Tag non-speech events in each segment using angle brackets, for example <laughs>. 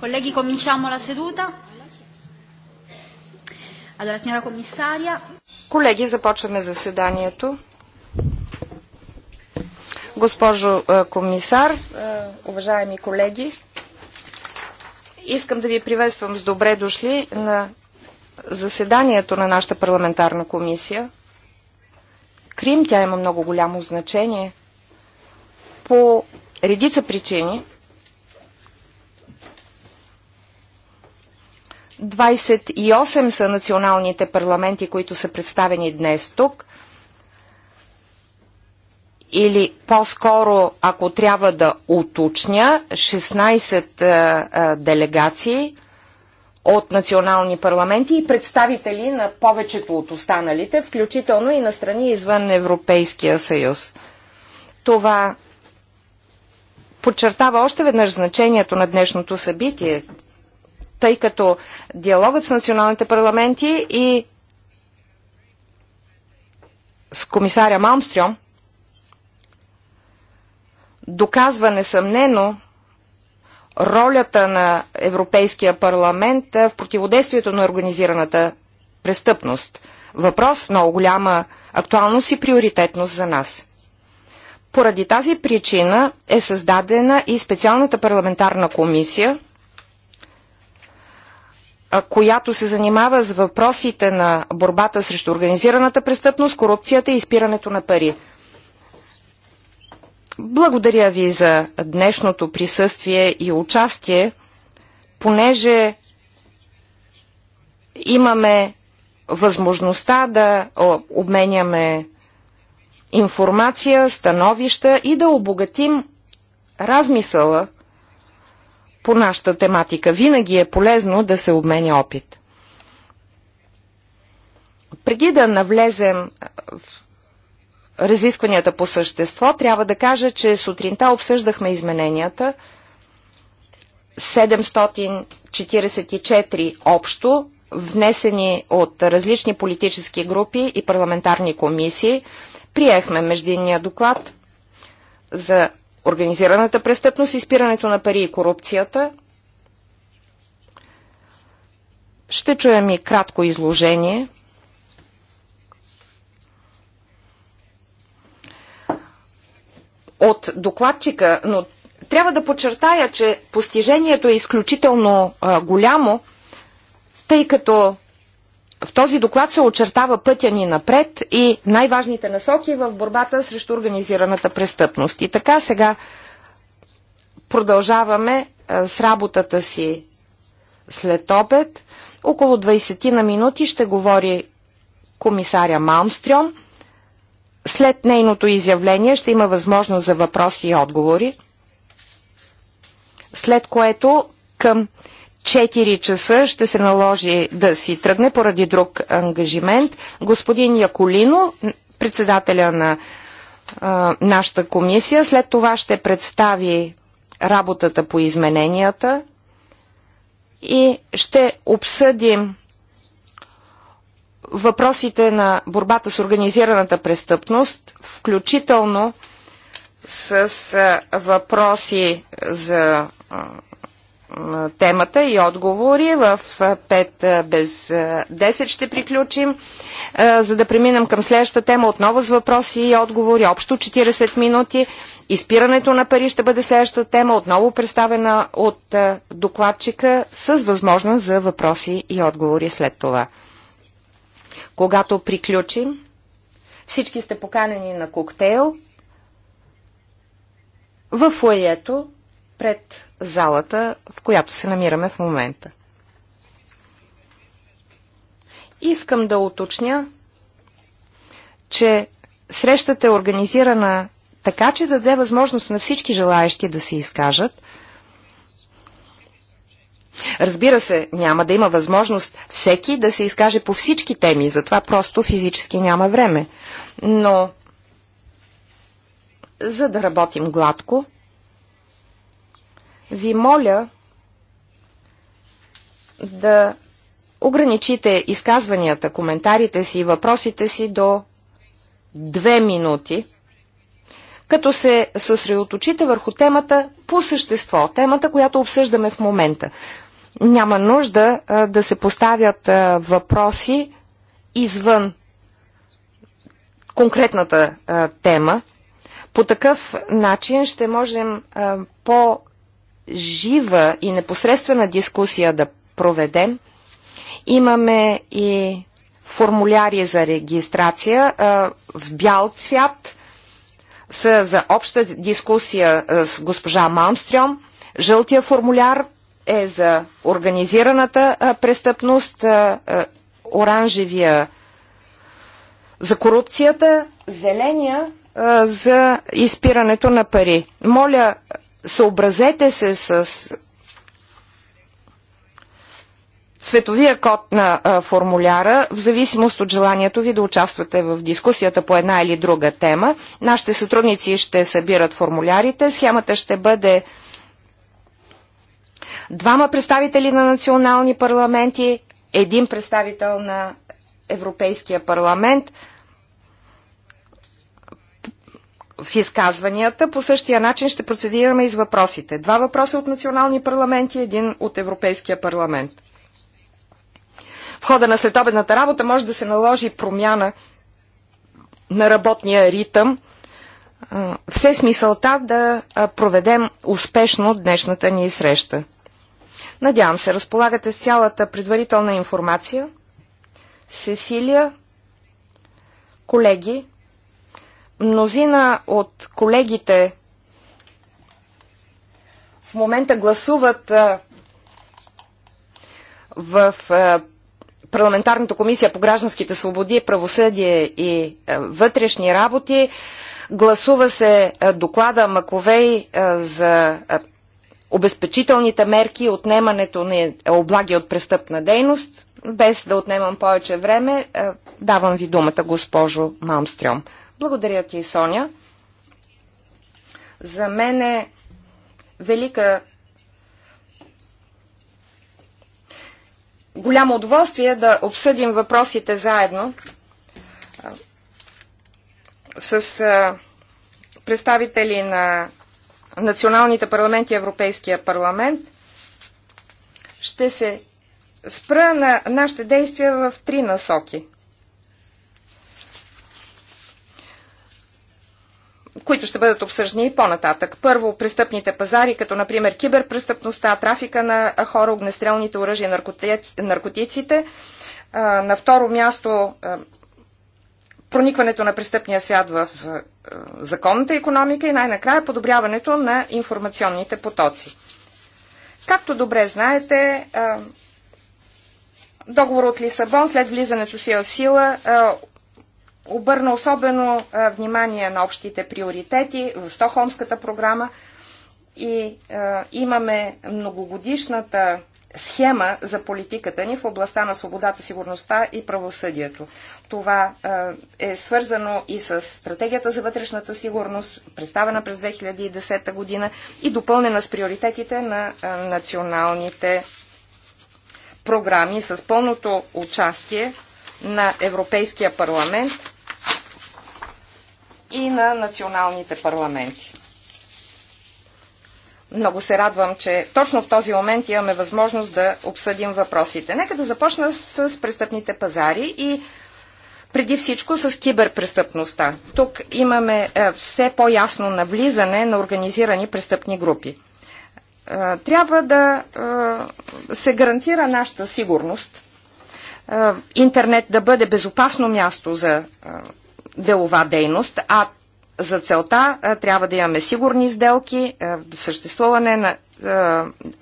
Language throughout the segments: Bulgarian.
Colleghi, cominciamo la seduta. Allora, signora commissaria. Колеги, започваме заседанието. Госпожо е, комисар, е, уважаеми колеги, искам да ви приветствам с добре дошли на заседанието на нашата парламентарна комисия. Крим, тя има много голямо значение по редица причини – 28 са националните парламенти, които са представени днес тук. Или по-скоро, ако трябва да уточня, 16 а, а, делегации от национални парламенти и представители на повечето от останалите, включително и на страни извън Европейския съюз. Това подчертава още веднъж значението на днешното събитие тъй като диалогът с националните парламенти и с комисаря Малмстрём доказва несъмнено ролята на Европейския парламент в противодействието на организираната престъпност. Въпрос много голяма актуалност и приоритетност за нас. Поради тази причина е създадена и специалната парламентарна комисия – която се занимава с въпросите на борбата срещу организираната престъпност, корупцията и изпирането на пари. Благодаря ви за днешното присъствие и участие, понеже имаме възможността да обменяме информация, становища и да обогатим размисъла по нашата тематика. Винаги е полезно да се обменя опит. Преди да навлезем в разискванията по същество, трябва да кажа, че сутринта обсъждахме измененията 744 общо, внесени от различни политически групи и парламентарни комисии. Приехме междинния доклад за организираната престъпност, изпирането на пари и корупцията. Ще чуем и кратко изложение. От докладчика, но трябва да подчертая, че постижението е изключително а, голямо, тъй като в този доклад се очертава пътя ни напред и най-важните насоки в борбата срещу организираната престъпност. И така сега продължаваме е, с работата си след обед. Около 20 на минути ще говори комисаря Малмстрём. След нейното изявление ще има възможност за въпроси и отговори, след което към 4 часа ще се наложи да си тръгне поради друг ангажимент. Господин Яколино, председателя на а, нашата комисия, след това ще представи работата по измененията и ще обсъдим въпросите на борбата с организираната престъпност, включително с а, въпроси за а, темата и отговори. В 5 без 10 ще приключим, за да преминем към следващата тема отново с въпроси и отговори. Общо 40 минути. Изпирането на пари ще бъде следващата тема, отново представена от докладчика с възможност за въпроси и отговори след това. Когато приключим, всички сте поканени на коктейл в лоето пред залата, в която се намираме в момента. Искам да уточня, че срещата е организирана така, че да даде възможност на всички желаящи да се изкажат. Разбира се, няма да има възможност всеки да се изкаже по всички теми, затова просто физически няма време. Но за да работим гладко, ви моля да ограничите изказванията, коментарите си и въпросите си до две минути, като се съсредоточите върху темата по същество, темата, която обсъждаме в момента. Няма нужда а, да се поставят а, въпроси извън конкретната а, тема. По такъв начин ще можем по- жива и непосредствена дискусия да проведем. Имаме и формуляри за регистрация в бял цвят са за обща дискусия с госпожа Малмстрём. Жълтия формуляр е за организираната престъпност, оранжевия за корупцията, зеления за изпирането на пари. Моля съобразете се с световия код на а, формуляра, в зависимост от желанието ви да участвате в дискусията по една или друга тема. Нашите сътрудници ще събират формулярите. Схемата ще бъде двама представители на национални парламенти, един представител на Европейския парламент – в изказванията. По същия начин ще процедираме и с въпросите. Два въпроса от национални парламенти, един от Европейския парламент. В хода на следобедната работа може да се наложи промяна на работния ритъм, все е смисълта да проведем успешно днешната ни среща. Надявам се, разполагате с цялата предварителна информация. Сесилия, колеги, Мнозина от колегите в момента гласуват в парламентарната комисия по гражданските свободи, правосъдие и вътрешни работи. Гласува се доклада Маковей за обезпечителните мерки, отнемането на облаги от престъпна дейност. Без да отнемам повече време, давам ви думата, госпожо Малмстрём. Благодаря ти, Соня. За мен е велика голямо удоволствие да обсъдим въпросите заедно с представители на националните парламенти и Европейския парламент. Ще се спра на нашите действия в три насоки – които ще бъдат обсъждани и по-нататък. Първо, престъпните пазари, като например киберпрестъпността, трафика на хора, огнестрелните оръжия, наркотици, наркотиците. На второ място, проникването на престъпния свят в законната економика и най-накрая подобряването на информационните потоци. Както добре знаете, договор от Лисабон след влизането си в сила обърна особено внимание на общите приоритети в Стохолмската програма и имаме многогодишната схема за политиката ни в областта на свободата, сигурността и правосъдието. Това е свързано и с стратегията за вътрешната сигурност, представена през 2010 година и допълнена с приоритетите на националните програми с пълното участие на Европейския парламент и на националните парламенти. Много се радвам, че точно в този момент имаме възможност да обсъдим въпросите. Нека да започна с престъпните пазари и преди всичко с киберпрестъпността. Тук имаме е, все по-ясно навлизане на организирани престъпни групи. Е, трябва да е, се гарантира нашата сигурност, интернет да бъде безопасно място за делова дейност, а за целта трябва да имаме сигурни сделки, съществуване на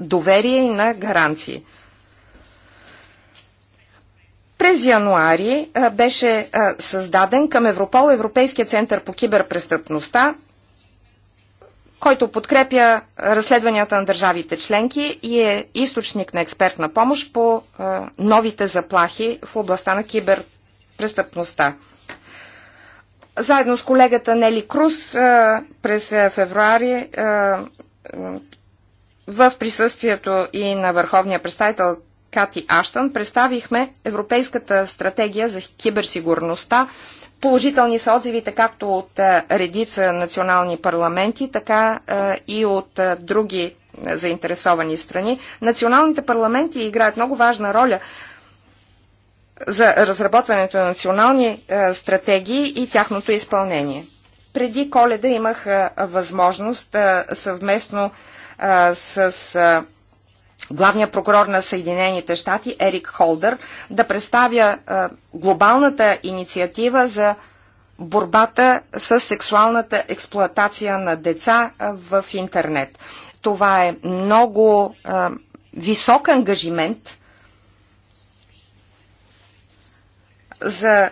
доверие и на гаранции. През януари беше създаден към Европол Европейския център по киберпрестъпността, който подкрепя разследванията на държавите членки и е източник на експертна помощ по новите заплахи в областта на киберпрестъпността. Заедно с колегата Нели Круз през февруари в присъствието и на върховния представител Кати Аштън представихме Европейската стратегия за киберсигурността. Положителни са отзивите както от редица национални парламенти, така и от други заинтересовани страни. Националните парламенти играят много важна роля за разработването на национални е, стратегии и тяхното изпълнение. Преди коледа имах е, възможност е, съвместно с главния прокурор на Съединените щати Ерик Холдър да представя глобалната инициатива за борбата с сексуалната експлоатация на деца в интернет. Това е много висок ангажимент за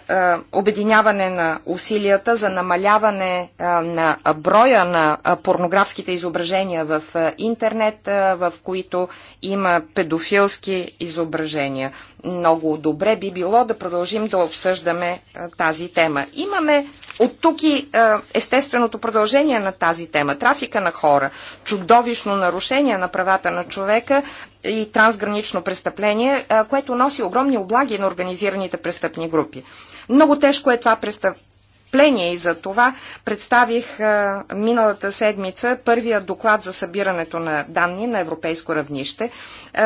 обединяване на усилията, за намаляване на броя на порнографските изображения в интернет, в които има педофилски изображения. Много добре би било да продължим да обсъждаме тази тема. Имаме от тук и е, естественото продължение на тази тема. Трафика на хора, чудовищно нарушение на правата на човека и трансгранично престъпление, е, което носи огромни облаги на организираните престъпни групи. Много тежко е това престъпление и за това представих е, миналата седмица първия доклад за събирането на данни на европейско равнище. Е,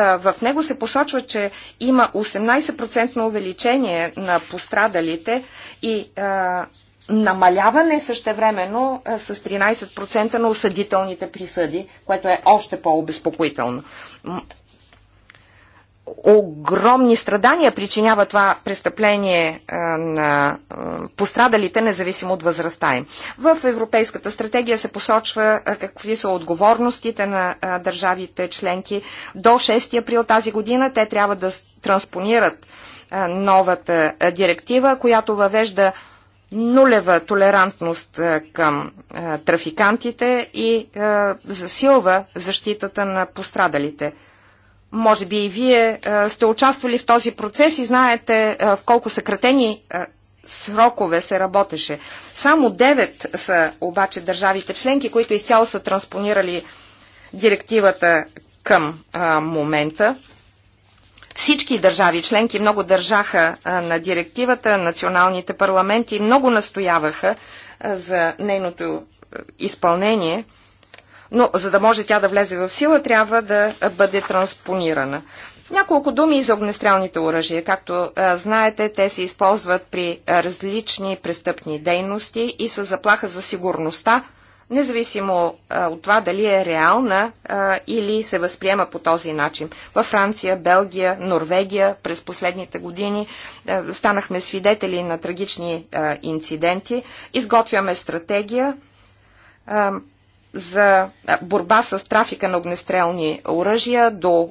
в него се посочва, че има 18% увеличение на пострадалите и е, намаляване същевременно е, с 13% на осъдителните присъди, което е още по-обезпокоително. Огромни страдания причинява това престъпление е, на е, пострадалите, независимо от възрастта им. В Европейската стратегия се посочва какви са отговорностите на държавите членки. До 6 април тази година те трябва да транспонират новата директива, която въвежда нулева толерантност към трафикантите и засилва защитата на пострадалите. Може би и вие сте участвали в този процес и знаете в колко съкратени срокове се работеше. Само 9 са обаче държавите членки, които изцяло са транспонирали директивата към а, момента. Всички държави членки много държаха на директивата, националните парламенти много настояваха за нейното изпълнение, но за да може тя да влезе в сила, трябва да бъде транспонирана. Няколко думи и за огнестрелните оръжия. Както а, знаете, те се използват при различни престъпни дейности и са заплаха за сигурността независимо а, от това дали е реална а, или се възприема по този начин. Във Франция, Белгия, Норвегия през последните години а, станахме свидетели на трагични а, инциденти. Изготвяме стратегия а, за борба с трафика на огнестрелни оръжия до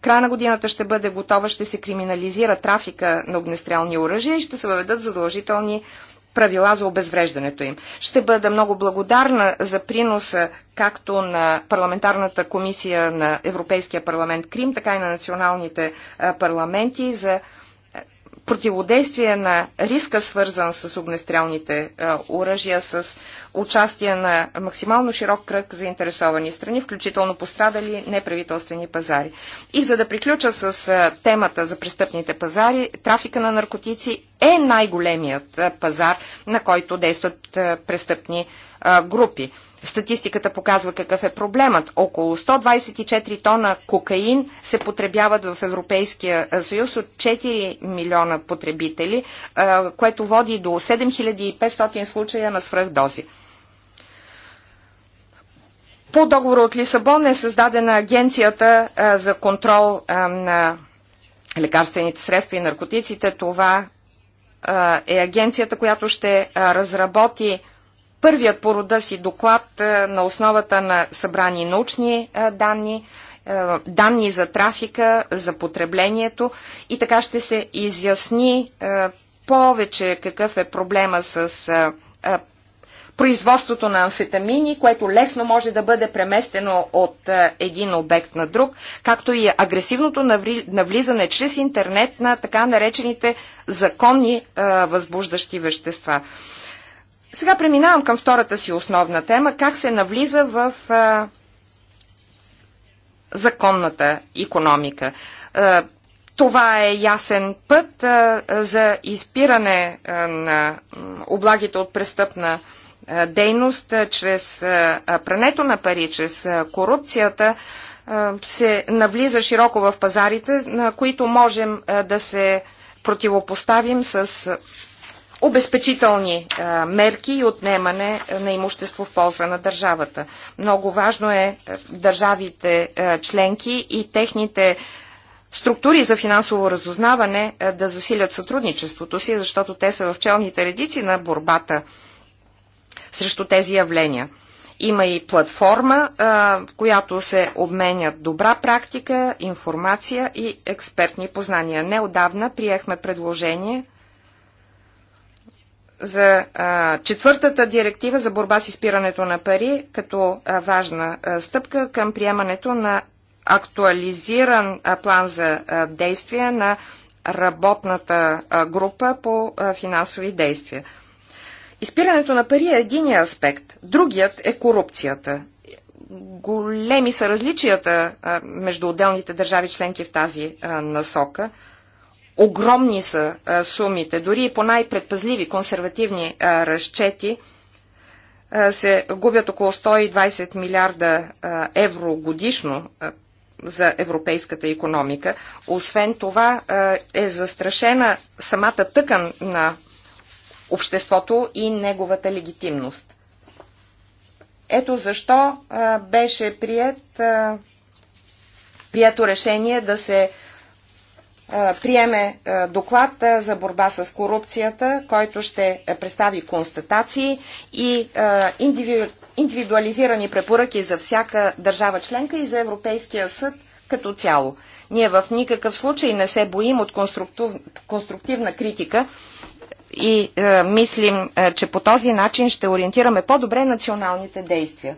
края на годината ще бъде готова, ще се криминализира трафика на огнестрелни оръжия и ще се въведат задължителни а, правила за обезвреждането им. Ще бъда много благодарна за приноса както на парламентарната комисия на Европейския парламент Крим, така и на националните парламенти за противодействие на риска, свързан с огнестрелните е, оръжия, с участие на максимално широк кръг заинтересовани страни, включително пострадали неправителствени пазари. И за да приключа с а, е, темата за престъпните пазари, трафика на наркотици е най-големият е, пазар, на който действат а, престъпни а, групи. Статистиката показва какъв е проблемът. Около 124 тона кокаин се потребяват в Европейския съюз от 4 милиона потребители, което води до 7500 случая на свръхдози. По договора от Лисабон е създадена агенцията за контрол на лекарствените средства и наркотиците. Това е агенцията, която ще разработи първият по рода си доклад е, на основата на събрани научни е, данни, е, данни за трафика, за потреблението и така ще се изясни повече какъв е проблема с производството на амфетамини, което лесно може да бъде преместено от един обект на друг, както и агресивното навлизане чрез интернет на така наречените законни възбуждащи вещества. Сега преминавам към втората си основна тема как се навлиза в а, законната економика. А, това е ясен път а, за изпиране а, на облагите от престъпна а, дейност а, чрез а, прането на пари, чрез а, корупцията а, се навлиза широко в пазарите, на които можем а, да се противопоставим с обезпечителни е, мерки и отнемане на имущество в полза на държавата. Много важно е, е държавите е, членки и техните структури за финансово разузнаване да засилят сътрудничеството си, защото те са в челните редици на борбата срещу тези явления. Има и платформа, в която се обменят добра практика, информация и експертни познания. Неодавна приехме предложение – за а, четвъртата директива за борба с изпирането на пари като а, важна а, стъпка към приемането на актуализиран а, план за а, действие на работната а, група по а, финансови действия. Изпирането на пари е единия аспект. Другият е корупцията. Големи са различията а, между отделните държави членки в тази а, насока – Огромни са а, сумите. Дори и по най-предпазливи консервативни а, разчети а, се губят около 120 милиарда а, евро годишно а, за европейската економика. Освен това а, е застрашена самата тъкан на обществото и неговата легитимност. Ето защо а, беше прият, прието решение да се приеме доклад за борба с корупцията, който ще представи констатации и индивидуализирани препоръки за всяка държава членка и за Европейския съд като цяло. Ние в никакъв случай не се боим от конструктивна критика и мислим, че по този начин ще ориентираме по-добре националните действия.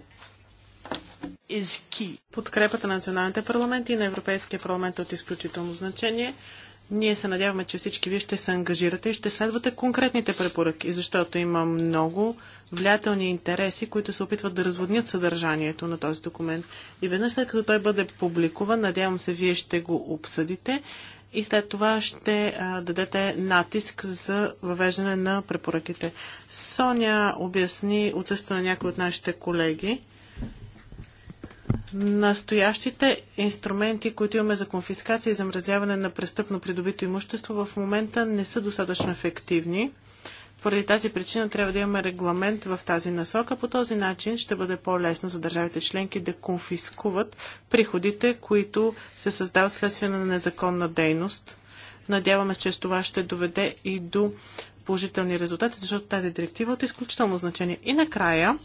Подкрепата на националните парламенти и на Европейския парламент е от изключително значение. Ние се надяваме, че всички вие ще се ангажирате и ще следвате конкретните препоръки, защото има много влиятелни интереси, които се опитват да разводнят съдържанието на този документ. И веднъж след като той бъде публикуван, надявам се, вие ще го обсъдите и след това ще а, дадете натиск за въвеждане на препоръките. Соня обясни отсъствие на някои от нашите колеги. Настоящите инструменти, които имаме за конфискация и замразяване на престъпно придобито имущество, в момента не са достатъчно ефективни. Поради тази причина трябва да имаме регламент в тази насока. По този начин ще бъде по-лесно за държавите членки да конфискуват приходите, които се създават следствие на незаконна дейност. Надяваме се, че с това ще доведе и до положителни резултати, защото тази директива е от изключително значение. И накрая,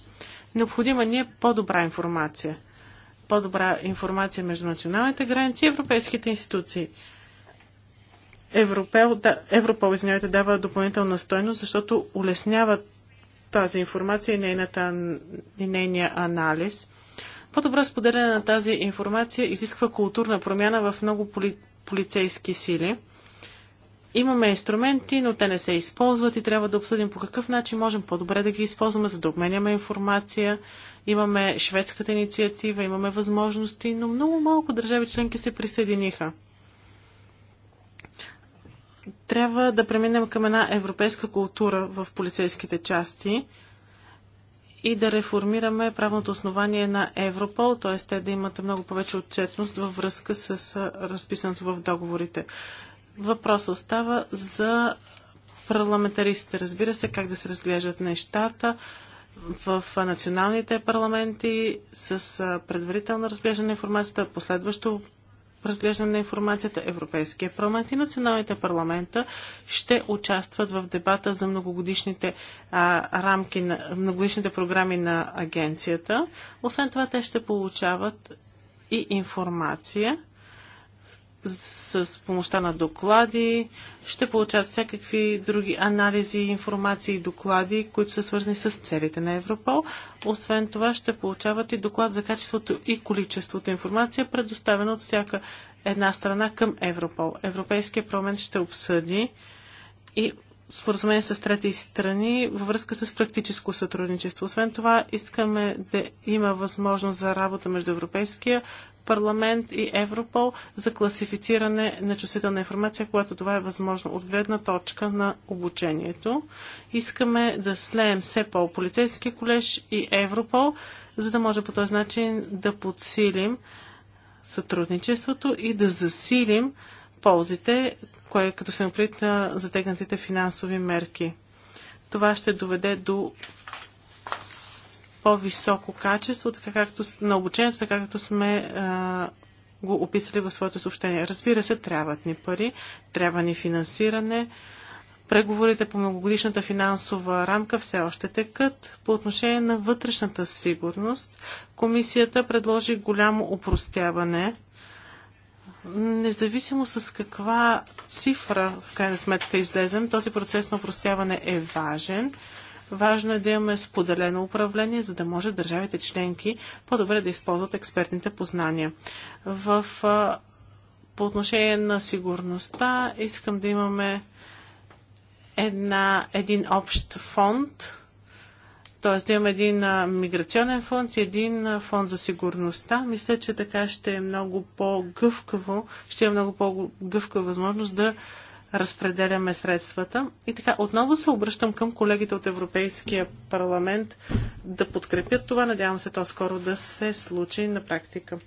необходима ни е по-добра информация по-добра информация между националните граници и европейските институции. Европел, да, Европол, извинявайте, дава допълнителна стойност, защото улеснява тази информация и, нейната, и нейния анализ. По-добро споделяне на тази информация изисква културна промяна в много поли, полицейски сили. Имаме инструменти, но те не се използват и трябва да обсъдим по какъв начин можем по-добре да ги използваме, за да обменяме информация, Имаме шведската инициатива, имаме възможности, но много малко държави членки се присъединиха. Трябва да преминем към една европейска култура в полицейските части и да реформираме правното основание на Европол, т.е. те да имат много повече отчетност във връзка с разписаното в договорите. Въпросът остава за парламентаристите, разбира се, как да се разглеждат нещата, в националните парламенти с предварително разглеждане на информацията, последващо разглеждане на информацията, Европейския парламент и националните парламента ще участват в дебата за многогодишните а, рамки, на, многогодишните програми на агенцията. Освен това, те ще получават и информация с помощта на доклади, ще получат всякакви други анализи, информации и доклади, които са свързани с целите на Европол. Освен това ще получават и доклад за качеството и количеството информация, предоставена от всяка една страна към Европол. Европейския парламент ще обсъди и споразумение с трети страни във връзка с практическо сътрудничество. Освен това, искаме да има възможност за работа между Европейския парламент и Европол за класифициране на чувствителна информация, когато това е възможно от гледна точка на обучението. Искаме да слеем СЕПОЛ, полицейски колеж и Европол, за да може по този начин да подсилим сътрудничеството и да засилим ползите, кое, като се напред на затегнатите финансови мерки. Това ще доведе до по-високо качество така както, на обучението, така както сме го описали в своето съобщение. Разбира се, трябват ни пари, трябва ни финансиране. Преговорите по многогодишната финансова рамка все още текат. По отношение на вътрешната сигурност, комисията предложи голямо упростяване независимо с каква цифра в крайна сметка излезем, този процес на упростяване е важен. Важно е да имаме споделено управление, за да може държавите членки по-добре да използват експертните познания. В, по отношение на сигурността искам да имаме една, един общ фонд, т.е. да имаме един миграционен фонд и един фонд за сигурността. Мисля, че така ще е много по-гъвкаво, ще е много по гъвка възможност да разпределяме средствата. И така, отново се обръщам към колегите от Европейския парламент да подкрепят това. Надявам се то скоро да се случи на практика.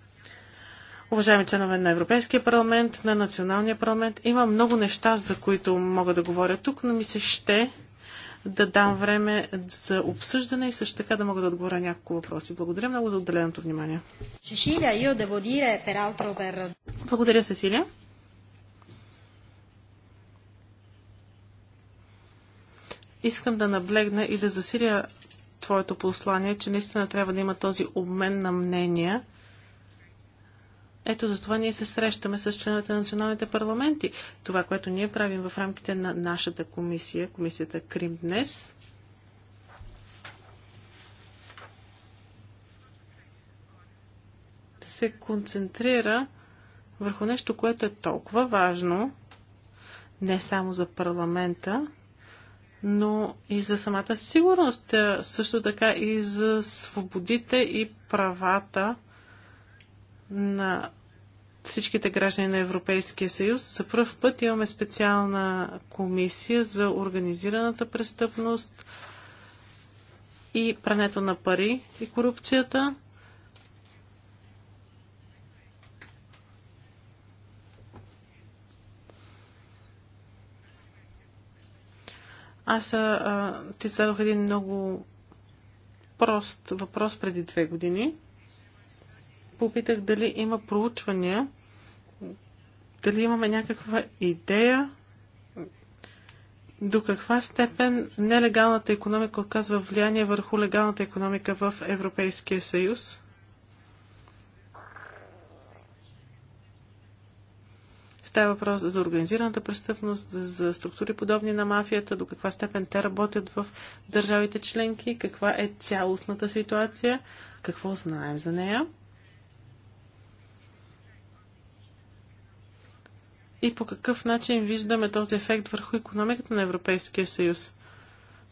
Уважаеми членове на Европейския парламент, на Националния парламент, има много неща, за които мога да говоря тук, но ми се ще да дам време за обсъждане и също така да мога да отговоря няколко въпроси. Благодаря много за отделеното внимание. Благодаря, Сесилия. искам да наблегна и да засиля твоето послание, че наистина трябва да има този обмен на мнения. Ето за това ние се срещаме с членовете на националните парламенти. Това, което ние правим в рамките на нашата комисия, комисията Крим днес, се концентрира върху нещо, което е толкова важно, не само за парламента, но и за самата сигурност, също така и за свободите и правата на всичките граждани на Европейския съюз. За първ път имаме специална комисия за организираната престъпност и прането на пари и корупцията. Аз а, ти зададох един много прост въпрос преди две години. Попитах дали има проучвания, дали имаме някаква идея до каква степен нелегалната економика оказва влияние върху легалната економика в Европейския съюз. Става въпрос за организираната престъпност, за структури подобни на мафията, до каква степен те работят в държавите членки, каква е цялостната ситуация, какво знаем за нея. И по какъв начин виждаме този ефект върху економиката на Европейския съюз?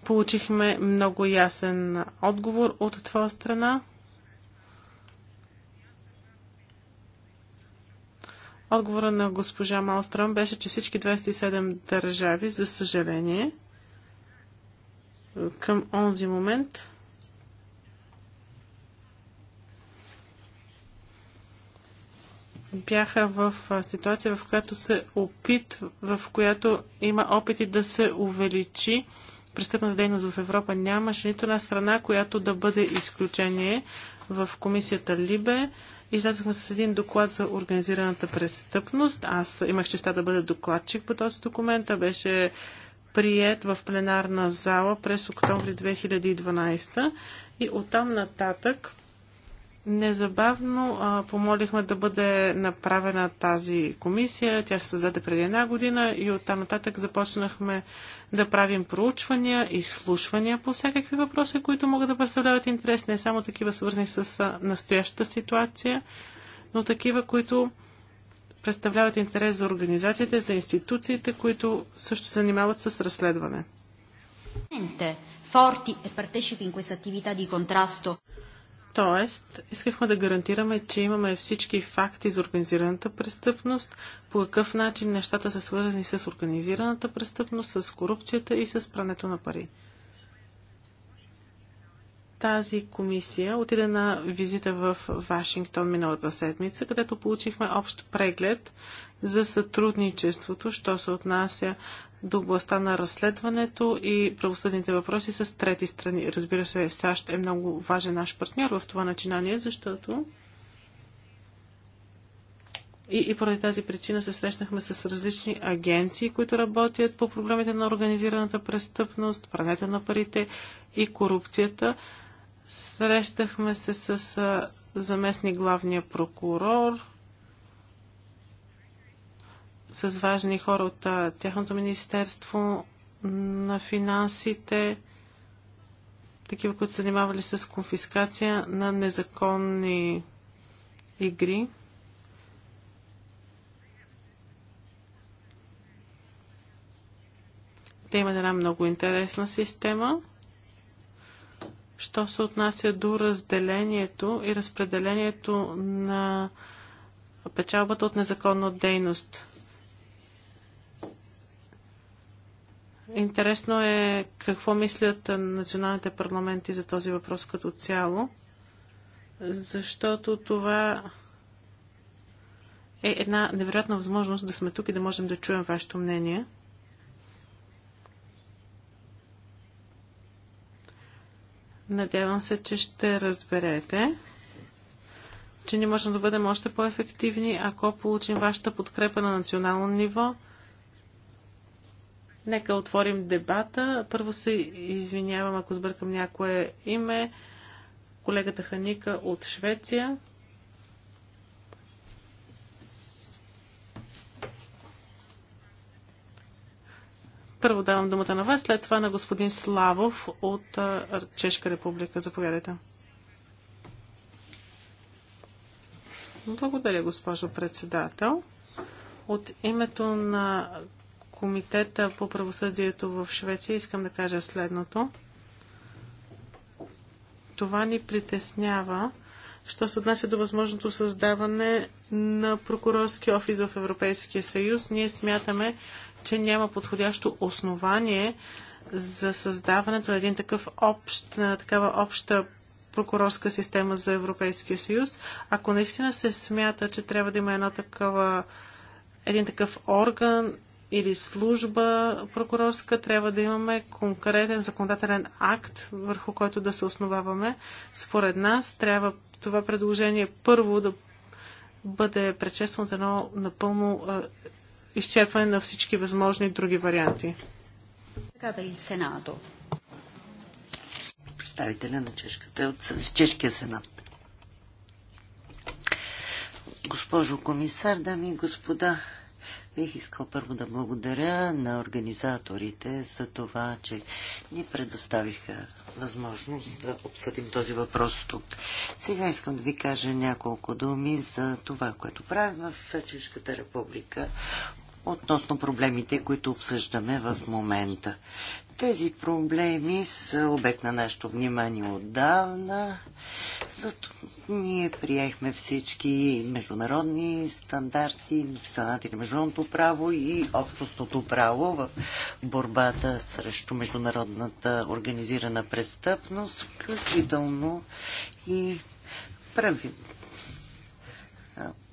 Получихме много ясен отговор от твоя страна. Отговора на госпожа Малстром беше, че всички 27 държави, за съжаление, към онзи момент бяха в ситуация, в която се опит, в която има опити да се увеличи престъпната дейност в Европа. Нямаше нито една страна, която да бъде изключение в комисията Либе Излязохме с един доклад за организираната престъпност. Аз имах честа да бъда докладчик по този документ. Беше прият в пленарна зала през октомври 2012 и оттам нататък Незабавно а, помолихме да бъде направена тази комисия. Тя се създаде преди една година и оттам нататък започнахме да правим проучвания, изслушвания по всякакви въпроси, които могат да представляват интерес, не само такива свързани с настоящата ситуация, но такива, които представляват интерес за организациите, за институциите, които също занимават с разследване. Forti e partecipi in questa attività di contrasto Тоест, искахме да гарантираме, че имаме всички факти за организираната престъпност, по какъв начин нещата са свързани с организираната престъпност, с корупцията и с прането на пари. Тази комисия отиде на визита в Вашингтон миналата седмица, където получихме общ преглед за сътрудничеството, що се отнася до областта на разследването и правосъдните въпроси с трети страни. Разбира се, САЩ е много важен наш партньор в това начинание, защото и, и поради тази причина се срещнахме с различни агенции, които работят по проблемите на организираната престъпност, прането на парите и корупцията. Срещахме се с заместник главния прокурор, с важни хора от тяхното Министерство на финансите, такива, които се занимавали с конфискация на незаконни игри. Те имат една много интересна система. Що се отнася до разделението и разпределението на печалбата от незаконна дейност. Интересно е какво мислят националните парламенти за този въпрос като цяло, защото това е една невероятна възможност да сме тук и да можем да чуем вашето мнение. Надявам се, че ще разберете, че ни можем да бъдем още по-ефективни, ако получим вашата подкрепа на национално ниво – Нека отворим дебата. Първо се извинявам, ако сбъркам някое име. Колегата Ханика от Швеция. Първо давам думата на вас, след това на господин Славов от Чешка република. Заповядайте. Благодаря, госпожо председател. От името на Комитета по правосъдието в Швеция, искам да кажа следното. Това ни притеснява, що се отнася до възможното създаване на прокурорски офис в Европейския съюз. Ние смятаме, че няма подходящо основание за създаването на един такъв общ, такава обща прокурорска система за Европейския съюз. Ако наистина се смята, че трябва да има една такава един такъв орган, или служба прокурорска, трябва да имаме конкретен законодателен акт, върху който да се основаваме. Според нас трябва това предложение първо да бъде предшествано от едно напълно а, изчерпване на всички възможни други варианти. Представителя на чешката от Чешкия сенат. Госпожо комисар, дами и господа, Бих искал първо да благодаря на организаторите за това, че ни предоставиха възможност да обсъдим този въпрос тук. Сега искам да ви кажа няколко думи за това, което правим в Чешката република относно проблемите, които обсъждаме в момента. Тези проблеми са обект на нашето внимание отдавна. Зато ние приехме всички международни стандарти, стандарти на международното право и общностното право в борбата срещу международната организирана престъпност, включително и прави,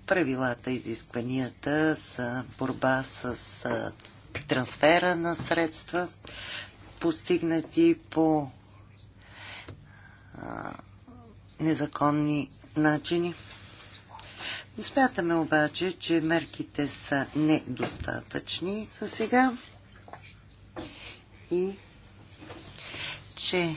правилата, изискванията за борба с трансфера на средства, постигнати по незаконни начини. Смятаме обаче, че мерките са недостатъчни за сега и че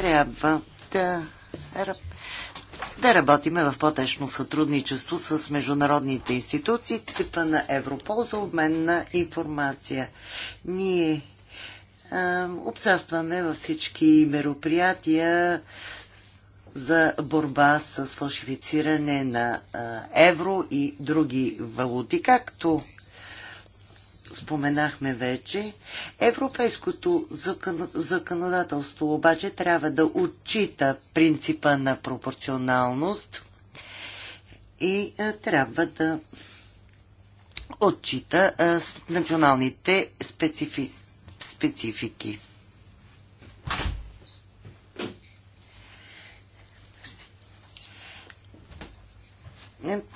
трябва да, да работиме в по тешно сътрудничество с международните институции, типа на Европол за обмен на информация. Ние а, обсъстваме във всички мероприятия за борба с фалшифициране на евро и други валути, както споменахме вече. Европейското законодателство обаче трябва да отчита принципа на пропорционалност и е, трябва да отчита е, националните специфи... специфики.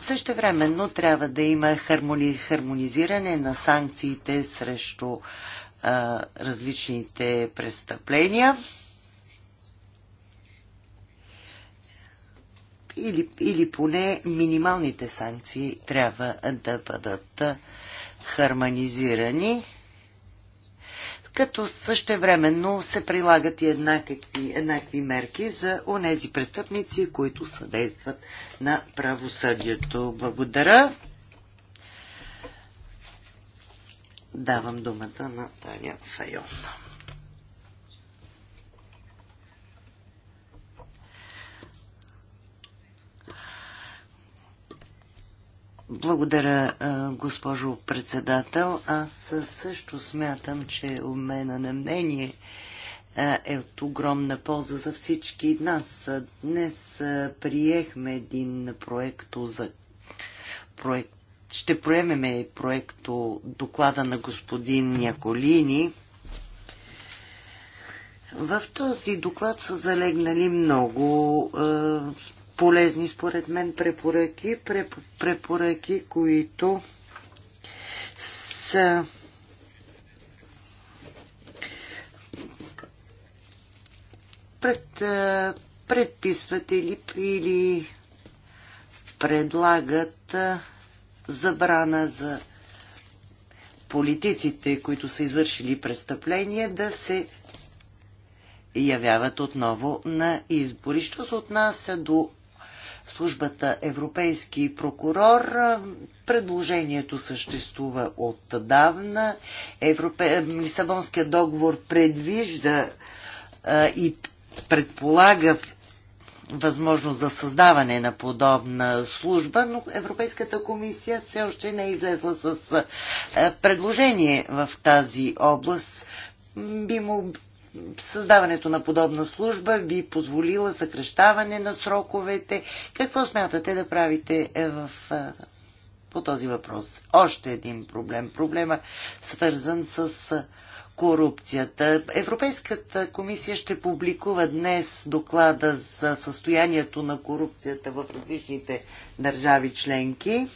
Също но трябва да има хармони, хармонизиране на санкциите срещу а, различните престъпления. Или, или поне минималните санкции трябва да бъдат хармонизирани като същевременно се прилагат и еднакви, еднакви мерки за онези престъпници, които съдействат на правосъдието. Благодаря. Давам думата на Таня Файон. Благодаря, госпожо председател. Аз също смятам, че обмена на мнение е от огромна полза за всички нас. Днес приехме един проект за проект. Ще проемеме проекто доклада на господин Няколини. В този доклад са залегнали много полезни според мен препоръки, препоръки, които са пред, предписват или, или предлагат забрана за политиците, които са извършили престъпление, да се явяват отново на избори. Що се отнася до службата Европейски прокурор. Предложението съществува отдавна. Европе... Лисабонският договор предвижда а, и предполага възможност за създаване на подобна служба, но Европейската комисия все още не е излезла с предложение в тази област. Би му Създаването на подобна служба би позволила съкрещаване на сроковете. Какво смятате да правите е, в, е, по този въпрос? Още един проблем. Проблема свързан с е, корупцията. Европейската комисия ще публикува днес доклада за състоянието на корупцията в различните държави членки.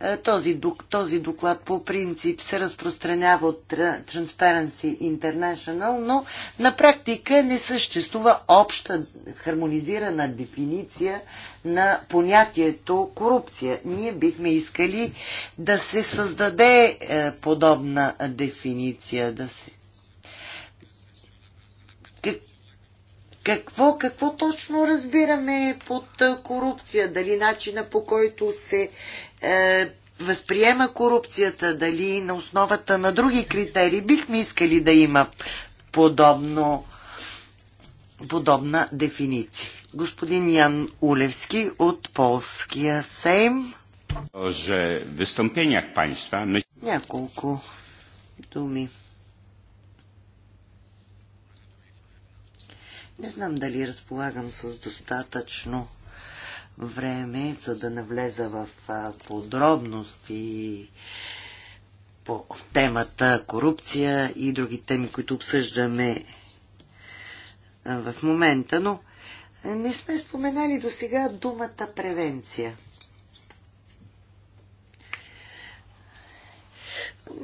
Е, този, този доклад по принцип се разпространява от Transparency International, но на практика не съществува обща хармонизирана дефиниция на понятието корупция. Ние бихме искали да се създаде е, подобна дефиниция, да се какво, какво точно разбираме под е, корупция? Дали начина по който се е, възприема корупцията, дали на основата на други критерии, бихме искали да има подобно, подобна дефиниция. Господин Ян Улевски от Полския Сейм. Няколко думи. Не знам дали разполагам с достатъчно време, за да навлеза в подробности по темата корупция и други теми, които обсъждаме в момента, но не сме споменали до сега думата превенция.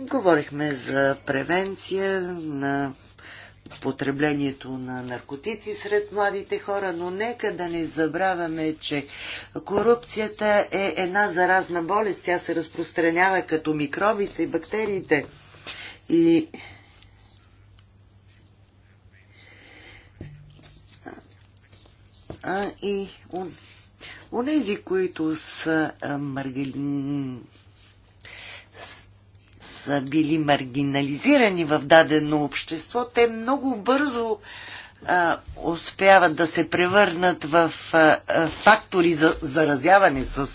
Говорихме за превенция на потреблението на наркотици сред младите хора, но нека да не забравяме, че корупцията е една заразна болест. Тя се разпространява като микробите и бактериите. И и у... нези, които са маргин са били маргинализирани в дадено общество, те много бързо а, успяват да се превърнат в а, а, фактори за заразяване с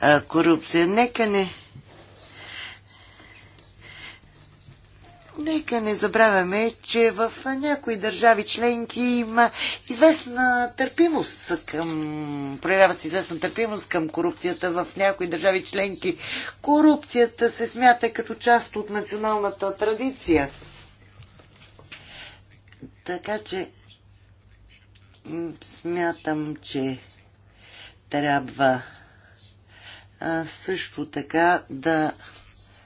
а, корупция. Нека не Нека не забравяме, че в някои държави членки има известна търпимост към, проявява се известна търпимост към корупцията в някои държави членки. Корупцията се смята като част от националната традиция. Така че смятам, че трябва а, също така да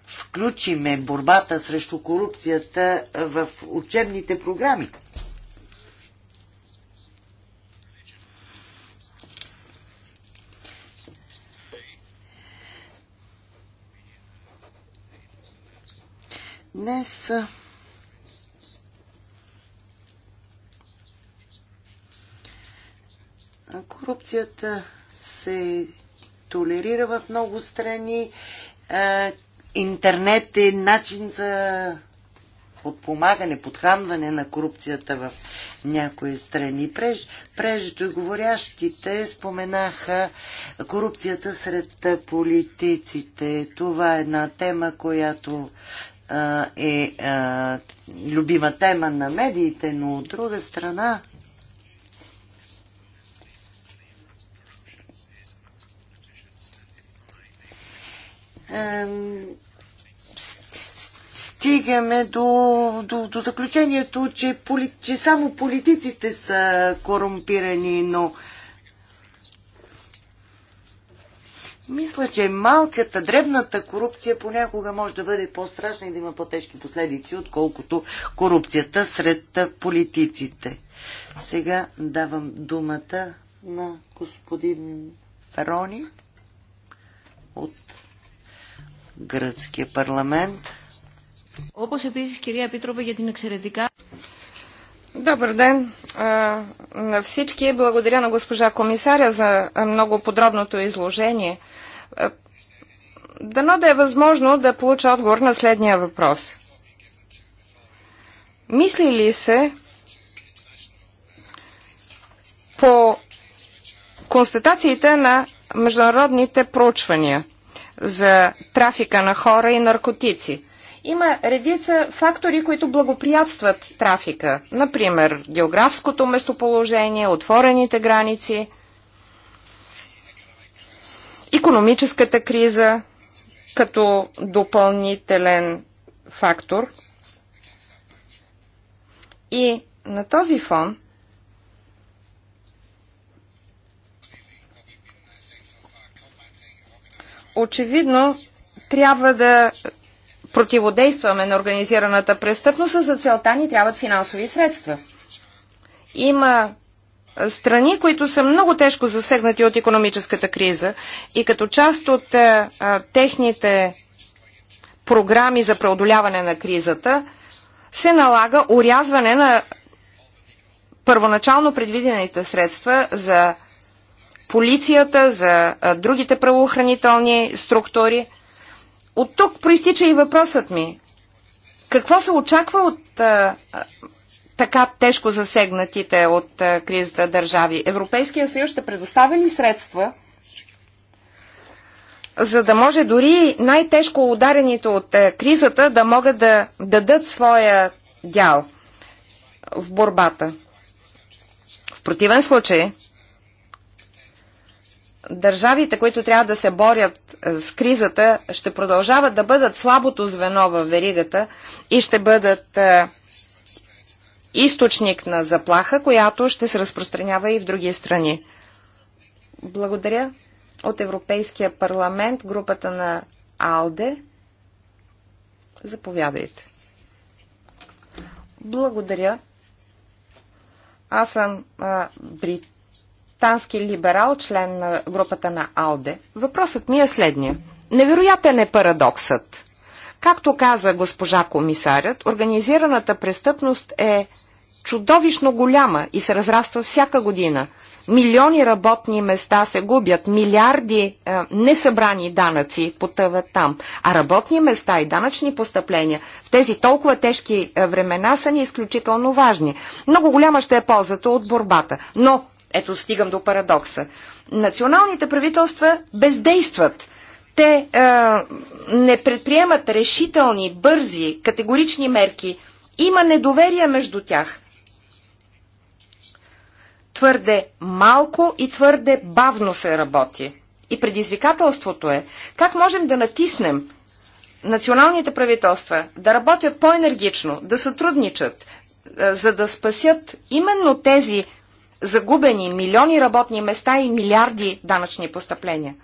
включиме борбата срещу корупцията в учебните програми. Днес корупцията се толерира в много страни интернет е начин за подпомагане, подхранване на корупцията в някои страни. Преж, преждеговорящите споменаха корупцията сред политиците. Това е една тема, която а, е а, любима тема на медиите, но от друга страна стигаме до, до, до заключението, че, поли, че само политиците са корумпирани, но мисля, че малката, дребната корупция понякога може да бъде по-страшна и да има по-тежки последици, отколкото корупцията сред политиците. Сега давам думата на господин Ферони от гръцкия парламент. Όπως επίσης, κυρία Επίτροπε, για την εξαιρετικά... Добър ден на всички. Благодаря на госпожа комисаря за много подробното изложение. Дано да е възможно да получа отговор на следния въпрос. Мисли ли се по констатациите на международните проучвания за трафика на хора и наркотици? Има редица фактори, които благоприятстват трафика. Например, географското местоположение, отворените граници, економическата криза като допълнителен фактор. И на този фон очевидно трябва да противодействаме на организираната престъпност, а за целта ни трябват финансови средства. Има страни, които са много тежко засегнати от економическата криза и като част от е, а, техните програми за преодоляване на кризата се налага урязване на първоначално предвидените средства за полицията, за а, другите правоохранителни структури – от тук проистича и въпросът ми. Какво се очаква от а, така тежко засегнатите от а, кризата държави? Европейския съюз ще предоставя ли средства, за да може дори най-тежко ударените от а, кризата да могат да дадат своя дял в борбата? В противен случай, държавите, които трябва да се борят е, с кризата, ще продължават да бъдат слабото звено в веригата и ще бъдат е, източник на заплаха, която ще се разпространява и в други страни. Благодаря от Европейския парламент, групата на АЛДЕ. Заповядайте. Благодаря. Аз съм а, брит тански либерал, член на групата на АЛДЕ. Въпросът ми е следния. Невероятен е парадоксът. Както каза госпожа комисарят, организираната престъпност е чудовищно голяма и се разраства всяка година. Милиони работни места се губят, милиарди е, несъбрани данъци потъват там, а работни места и данъчни постъпления в тези толкова тежки е, времена са ни изключително важни. Много голяма ще е ползата от борбата, но ето стигам до парадокса. Националните правителства бездействат. Те е, не предприемат решителни, бързи, категорични мерки. Има недоверие между тях. Твърде малко и твърде бавно се работи. И предизвикателството е как можем да натиснем националните правителства да работят по-енергично, да сътрудничат, е, за да спасят именно тези загубени милиони работни места и милиарди данъчни постъпления.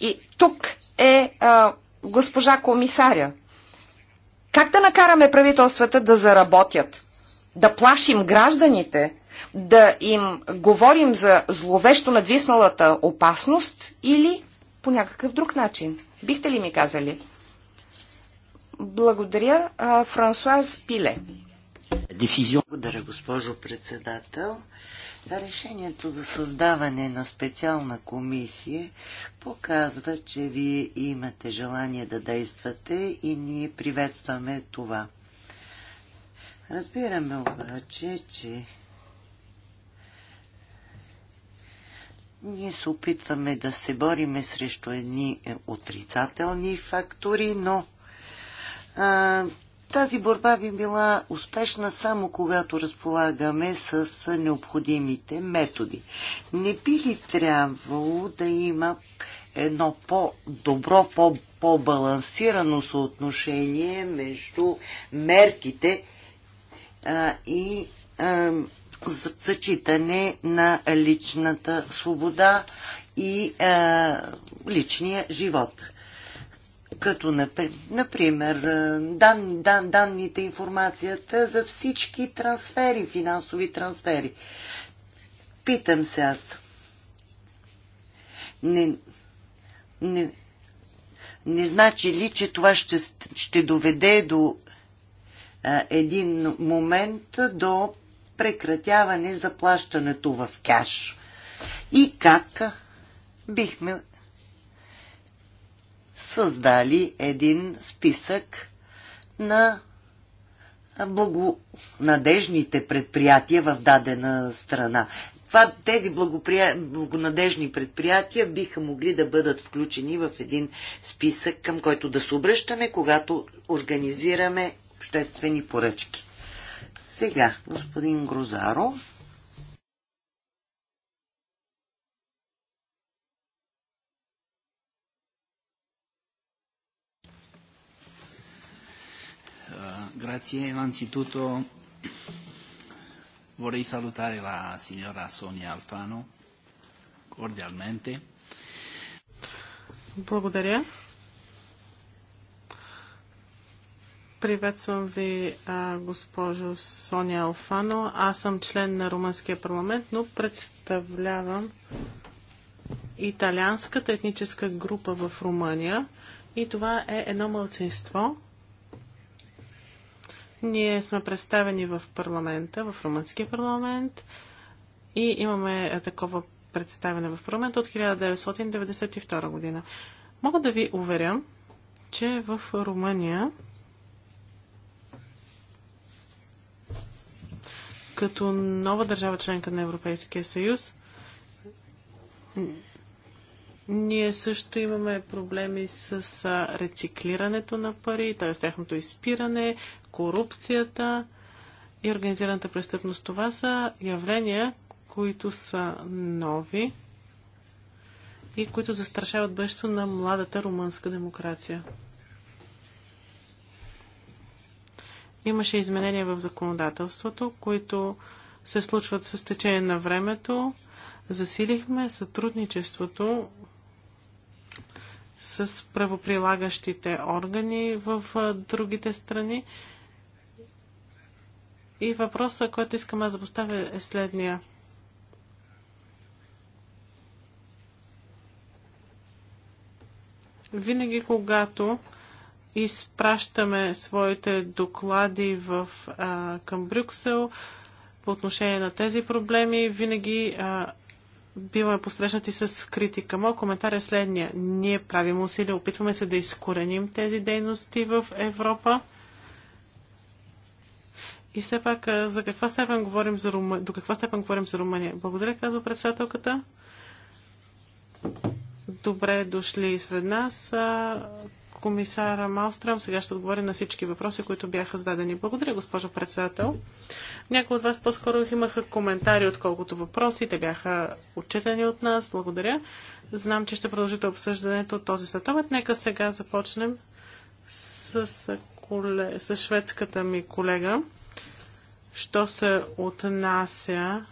И тук е а, госпожа комисаря. Как да накараме правителствата да заработят? Да плашим гражданите? Да им говорим за зловещо надвисналата опасност или по някакъв друг начин? Бихте ли ми казали? Благодаря, а, Франсуаз Пиле. Благодаря, госпожо председател. Решението за създаване на специална комисия показва, че вие имате желание да действате и ние приветстваме това. Разбираме обаче, че ние се опитваме да се бориме срещу едни отрицателни фактори, но а, тази борба би била успешна само когато разполагаме с необходимите методи. Не би ли трябвало да има едно по-добро, по-балансирано -по съотношение между мерките а, и а, зачитане на личната свобода и а, личния живот? като например дан, дан, данните, информацията за всички трансфери, финансови трансфери. Питам се аз. Не, не, не значи ли, че това ще, ще доведе до а, един момент до прекратяване заплащането в кеш? И как бихме създали един списък на благонадежните предприятия в дадена страна. Това, тези благопри... благонадежни предприятия биха могли да бъдат включени в един списък, към който да се обръщаме, когато организираме обществени поръчки. Сега, господин Грозаро. grazie. Innanzitutto vorrei salutare la signora Sonia Alfano cordialmente. Благодаря. Приветствам ви, госпожо Соня Алфано. Аз съм член на Румънския парламент, но представлявам италианската етническа група в Румъния. И това е едно мълцинство, ние сме представени в парламента, в румънския парламент и имаме е, такова представяне в парламента от 1992 година. Мога да ви уверя, че в Румъния като нова държава членка на Европейския съюз ние също имаме проблеми с рециклирането на пари, т.е. тяхното изпиране, корупцията и организираната престъпност. Това са явления, които са нови и които застрашават бъдещето на младата румънска демокрация. Имаше изменения в законодателството, които се случват с течение на времето. Засилихме сътрудничеството с правоприлагащите органи в другите страни. И въпросът, който искам аз да поставя е следния. Винаги, когато изпращаме своите доклади в, а, към Брюксел по отношение на тези проблеми, винаги а, биваме посрещнати с критика. Моят коментар е следния. Ние правим усилия, опитваме се да изкореним тези дейности в Европа. И все пак, за каква степен говорим за Рума... до каква степен говорим за Румъния? Благодаря, казва председателката. Добре дошли сред нас комисара Малстрам. Сега ще отговоря на всички въпроси, които бяха зададени. Благодаря, госпожо председател. Някои от вас по-скоро имаха коментари, отколкото въпроси. Те бяха отчетени от нас. Благодаря. Знам, че ще продължите обсъждането от този следобед. Нека сега започнем с, с, коле... с шведската ми колега. Що се отнася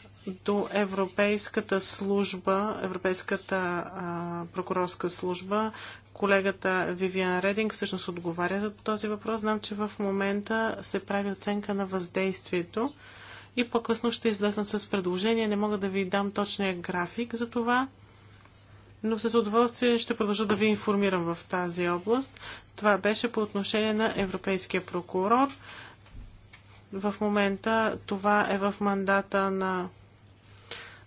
до Европейската служба, Европейската а, прокурорска служба, колегата Вивиан Рединг всъщност отговаря за този въпрос. Знам, че в момента се прави оценка на въздействието и по-късно ще излезнат с предложение. Не мога да ви дам точния график за това, но с удоволствие ще продължа да ви информирам в тази област. Това беше по отношение на Европейския прокурор. В момента това е в мандата на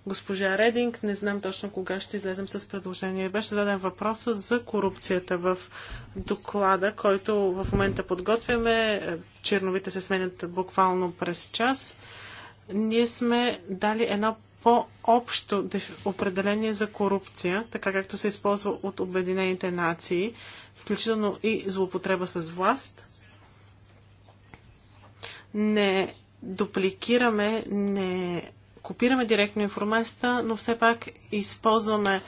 госпожа Рединг. Не знам точно кога ще излезем с предложение. Беше зададен въпроса за корупцията в доклада, който в момента подготвяме. Черновите се сменят буквално през час. Ние сме дали едно по-общо определение за корупция, така както се използва от Обединените нации, включително и злоупотреба с власт. Не дупликираме, не копираме директно информацията, но все пак използваме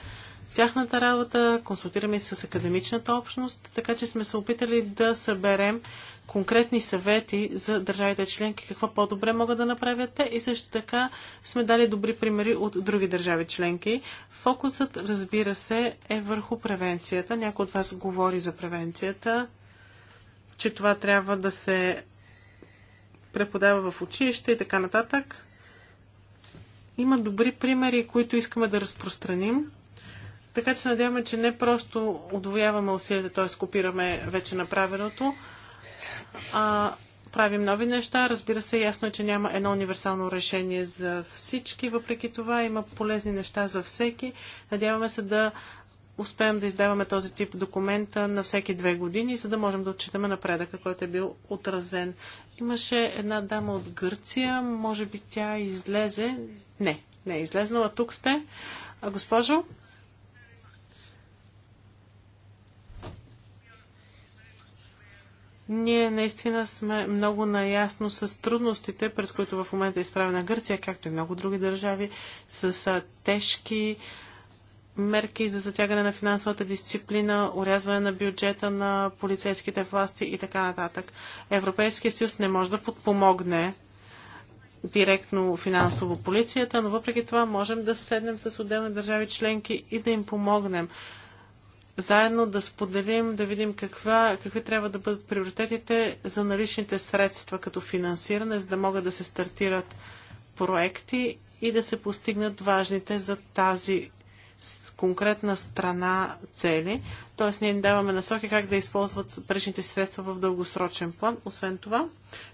тяхната работа, консултираме и с академичната общност, така че сме се опитали да съберем конкретни съвети за държавите членки, какво по-добре могат да направят те и също така сме дали добри примери от други държави членки. Фокусът, разбира се, е върху превенцията. Някой от вас говори за превенцията, че това трябва да се преподава в училище и така нататък. Има добри примери, които искаме да разпространим. Така че надяваме, че не просто отвояваме усилията, т.е. копираме вече направеното, а правим нови неща. Разбира се, ясно е, че няма едно универсално решение за всички. Въпреки това има полезни неща за всеки. Надяваме се да успеем да издаваме този тип документа на всеки две години, за да можем да отчитаме напредъка, който е бил отразен. Имаше една дама от Гърция, може би тя излезе, не, не е излезнала. Тук сте. А, госпожо? Ние наистина сме много наясно с трудностите, пред които в момента е изправена Гърция, както и много други държави, с тежки мерки за затягане на финансовата дисциплина, урязване на бюджета на полицейските власти и така нататък. Европейския съюз не може да подпомогне директно финансово полицията, но въпреки това можем да седнем с отделни държави членки и да им помогнем. Заедно да споделим, да видим каква, какви трябва да бъдат приоритетите за наличните средства като финансиране, за да могат да се стартират проекти и да се постигнат важните за тази конкретна страна цели, т.е. ние им даваме насоки как да използват паричните си средства в дългосрочен план. Освен това,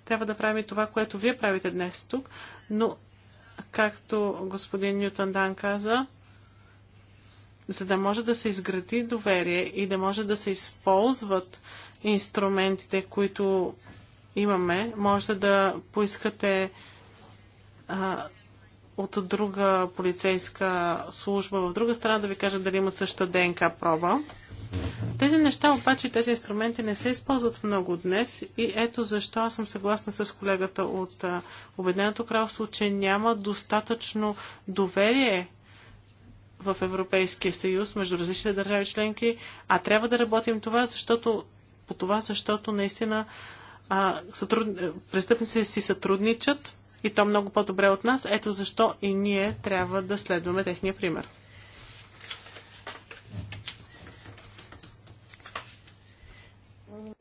трябва да правим и това, което вие правите днес тук, но както господин Ньютон Дан каза, за да може да се изгради доверие и да може да се използват инструментите, които имаме, може да поискате а, от друга полицейска служба в друга страна да ви кажат дали имат същата ДНК проба. Тези неща обаче, тези инструменти не се използват много днес и ето защо аз съм съгласна с колегата от Обединеното кралство, че няма достатъчно доверие в Европейския съюз между различните държави членки, а трябва да работим това, защото, по това, защото наистина а, сътруд... престъпниците си сътрудничат и то много по-добре от нас. Ето защо и ние трябва да следваме техния пример.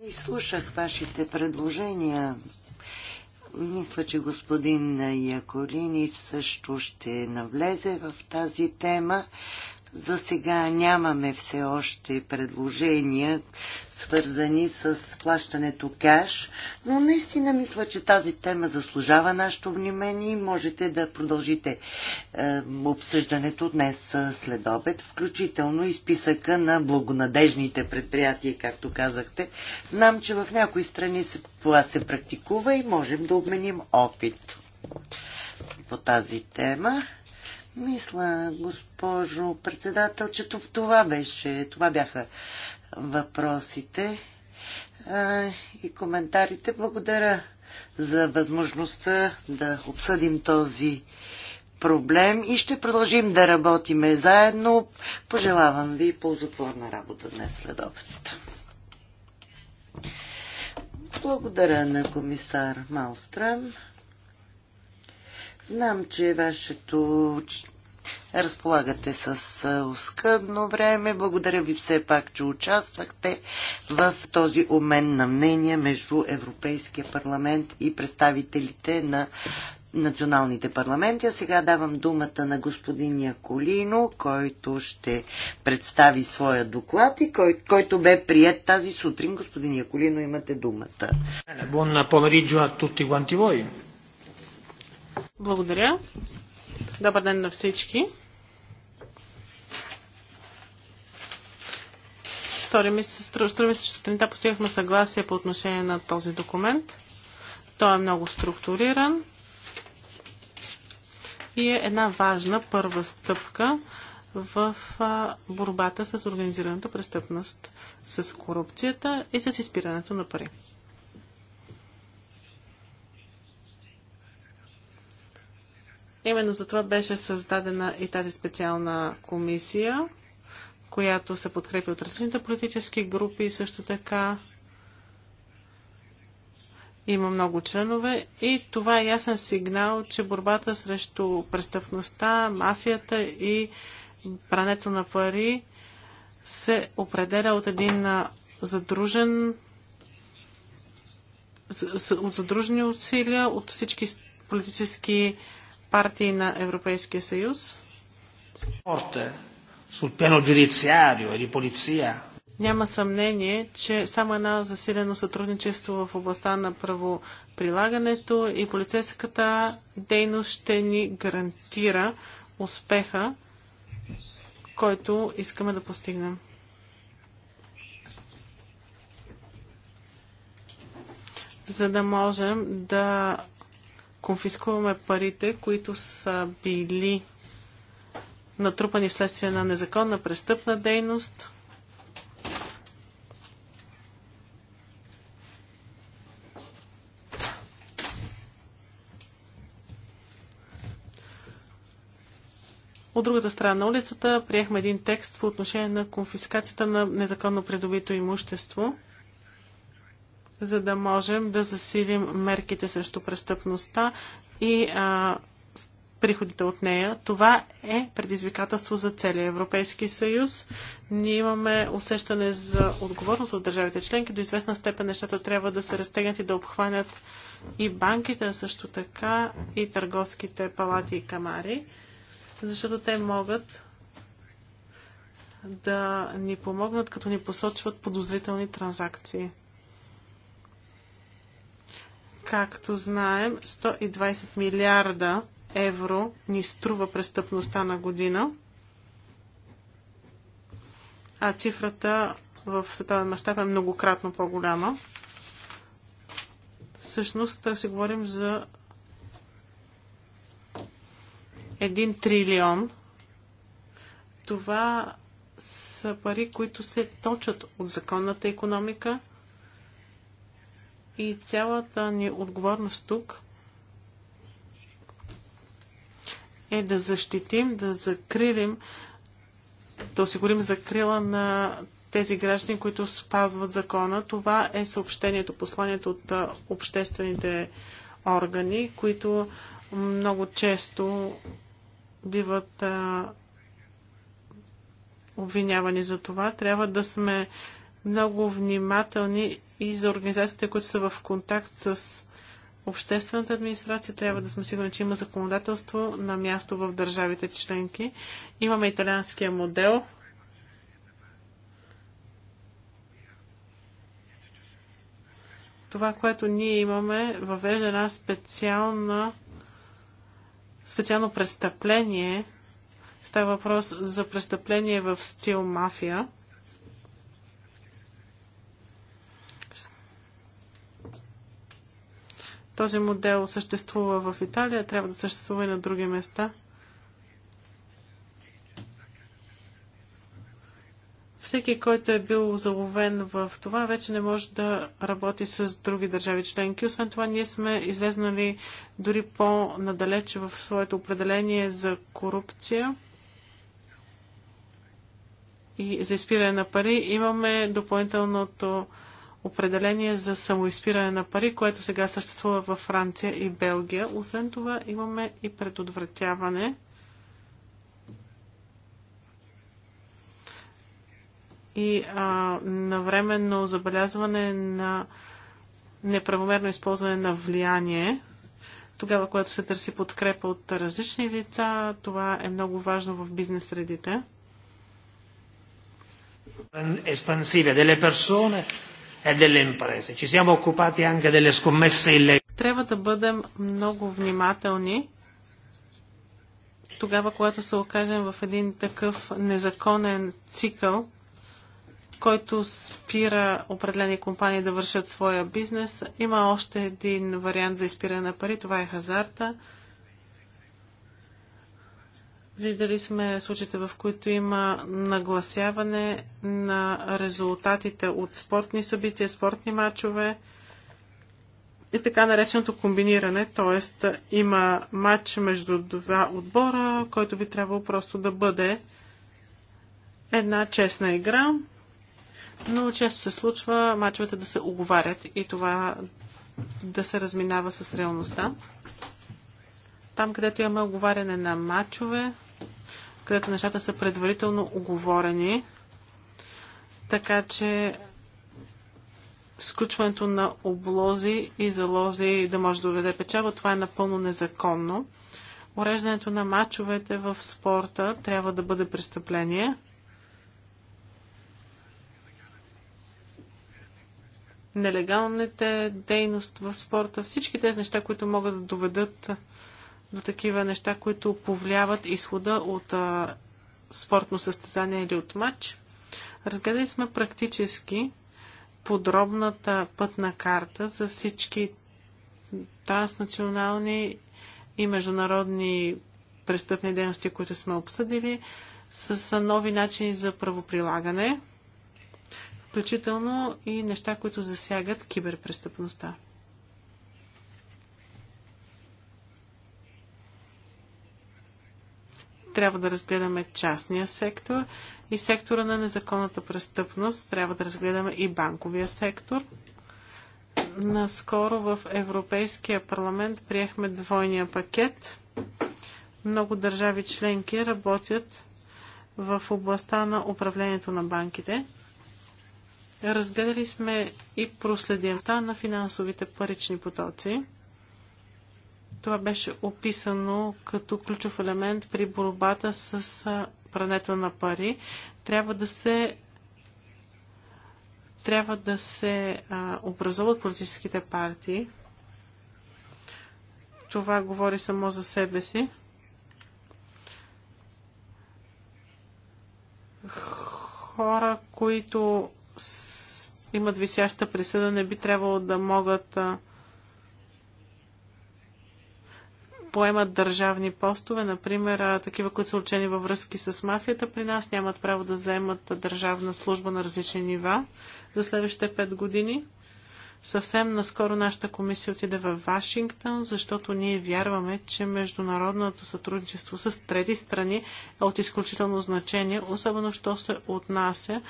Изслушах слушах вашите предложения. Мисля, че господин Яколини също ще навлезе в тази тема. За сега нямаме все още предложения, свързани с плащането кеш, но наистина мисля, че тази тема заслужава нашето внимание и можете да продължите е, обсъждането днес е, след обед, включително и списъка на благонадежните предприятия, както казахте. Знам, че в някои страни това се практикува и можем да обменим опит по тази тема. Мисля, госпожо председател, че това беше, това бяха въпросите и коментарите. Благодаря за възможността да обсъдим този проблем и ще продължим да работиме заедно. Пожелавам ви ползотворна работа днес след обед. Благодаря на комисар Малстрам. Знам, че вашето разполагате с оскъдно време. Благодаря ви все пак, че участвахте в този обмен на мнения между Европейския парламент и представителите на националните парламенти. А сега давам думата на господин Яколино, който ще представи своя доклад и кой, който бе прият тази сутрин. Господин Яколино, имате думата. Buon pomeriggio a tutti quanti voi. Благодаря. Добър ден на всички. Стори ми се, струва се, че сутринта постигнахме съгласие по отношение на този документ. Той е много структуриран и е една важна първа стъпка в борбата с организираната престъпност, с корупцията и с изпирането на пари. Именно за това беше създадена и тази специална комисия, която се подкрепи от различните политически групи и също така има много членове и това е ясен сигнал, че борбата срещу престъпността, мафията и прането на пари се определя от един задружен от задружни усилия от всички политически партии на Европейския съюз. E Няма съмнение, че само едно засилено сътрудничество в областта на правоприлагането и полицейската дейност ще ни гарантира успеха, който искаме да постигнем. За да можем да конфискуваме парите, които са били натрупани вследствие на незаконна престъпна дейност. От другата страна на улицата приехме един текст по отношение на конфискацията на незаконно придобито имущество – за да можем да засилим мерките срещу престъпността и а, приходите от нея. Това е предизвикателство за целия Европейски съюз. Ние имаме усещане за отговорност от държавите членки. До известна степен нещата трябва да се разтегнат и да обхванят и банките, а също така и търговските палати и камари, защото те могат да ни помогнат, като ни посочват подозрителни транзакции. Както знаем, 120 милиарда евро ни струва престъпността на година, а цифрата в световен мащаб е многократно по-голяма. Всъщност, да си говорим за 1 трилион. Това са пари, които се точат от законната економика – и цялата ни отговорност тук е да защитим, да закрилим, да осигурим закрила на тези граждани, които спазват закона. Това е съобщението, посланието от обществените органи, които много често биват а, обвинявани за това. Трябва да сме много внимателни и за организациите, които са в контакт с обществената администрация. Трябва да сме сигурни, че има законодателство на място в държавите членки. Имаме италианския модел, това, което ние имаме, въвежда една специална специално престъпление. Става въпрос за престъпление в стил мафия. Този модел съществува в Италия, трябва да съществува и на други места. Всеки, който е бил заловен в това, вече не може да работи с други държави членки. Освен това, ние сме излезнали дори по-надалече в своето определение за корупция и за изпиране на пари. Имаме допълнителното определение за самоизпиране на пари, което сега съществува във Франция и Белгия. Освен това имаме и предотвратяване и а, навременно забелязване на неправомерно използване на влияние. Тогава, когато се търси подкрепа от различни лица, това е много важно в бизнес средите e delle imprese. Ci siamo occupati anche delle scommesse illegali. Трябва да бъдем много внимателни тогава, когато се окажем в един такъв незаконен цикъл, който спира определени компании да вършат своя бизнес. Има още един вариант за изпиране на пари, това е хазарта. Виждали сме случаите, в които има нагласяване на резултатите от спортни събития, спортни матчове и така нареченото комбиниране, т.е. има матч между два отбора, който би трябвало просто да бъде една честна игра, но често се случва мачовете да се оговарят и това да се разминава с реалността. Там, където имаме оговаряне на матчове, където нещата са предварително оговорени. Така че сключването на облози и залози да може да доведе печава, това е напълно незаконно. Уреждането на мачовете в спорта трябва да бъде престъпление. Нелегалните дейност в спорта, всички тези неща, които могат да доведат до такива неща, които повлияват изхода от а, спортно състезание или от матч. Разгледали сме практически подробната пътна карта за всички транснационални и международни престъпни дейности, които сме обсъдили, с нови начини за правоприлагане, включително и неща, които засягат киберпрестъпността. трябва да разгледаме частния сектор и сектора на незаконната престъпност. Трябва да разгледаме и банковия сектор. Наскоро в Европейския парламент приехме двойния пакет. Много държави членки работят в областта на управлението на банките. Разгледали сме и проследимостта на финансовите парични потоци. Това беше описано като ключов елемент при борбата с прането на пари. Трябва да се трябва да се а, образуват политическите партии. Това говори само за себе си. Хора, които с... имат висяща присъда, не би трябвало да могат а, поемат държавни постове, например такива, които са учени във връзки с мафията при нас, нямат право да заемат държавна служба на различни нива за следващите пет години. Съвсем наскоро нашата комисия отиде в Вашингтон, защото ние вярваме, че международното сътрудничество с трети страни е от изключително значение, особено що се отнася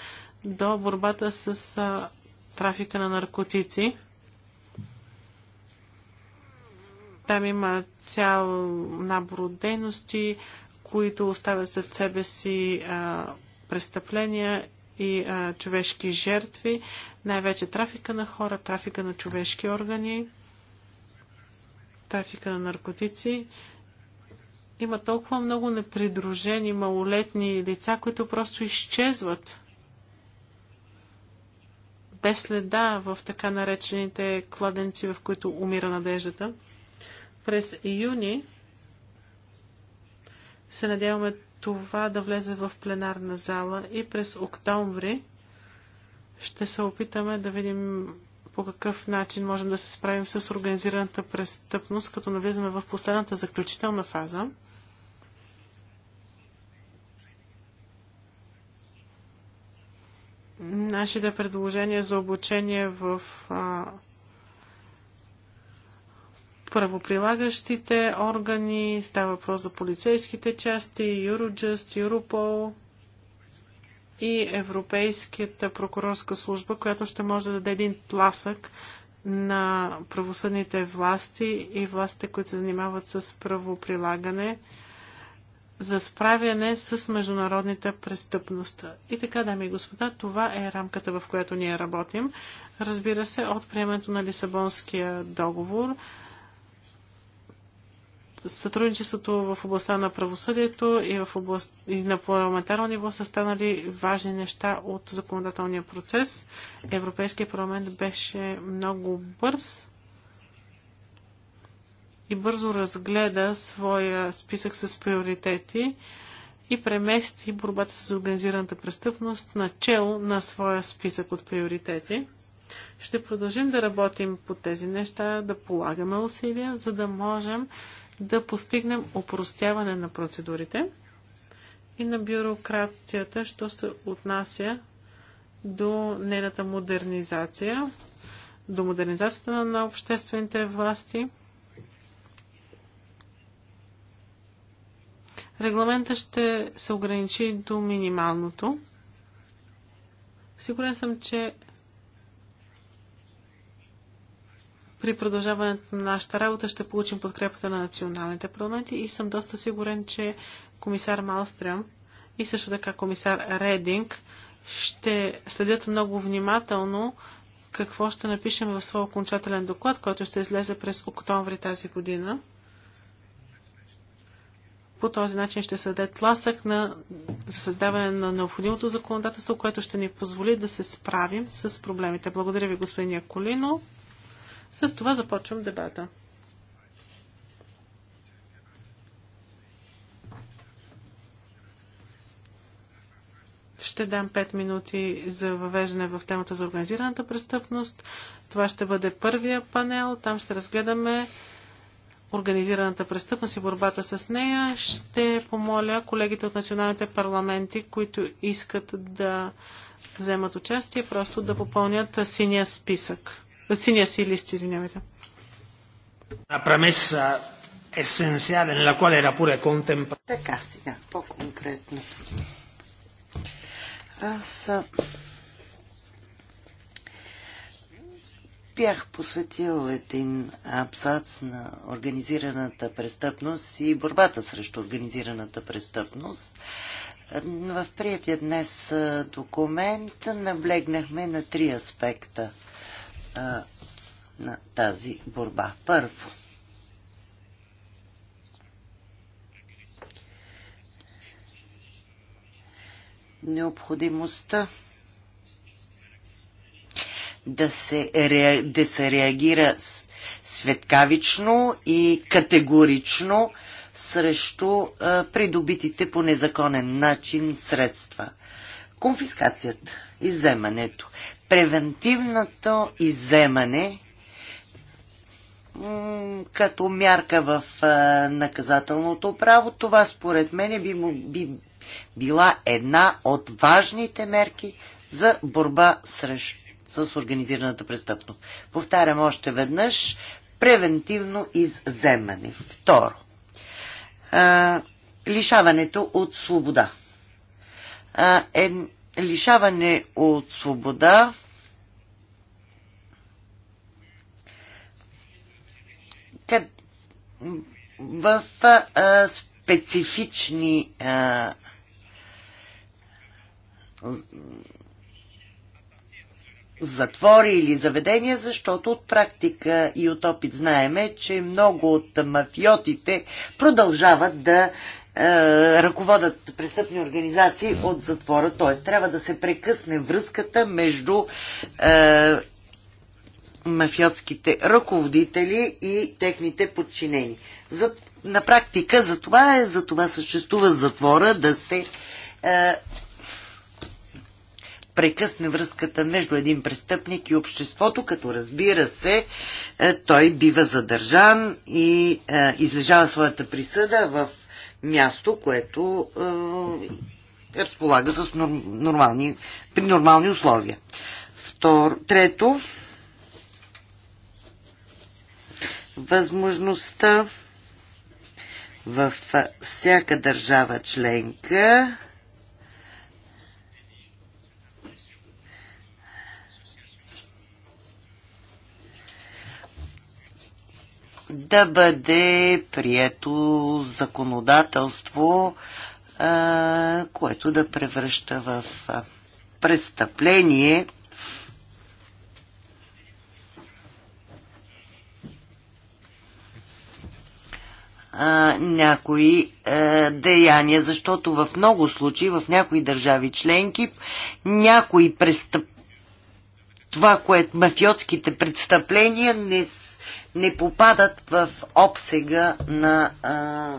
до борбата с трафика на наркотици. Там има цял набор от дейности, които оставят след себе си а, престъпления и а, човешки жертви, най-вече трафика на хора, трафика на човешки органи, трафика на наркотици. Има толкова много непридружени малолетни лица, които просто изчезват без следа в така наречените кладенци, в които умира надеждата. През юни се надяваме това да влезе в пленарна зала и през октомври ще се опитаме да видим по какъв начин можем да се справим с организираната престъпност, като навлизаме в последната заключителна фаза. Нашите предложения за обучение в а, правоприлагащите органи, става въпрос за полицейските части, Eurojust, Europol и Европейската прокурорска служба, която ще може да даде един тласък на правосъдните власти и властите, които се занимават с правоприлагане за справяне с международната престъпност. И така, дами и господа, това е рамката, в която ние работим. Разбира се, от приемането на Лисабонския договор сътрудничеството в областта на правосъдието и, в област, и на парламентарно ниво са станали важни неща от законодателния процес. Европейския парламент беше много бърз и бързо разгледа своя списък с приоритети и премести борбата с организираната престъпност начало на своя списък от приоритети. Ще продължим да работим по тези неща, да полагаме усилия, за да можем да постигнем опростяване на процедурите и на бюрократията що се отнася до нейната модернизация, до модернизацията на обществените власти. Регламента ще се ограничи до минималното. Сигурен съм, че при продължаването на нашата работа ще получим подкрепата на националните парламенти и съм доста сигурен, че комисар Малстрем и също така комисар Рединг ще следят много внимателно какво ще напишем в своя окончателен доклад, който ще излезе през октомври тази година. По този начин ще се даде тласък на, за създаване на необходимото законодателство, което ще ни позволи да се справим с проблемите. Благодаря ви, господин Яколино. С това започвам дебата. ще дам 5 минути за въвеждане в темата за организираната престъпност. Това ще бъде първия панел. Там ще разгледаме организираната престъпност и борбата с нея. Ще помоля колегите от националните парламенти, които искат да вземат участие, просто да попълнят синия списък синия си лист, извинявайте. Una premessa essenziale nella quale era pure contemplata. Така, сега, по-конкретно. Аз бях посветил един абзац на организираната престъпност и борбата срещу организираната престъпност. В приятия днес документ наблегнахме на три аспекта – а, на тази борба. Първо, необходимостта да се, ре, да се реагира светкавично и категорично срещу а, придобитите по незаконен начин средства. Конфискацията, иземането превентивното иземане като мярка в наказателното право. Това според мен би, би била една от важните мерки за борба срещу с организираната престъпност. Повтарям още веднъж превентивно изземане. Второ. А, лишаването от свобода. А, е, лишаване от свобода в а, специфични а, затвори или заведения, защото от практика и от опит знаеме, че много от мафиотите продължават да е, ръководят престъпни организации от затвора. Т.е. трябва да се прекъсне връзката между е, мафиотските ръководители и техните подчинени. За, на практика за това, е, за това съществува затвора да се е, прекъсне връзката между един престъпник и обществото, като разбира се, е, той бива задържан и е, излежава своята присъда в място, което е, е разполага с нормални, при нормални условия. Втор, трето, възможността във всяка държава членка да бъде прието законодателство, което да превръща в престъпление някои е, деяния, защото в много случаи, в някои държави членки, някои престъп... това, което мафиотските престъпления не, са не попадат в обсега на а,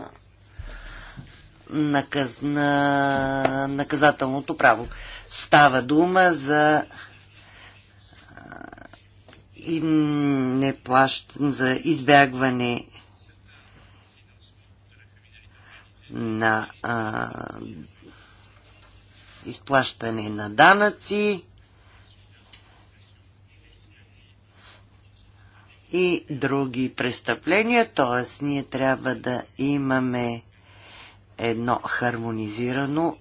наказ, на наказателното право. Става дума за и не плащ, за избягване на а, изплащане на данъци, и други престъпления, т.е. ние трябва да имаме едно хармонизирано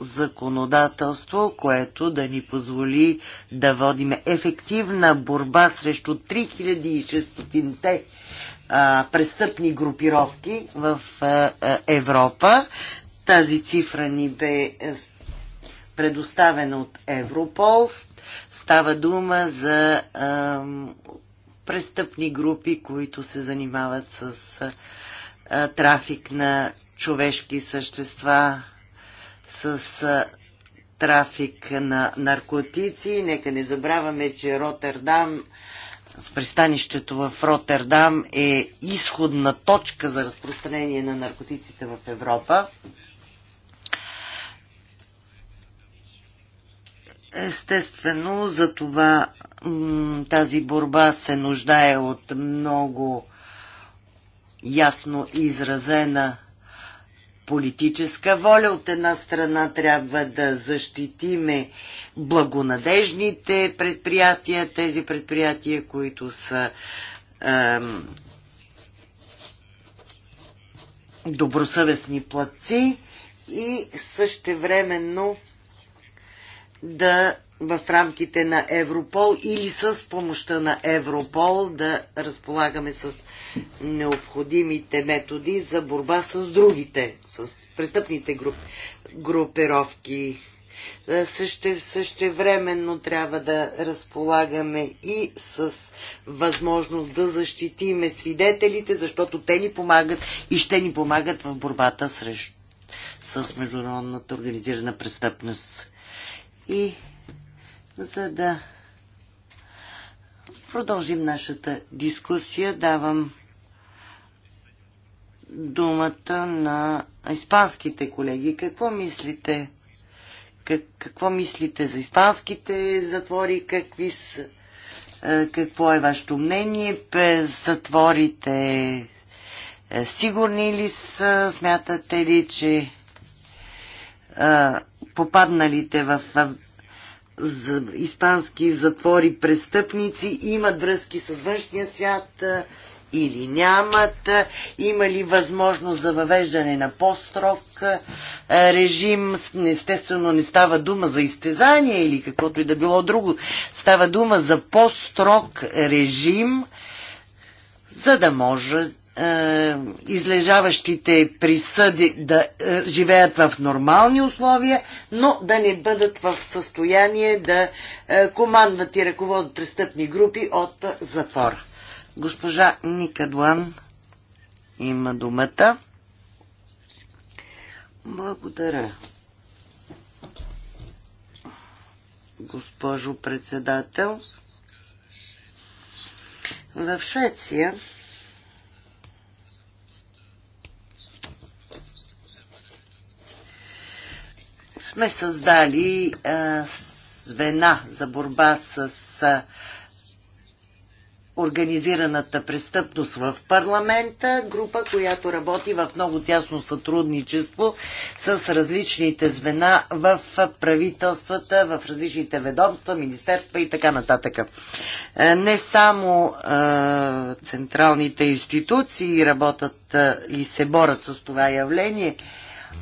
законодателство, което да ни позволи да водим ефективна борба срещу 3600-те престъпни групировки в а, а, Европа. Тази цифра ни бе е, предоставена от Европол. Става дума за а, престъпни групи, които се занимават с а, трафик на човешки същества, с а, трафик на наркотици. Нека не забравяме, че Ротердам, с пристанището в Ротердам е изходна точка за разпространение на наркотиците в Европа. Естествено, за това тази борба се нуждае от много ясно изразена политическа воля. От една страна трябва да защитиме благонадежните предприятия, тези предприятия, които са ем, добросъвестни платци и същевременно временно да в рамките на Европол или с помощта на Европол да разполагаме с необходимите методи за борба с другите, с престъпните груп, групировки. Е, също същевременно трябва да разполагаме и с възможност да защитиме свидетелите, защото те ни помагат и ще ни помагат в борбата срещу с международната организирана престъпност и за да продължим нашата дискусия, давам думата на испанските колеги. Какво мислите? Как, какво мислите за испанските затвори? Какви с, е, какво е вашето мнение? Затворите е, сигурни ли са? Смятате ли, че е, попадналите в испански затвори престъпници имат връзки с външния свят или нямат, има ли възможност за въвеждане на по-строг режим. Естествено не става дума за изтезание или каквото и да било друго. Става дума за по-строг режим, за да може е, излежаващите присъди да е, живеят в нормални условия, но да не бъдат в състояние да е, командват и ръководят престъпни групи от затвора. Госпожа Ника Дуан има думата. Благодаря. Госпожо председател, в Швеция сме създали звена за борба с организираната престъпност в парламента, група, която работи в много тясно сътрудничество с различните звена в правителствата, в различните ведомства, министерства и така нататък. Не само централните институции работят и се борят с това явление,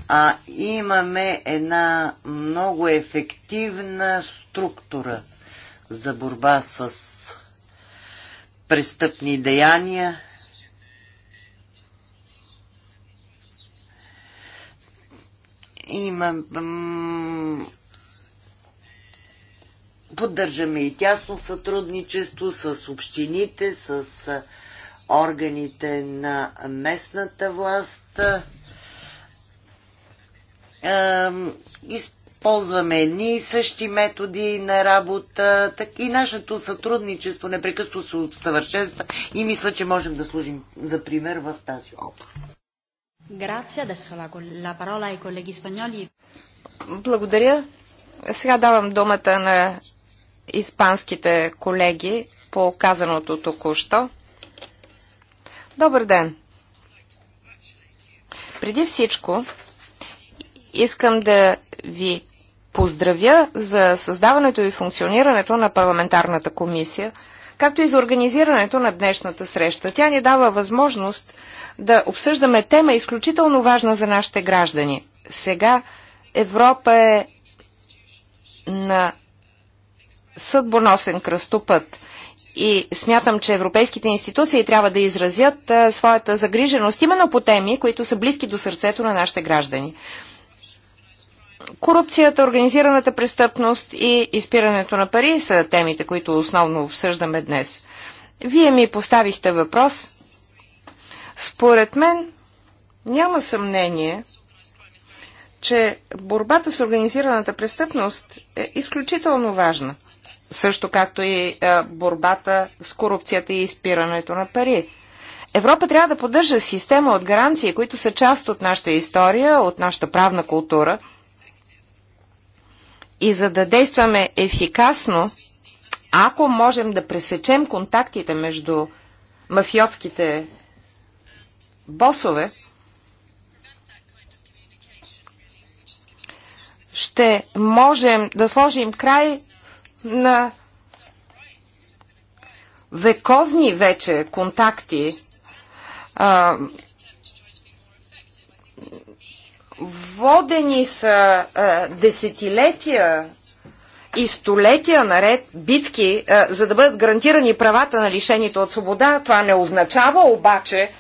а имаме една много ефективна структура за борба с престъпни деяния. Има поддържаме и тясно сътрудничество с общините, с органите на местната власт използваме едни и същи методи на работа, так и нашето сътрудничество непрекъсто се усъвършенства и мисля, че можем да служим за пример в тази област. Благодаря. Сега давам думата на испанските колеги по казаното току-що. Добър ден! Преди всичко, Искам да ви поздравя за създаването и функционирането на парламентарната комисия, както и за организирането на днешната среща. Тя ни дава възможност да обсъждаме тема изключително важна за нашите граждани. Сега Европа е на съдбоносен кръстопът. И смятам, че европейските институции трябва да изразят своята загриженост именно по теми, които са близки до сърцето на нашите граждани. Корупцията, организираната престъпност и изпирането на пари са темите, които основно обсъждаме днес. Вие ми поставихте въпрос. Според мен няма съмнение, че борбата с организираната престъпност е изключително важна. Също както и е, борбата с корупцията и изпирането на пари. Европа трябва да поддържа система от гаранции, които са част от нашата история, от нашата правна култура – и за да действаме ефикасно, ако можем да пресечем контактите между мафиотските босове, ще можем да сложим край на вековни вече контакти Водени са а, десетилетия и столетия наред битки, а, за да бъдат гарантирани правата на лишените от свобода. Това не означава обаче,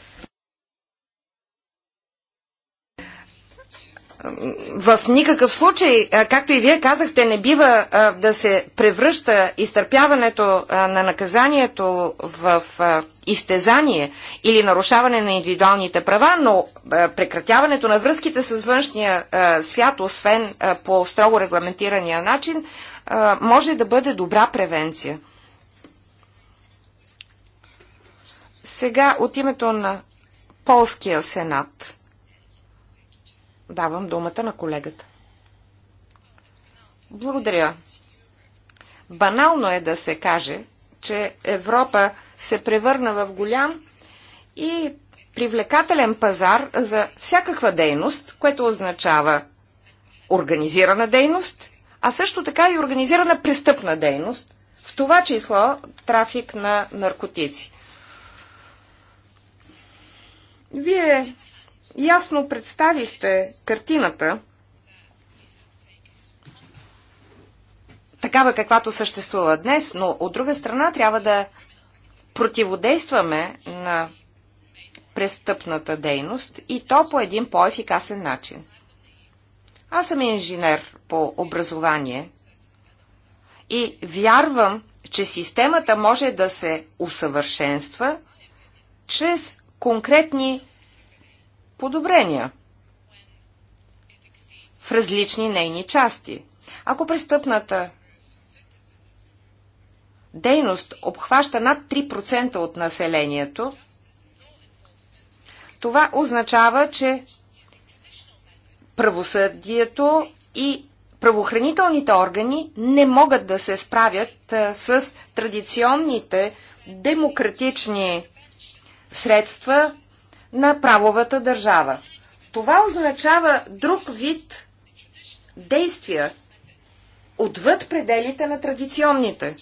в никакъв случай, както и вие казахте, не бива да се превръща изтърпяването на наказанието в изтезание или нарушаване на индивидуалните права, но прекратяването на връзките с външния свят, освен по строго регламентирания начин, може да бъде добра превенция. Сега от името на Полския сенат. Давам думата на колегата. Благодаря. Банално е да се каже, че Европа се превърна в голям и привлекателен пазар за всякаква дейност, което означава организирана дейност, а също така и организирана престъпна дейност, в това число трафик на наркотици. Вие ясно представихте картината, такава каквато съществува днес, но от друга страна трябва да противодействаме на престъпната дейност и то по един по-ефикасен начин. Аз съм инженер по образование и вярвам, че системата може да се усъвършенства чрез конкретни подобрения в различни нейни части. Ако престъпната дейност обхваща над 3% от населението, това означава, че правосъдието и правоохранителните органи не могат да се справят с традиционните демократични средства на правовата държава. Това означава друг вид действия отвъд пределите на традиционните.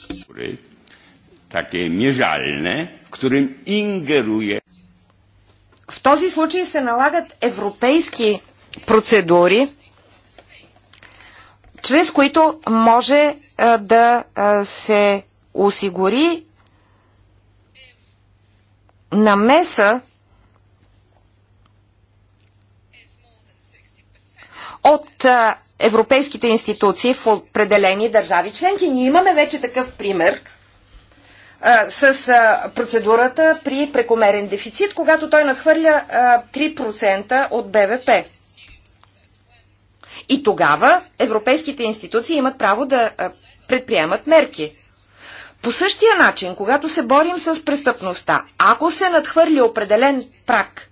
В този случай се налагат европейски процедури, чрез които може а, да а, се осигури намеса от европейските институции в определени държави членки. Ние имаме вече такъв пример с процедурата при прекомерен дефицит, когато той надхвърля 3% от БВП. И тогава европейските институции имат право да предприемат мерки. По същия начин, когато се борим с престъпността, ако се надхвърли определен прак –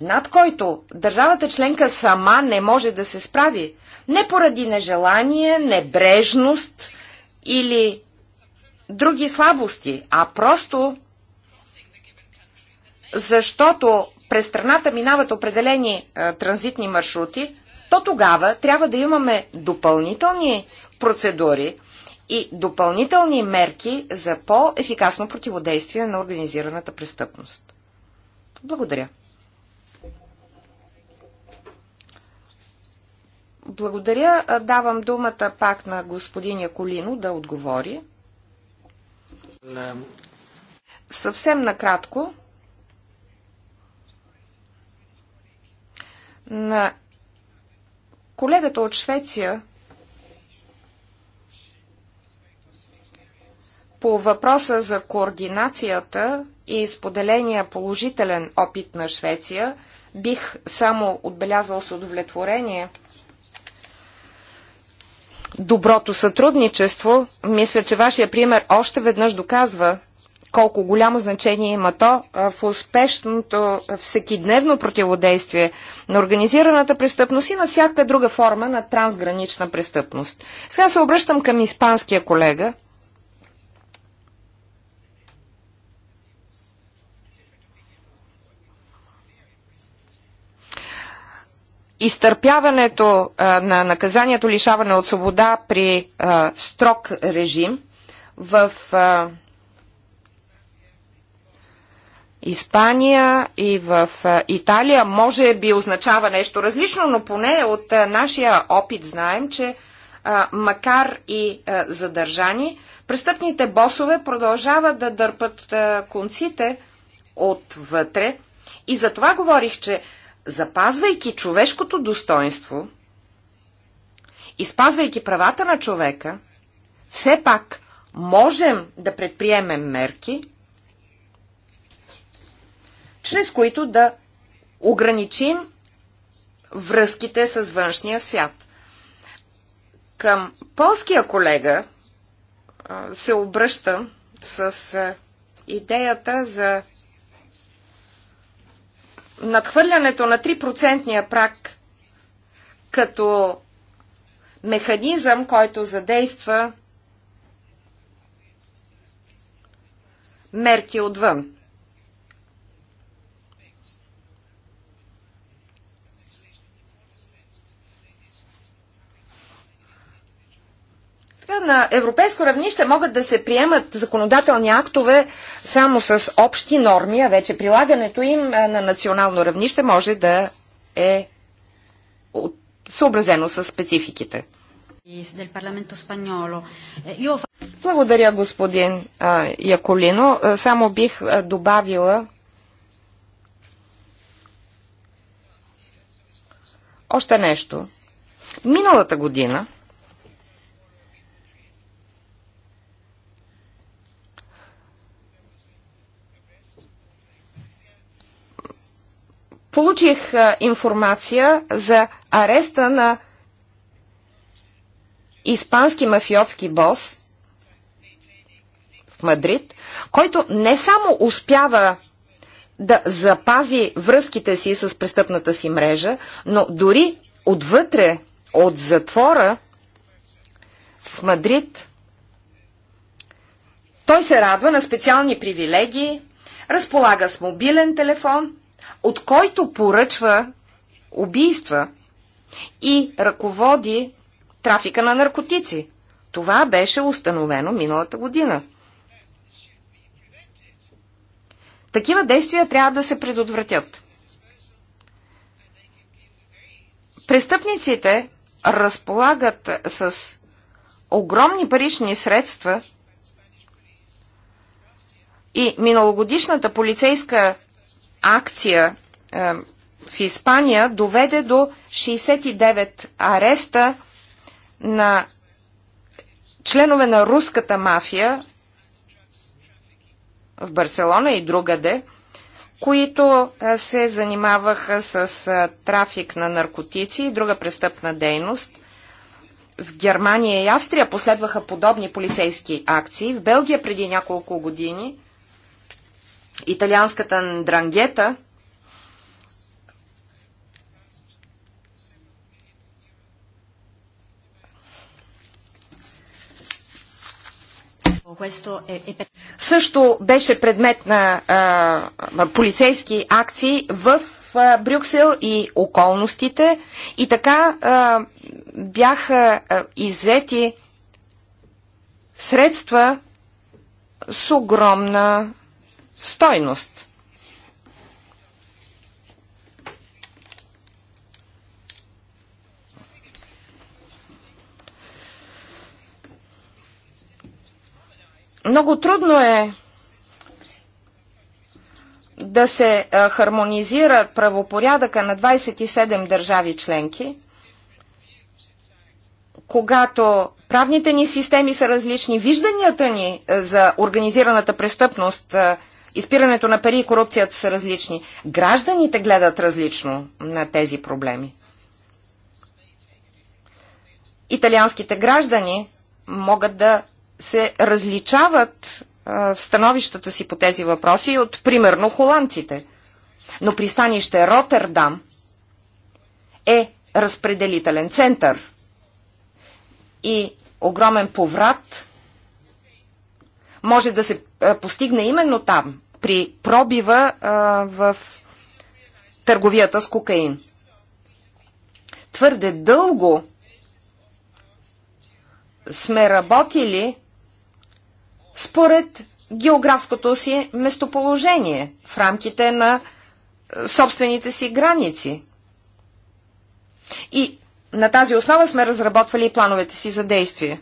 над който държавата членка сама не може да се справи. Не поради нежелание, небрежност или други слабости, а просто защото през страната минават определени а, е, транзитни маршрути, то тогава трябва да имаме допълнителни процедури и допълнителни мерки за по-ефикасно противодействие на организираната престъпност. Благодаря. Благодаря. Давам думата пак на господин Яколино да отговори. Не. Съвсем накратко. На колегата от Швеция по въпроса за координацията и споделения положителен опит на Швеция, бих само отбелязал с удовлетворение – доброто сътрудничество, мисля, че вашия пример още веднъж доказва колко голямо значение има то в успешното всекидневно противодействие на организираната престъпност и на всяка друга форма на трансгранична престъпност. Сега се обръщам към испанския колега. изтърпяването на наказанието лишаване от свобода при строг режим в Испания и в Италия може би означава нещо различно, но поне от нашия опит знаем, че макар и задържани, престъпните босове продължават да дърпат конците отвътре. И за това говорих, че запазвайки човешкото достоинство и спазвайки правата на човека, все пак можем да предприемем мерки, чрез които да ограничим връзките с външния свят. Към полския колега се обръщам с идеята за надхвърлянето на 3% прак като механизъм, който задейства мерки отвън. на европейско равнище могат да се приемат законодателни актове само с общи норми, а вече прилагането им на национално равнище може да е съобразено с спецификите. Благодаря, господин Яколино. Само бих добавила още нещо. Миналата година Получих информация за ареста на испански мафиотски бос в Мадрид, който не само успява да запази връзките си с престъпната си мрежа, но дори отвътре, от затвора в Мадрид, той се радва на специални привилегии, разполага с мобилен телефон – от който поръчва убийства и ръководи трафика на наркотици. Това беше установено миналата година. Такива действия трябва да се предотвратят. Престъпниците разполагат с огромни парични средства и миналогодишната полицейска акция е, в Испания доведе до 69 ареста на членове на руската мафия в Барселона и другаде, които е, се занимаваха с е, трафик на наркотици и друга престъпна дейност. В Германия и Австрия последваха подобни полицейски акции. В Белгия преди няколко години – италианската дрангета също беше предмет на а, полицейски акции в а, Брюксел и околностите и така а, бяха а, иззети средства с огромна стойност. Много трудно е да се хармонизира правопорядъка на 27 държави членки, когато правните ни системи са различни, вижданията ни за организираната престъпност изпирането на пари и корупцията са различни. Гражданите гледат различно на тези проблеми. Италианските граждани могат да се различават в становищата си по тези въпроси от, примерно, холандците. Но пристанище Роттердам е разпределителен център и огромен поврат може да се постигне именно там, при пробива в търговията с кокаин. Твърде дълго сме работили според географското си местоположение в рамките на собствените си граници. И на тази основа сме разработвали плановете си за действие.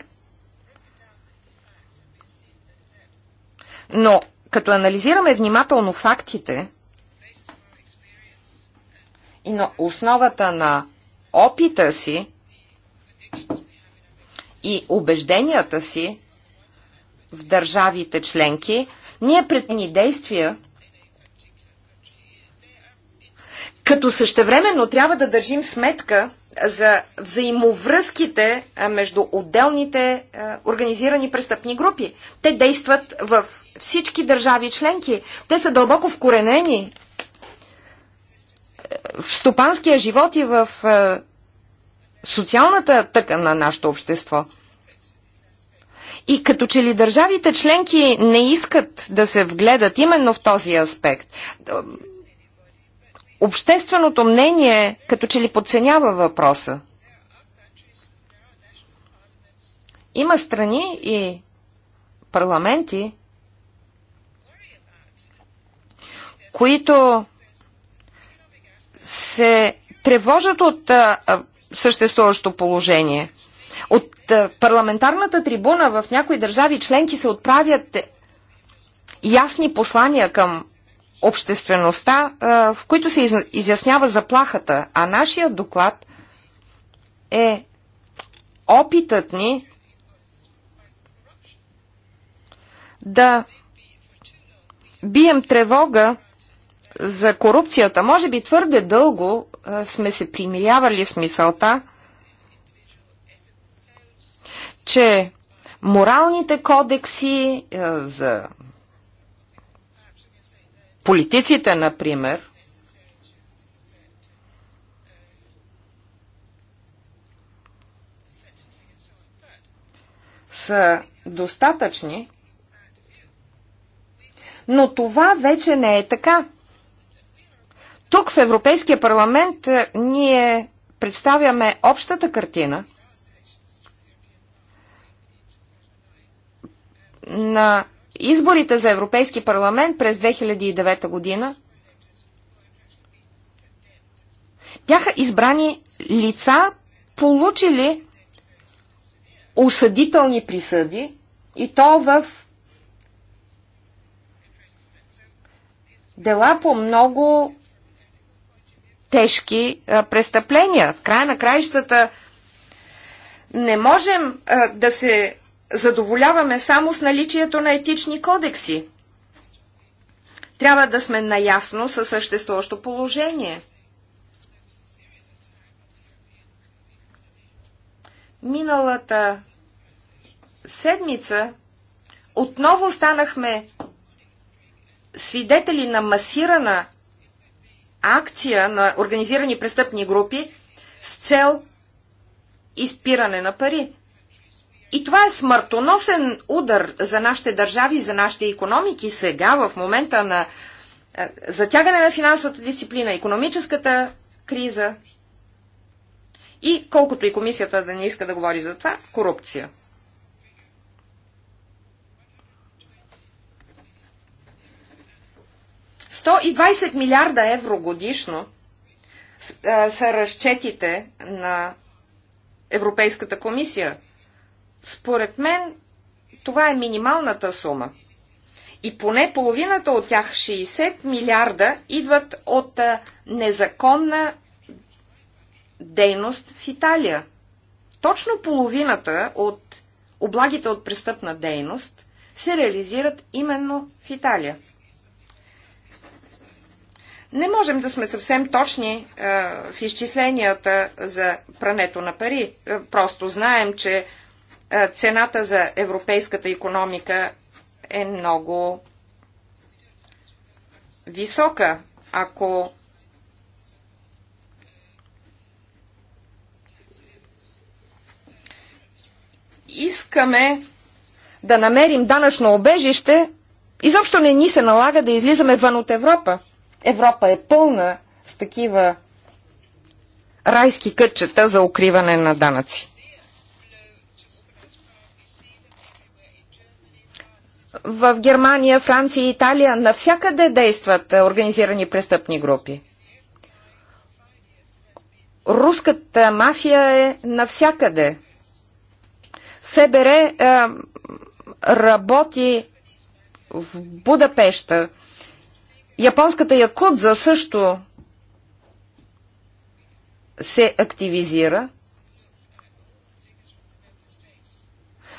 Но като анализираме внимателно фактите и на основата на опита си и убежденията си в държавите членки, ние предприемаме действия, като същевременно трябва да държим сметка за взаимовръзките между отделните организирани престъпни групи. Те действат в всички държави членки. Те са дълбоко вкоренени е, в стопанския живот и в е, социалната тъка на нашето общество. И като че ли държавите членки не искат да се вгледат именно в този аспект, е, общественото мнение като че ли подценява въпроса. Има страни и парламенти, които се тревожат от а, съществуващо положение. От а, парламентарната трибуна в някои държави членки се отправят ясни послания към обществеността, а, в които се изяснява заплахата. А нашия доклад е опитът ни да бием тревога за корупцията. Може би твърде дълго сме се примирявали с мисълта, че моралните кодекси за политиците, например, са достатъчни, но това вече не е така. Тук в Европейския парламент е, ние представяме общата картина на изборите за Европейски парламент през 2009 година. Бяха избрани лица, получили осъдителни присъди и то в дела по много тежки а, престъпления. В края на краищата не можем а, да се задоволяваме само с наличието на етични кодекси. Трябва да сме наясно със съществуващо положение. Миналата седмица отново станахме свидетели на масирана акция на организирани престъпни групи с цел изпиране на пари. И това е смъртоносен удар за нашите държави, за нашите економики сега, в момента на е, затягане на финансовата дисциплина, економическата криза и, колкото и комисията да не иска да говори за това, корупция. 120 милиарда евро годишно са разчетите на Европейската комисия. Според мен това е минималната сума. И поне половината от тях, 60 милиарда, идват от незаконна дейност в Италия. Точно половината от облагите от престъпна дейност се реализират именно в Италия. Не можем да сме съвсем точни а, е, в изчисленията за прането на пари. А, е, просто знаем, че а, е, цената за европейската економика е много висока. Ако искаме да намерим данъчно обежище, изобщо не ни се налага да излизаме вън от Европа. Европа е пълна с такива райски кътчета за укриване на данъци. В Германия, Франция и Италия навсякъде действат организирани престъпни групи. Руската мафия е навсякъде. ФБР е, работи в Будапешта, Японската якудза също се активизира.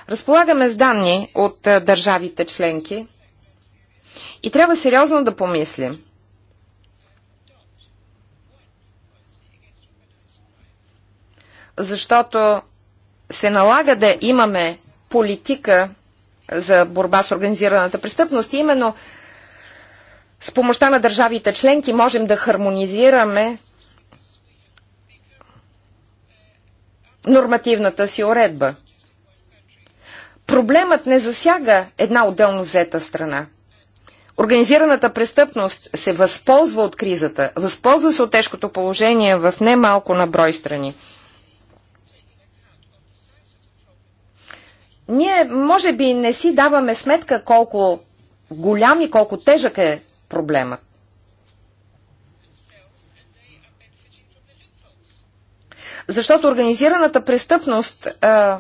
Разполагаме с данни от държавите членки и трябва сериозно да помислим. Защото се налага да имаме политика за борба с организираната престъпност. И именно с помощта на държавите членки можем да хармонизираме нормативната си уредба. Проблемът не засяга една отделно взета страна. Организираната престъпност се възползва от кризата, възползва се от тежкото положение в немалко на брой страни. Ние, може би, не си даваме сметка колко голям и колко тежък е проблемът. Защото организираната престъпност а,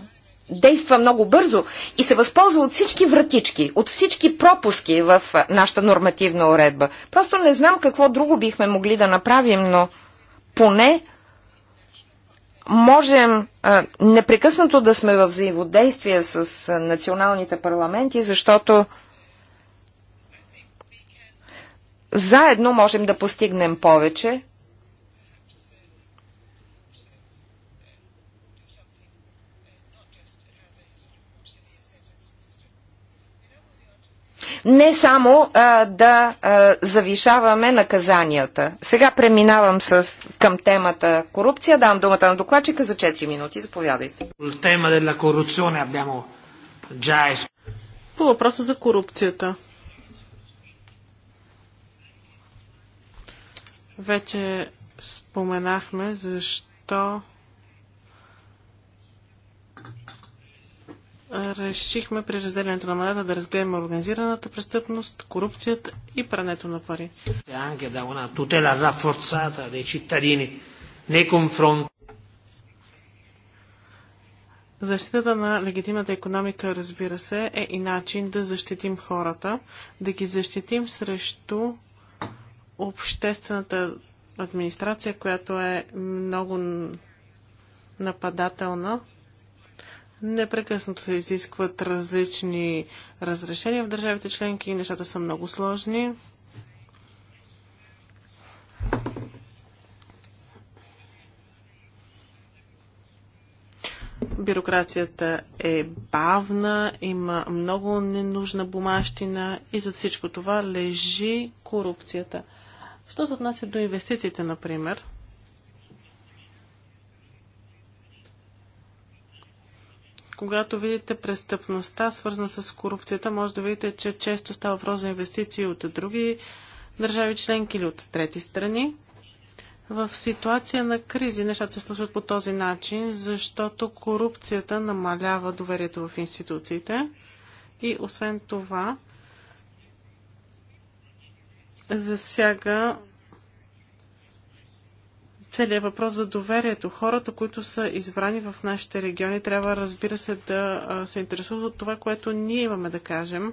действа много бързо и се възползва от всички вратички, от всички пропуски в нашата нормативна уредба. Просто не знам какво друго бихме могли да направим, но поне можем а, непрекъснато да сме в взаимодействие с а, националните парламенти, защото Заедно можем да постигнем повече. Не само а, да а, завишаваме наказанията. Сега преминавам с, към темата корупция. Дам думата на докладчика за 4 минути. Заповядайте. Тема по въпроса за корупцията. Вече споменахме защо решихме при разделянето на мандата да разгледаме организираната престъпност, корупцията и прането на пари. Е, Защитата на легитимната економика, разбира се, е и начин да защитим хората, да ги защитим срещу обществената администрация, която е много нападателна. Непрекъснато се изискват различни разрешения в държавите членки и нещата са много сложни. Бюрокрацията е бавна, има много ненужна бумащина и за всичко това лежи корупцията – Що се отнася до инвестициите, например, когато видите престъпността, свързана с корупцията, може да видите, че често става въпрос за инвестиции от други държави членки или от трети страни. В ситуация на кризи нещата се случват по този начин, защото корупцията намалява доверието в институциите и освен това засяга целият въпрос за доверието. Хората, които са избрани в нашите региони, трябва, разбира се, да се интересуват от това, което ние имаме да кажем.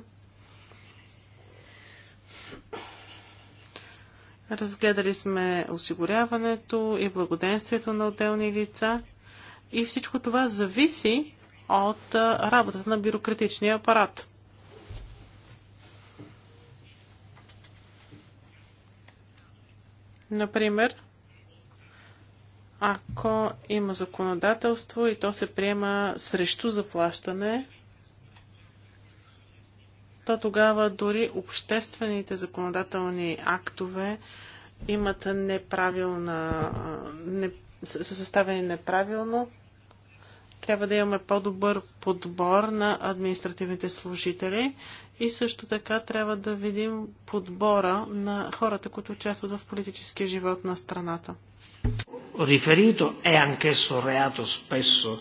Разгледали сме осигуряването и благоденствието на отделни лица. И всичко това зависи от работата на бюрократичния апарат. Например, ако има законодателство и то се приема срещу заплащане, то тогава дори обществените законодателни актове имат неправилна, не, са съставени неправилно, трябва да имаме по-добър подбор на административните служители и също така трябва да видим подбора на хората, които участват в политическия живот на страната. Риферито е анкесо реато спесо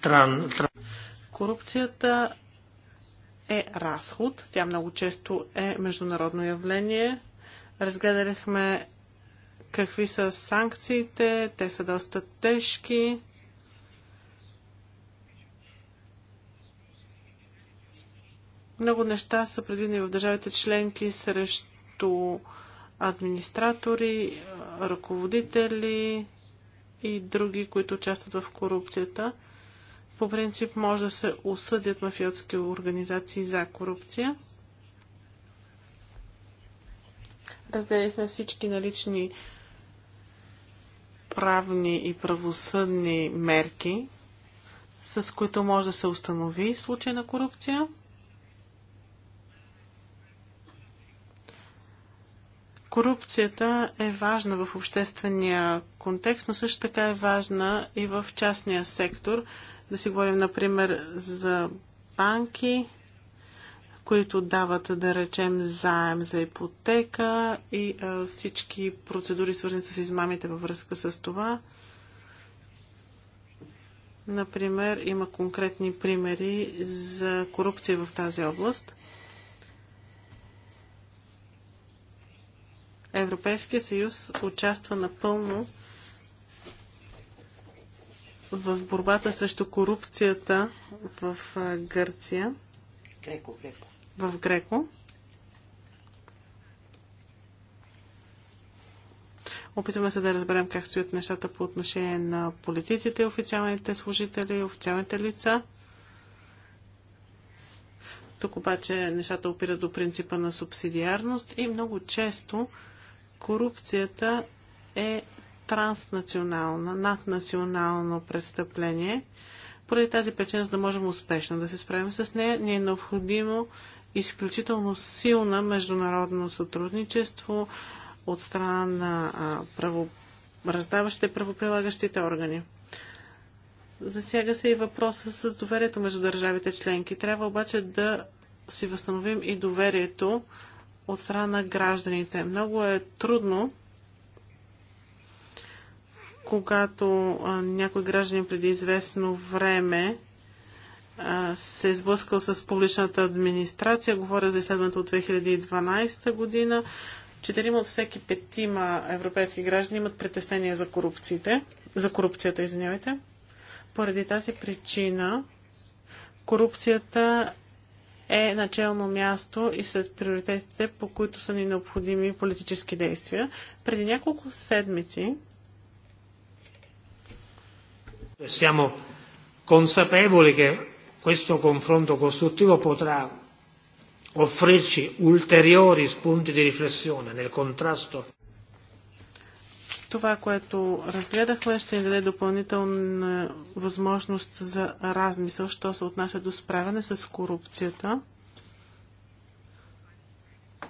тран... Корупцията е разход. Тя много често е международно явление. Разгледахме какви са санкциите. Те са доста тежки. Много неща са предвидени в държавите членки срещу администратори, ръководители и други, които участват в корупцията. По принцип може да се осъдят мафиотски организации за корупция. Разгледали сме всички налични правни и правосъдни мерки, с които може да се установи случай на корупция. Корупцията е важна в обществения контекст, но също така е важна и в частния сектор. Да си говорим, например, за банки, които дават, да речем, заем за ипотека и а, всички процедури, свързани с измамите във връзка с това. Например, има конкретни примери за корупция в тази област. Европейския съюз участва напълно в борбата срещу корупцията в Гърция. Греко, греко. В Греко. Опитваме се да разберем как стоят нещата по отношение на политиците, официалните служители, официалните лица. Тук обаче нещата опират до принципа на субсидиарност и много често корупцията е транснационална, наднационално престъпление. Поради тази причина, за да можем успешно да се справим с нея, ни е необходимо изключително силна международно сътрудничество от страна на право, раздаващите правоприлагащите органи. Засяга се и въпроса с доверието между държавите членки. Трябва обаче да си възстановим и доверието от страна на гражданите. Много е трудно, когато а, някой гражданин преди известно време а, се е сблъскал с публичната администрация. Говоря за изследването от 2012 година. Четирима от всеки петима европейски граждани имат притеснения за корупциите, за корупцията, извинявайте. Поради тази причина корупцията е начално място и след приоритетите, по които са ни необходими политически действия. Преди няколко седмици Siamo consapevoli che questo confronto costruttivo potrà offrirci ulteriori spunti di riflessione nel contrasto това, което разгледахме, ще ни даде допълнителна възможност за размисъл, що се отнася до справяне с корупцията.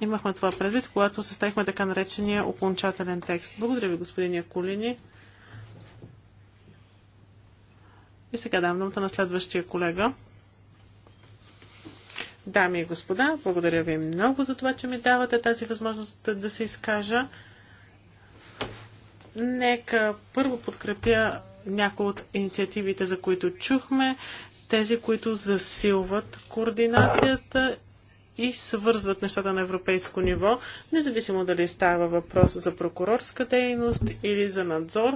Имахме това предвид, когато съставихме така наречения окончателен текст. Благодаря ви, господин Яколини. И сега дам думата на следващия колега. Дами и господа, благодаря ви много за това, че ми давате тази възможност да се изкажа. Нека първо подкрепя някои от инициативите, за които чухме, тези, които засилват координацията и свързват нещата на европейско ниво, независимо дали става въпрос за прокурорска дейност или за надзор.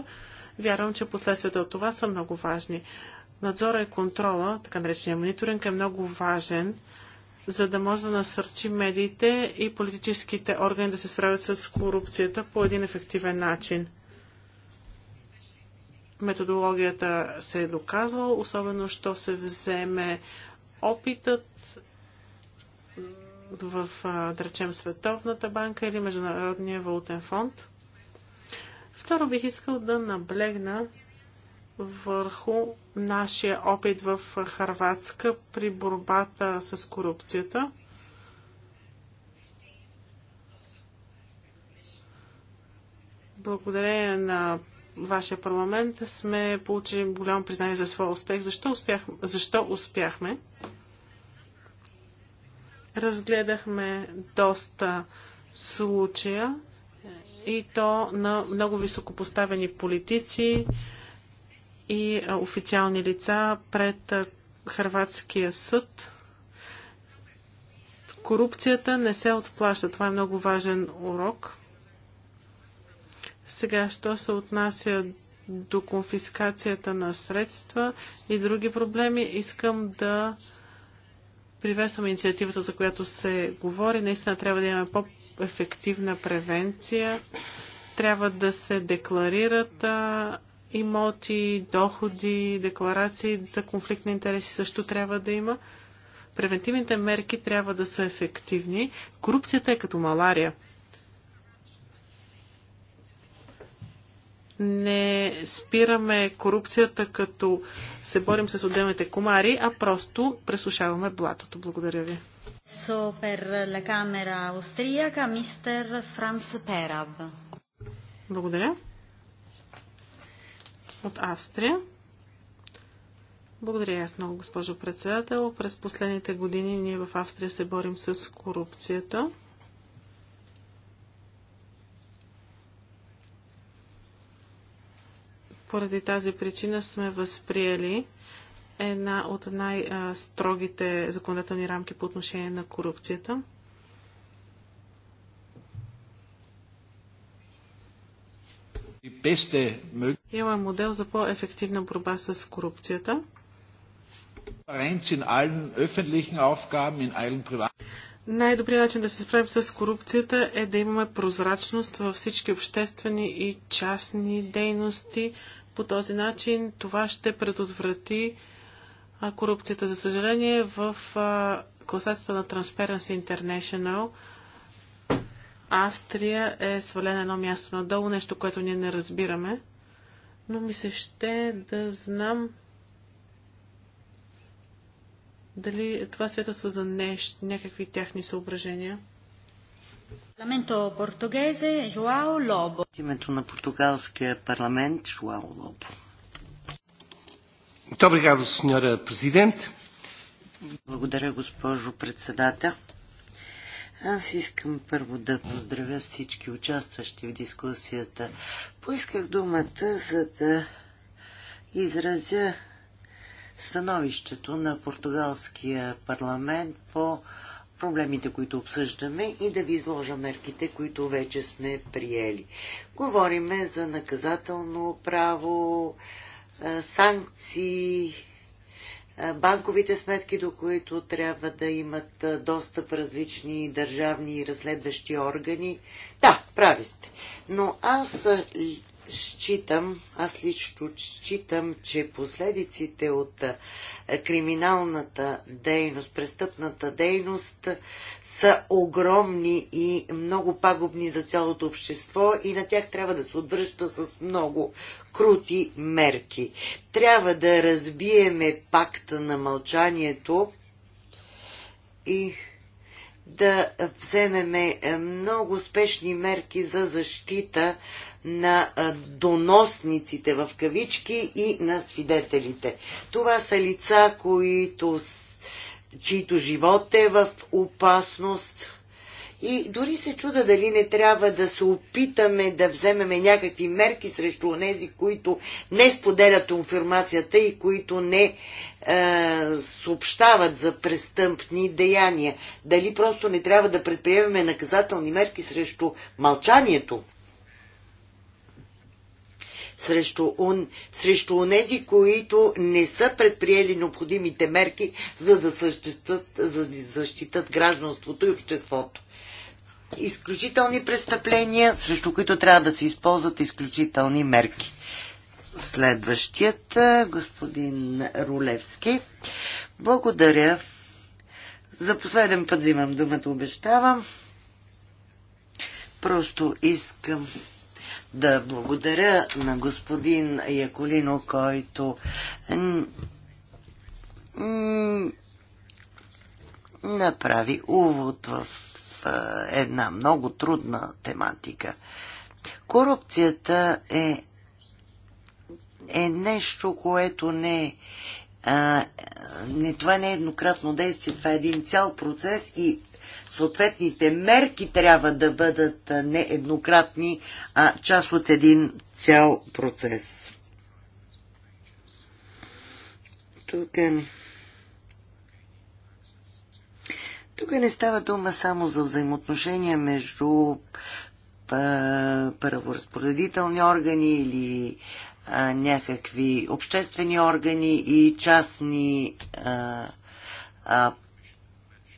Вярвам, че последствията от това са много важни. Надзора и контрола, така наречения мониторинг, е много важен, за да може да насърчи медиите и политическите органи да се справят с корупцията по един ефективен начин методологията се е доказвала, особено що се вземе опитът в, да речем, Световната банка или Международния валутен фонд. Второ бих искал да наблегна върху нашия опит в Харватска при борбата с корупцията. Благодарение на вашия парламент сме получили голямо признание за своя успех. Защо, успях, защо успяхме? Разгледахме доста случая и то на много високопоставени политици и официални лица пред Харватския съд. Корупцията не се отплаща. Това е много важен урок. Сега, що се отнася до конфискацията на средства и други проблеми, искам да привесвам инициативата, за която се говори. Наистина трябва да имаме по-ефективна превенция. Трябва да се декларират имоти, доходи, декларации за конфликт на интереси също трябва да има. Превентивните мерки трябва да са ефективни. Корупцията е като малария. не спираме корупцията, като се борим с отделните комари, а просто пресушаваме блатото. Благодаря ви. Благодаря. От Австрия. Благодаря аз много, госпожо председател. През последните години ние в Австрия се борим с корупцията. Поради тази причина сме възприели една от най-строгите законодателни рамки по отношение на корупцията. Има модел за по-ефективна борба с корупцията. Най-добрият начин да се справим с корупцията е да имаме прозрачност във всички обществени и частни дейности, по този начин това ще предотврати корупцията. За съжаление, в класацията на Transparency International Австрия е свалена едно място надолу, нещо, което ние не разбираме. Но ми се ще да знам дали това свидетелства за нещ, някакви тяхни съображения. Парламенто португезе Жоао Лобо. От името на португалския парламент Жоао Лобо. Добре, сеньора президент. Благодаря, госпожо председател. Аз искам първо да поздравя всички участващи в дискусията. Поисках думата, за да изразя становището на португалския парламент по проблемите, които обсъждаме и да ви изложа мерките, които вече сме приели. Говориме за наказателно право, санкции, банковите сметки, до които трябва да имат достъп различни държавни и разследващи органи. Да, прави сте. Но аз Считам, аз лично считам, че последиците от криминалната дейност, престъпната дейност са огромни и много пагубни за цялото общество и на тях трябва да се отвръща с много крути мерки. Трябва да разбиеме пакта на мълчанието и да вземеме е, много спешни мерки за защита на е, доносниците в кавички и на свидетелите. Това са лица, които, чието живот е в опасност и дори се чуда дали не трябва да се опитаме да вземеме някакви мерки срещу тези, които не споделят информацията и които не е, съобщават за престъпни деяния. Дали просто не трябва да предприемеме наказателни мерки срещу мълчанието срещу, он, срещу онези, които не са предприели необходимите мерки, за да, съществат, за да защитат гражданството и обществото изключителни престъпления, срещу които трябва да се използват изключителни мерки. Следващият, господин Рулевски. Благодаря. За последен път взимам думата, обещавам. Просто искам да благодаря на господин Яколино, който направи увод в е, една много трудна тематика. Корупцията е, е нещо, което не е, е. не, това не е еднократно действие, това е един цял процес и съответните мерки трябва да бъдат е, не еднократни, а част от един цял процес. Тук е... Тук не става дума само за взаимоотношения между първоразпоредителни органи или а, някакви обществени органи и частни а, а,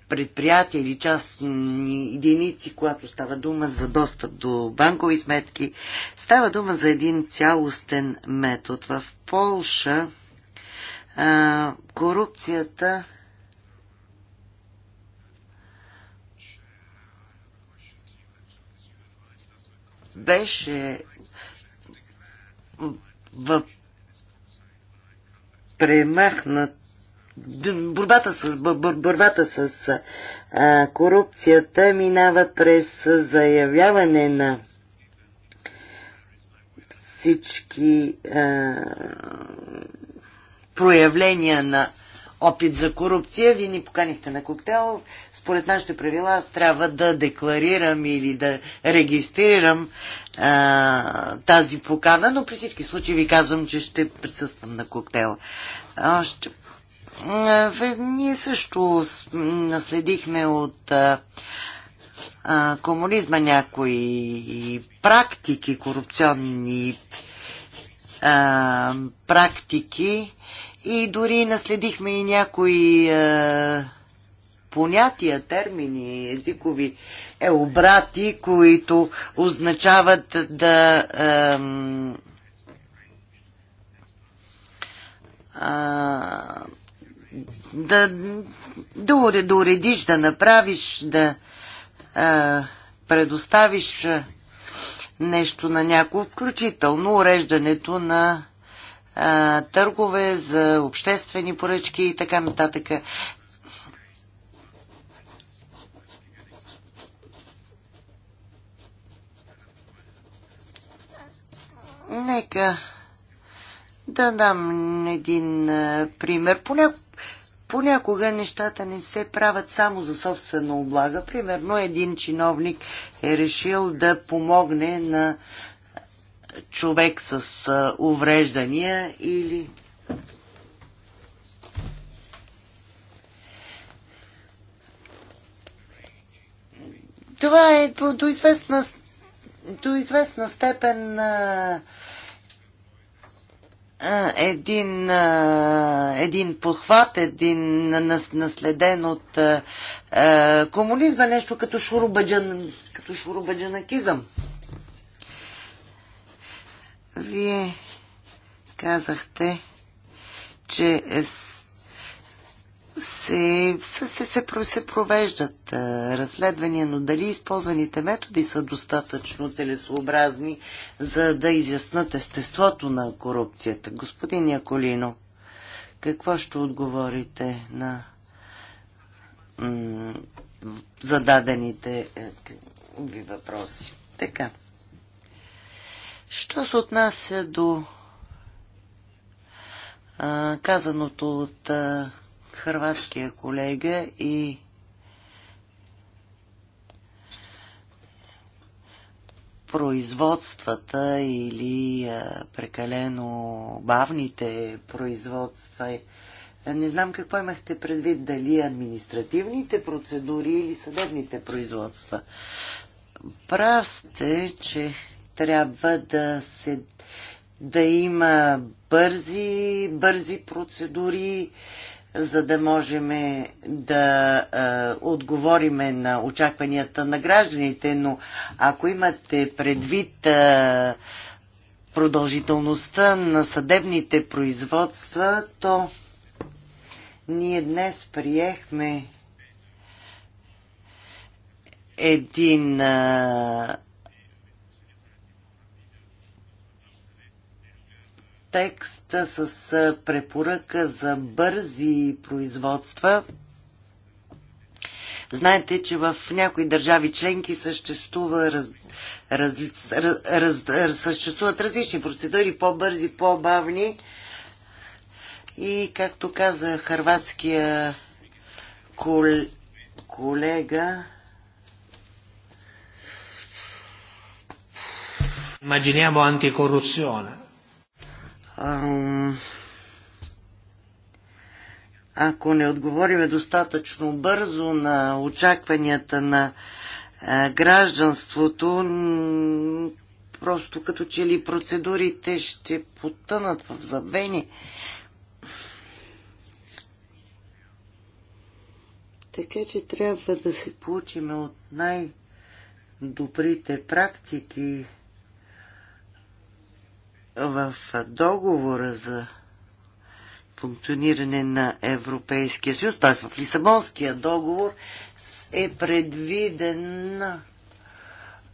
предприятия или частни единици, когато става дума за достъп до банкови сметки, става дума за един цялостен метод. В Полша а, корупцията беше в премахнат борбата с, борбата с а, корупцията минава през заявяване на всички а, проявления на опит за корупция. Вие ни поканихте на коктейл. Според нашите правила аз трябва да декларирам или да регистрирам а, тази покана, но при всички случаи ви казвам, че ще присъствам на коктейла. Още... Ние също наследихме от а, а, комунизма някои практики, корупционни а, практики и дори наследихме и някои е, понятия, термини, езикови е, обрати, които означават да е, а, да, да, да уредиш, да направиш, да а, предоставиш нещо на някого, включително уреждането на търгове, за обществени поръчки и така нататък. Нека да дам един пример. Понякога Понякога нещата не се правят само за собствена облага. Примерно един чиновник е решил да помогне на човек с увреждания или това е до, до, известна, до известна степен а, а, един, а, един похват, един нас, наследен от а, комунизма, нещо като шурубаджан, като шурубаджанакизъм. Вие казахте, че е се, се, се, се провеждат а, разследвания, но дали използваните методи са достатъчно целесообразни, за да изяснат естеството на корупцията? Господин Яколино, какво ще отговорите на зададените е, ви въпроси? Така. Що се отнася до а, казаното от а, хрватския колега и производствата или а, прекалено бавните производства. Не знам какво имахте предвид, дали административните процедури или съдебните производства. Прав сте, че трябва да се да има бързи, бързи процедури, за да можем да е, отговориме на очакванията на гражданите, но ако имате предвид е, продължителността на съдебните производства, то ние днес приехме един е, текст с препоръка за бързи производства. Знаете, че в някои държави членки съществува раз, раз, раз, раз, раз, съществуват различни процедури, по-бързи, по-бавни. И както каза хърватския кол, колега, Immaginiamo anticorruzione ако не отговориме достатъчно бързо на очакванията на гражданството, просто като че ли процедурите ще потънат в забвени. Така че трябва да се получиме от най-добрите практики в договора за функциониране на Европейския съюз, т.е. в Лисабонския договор, е предвидена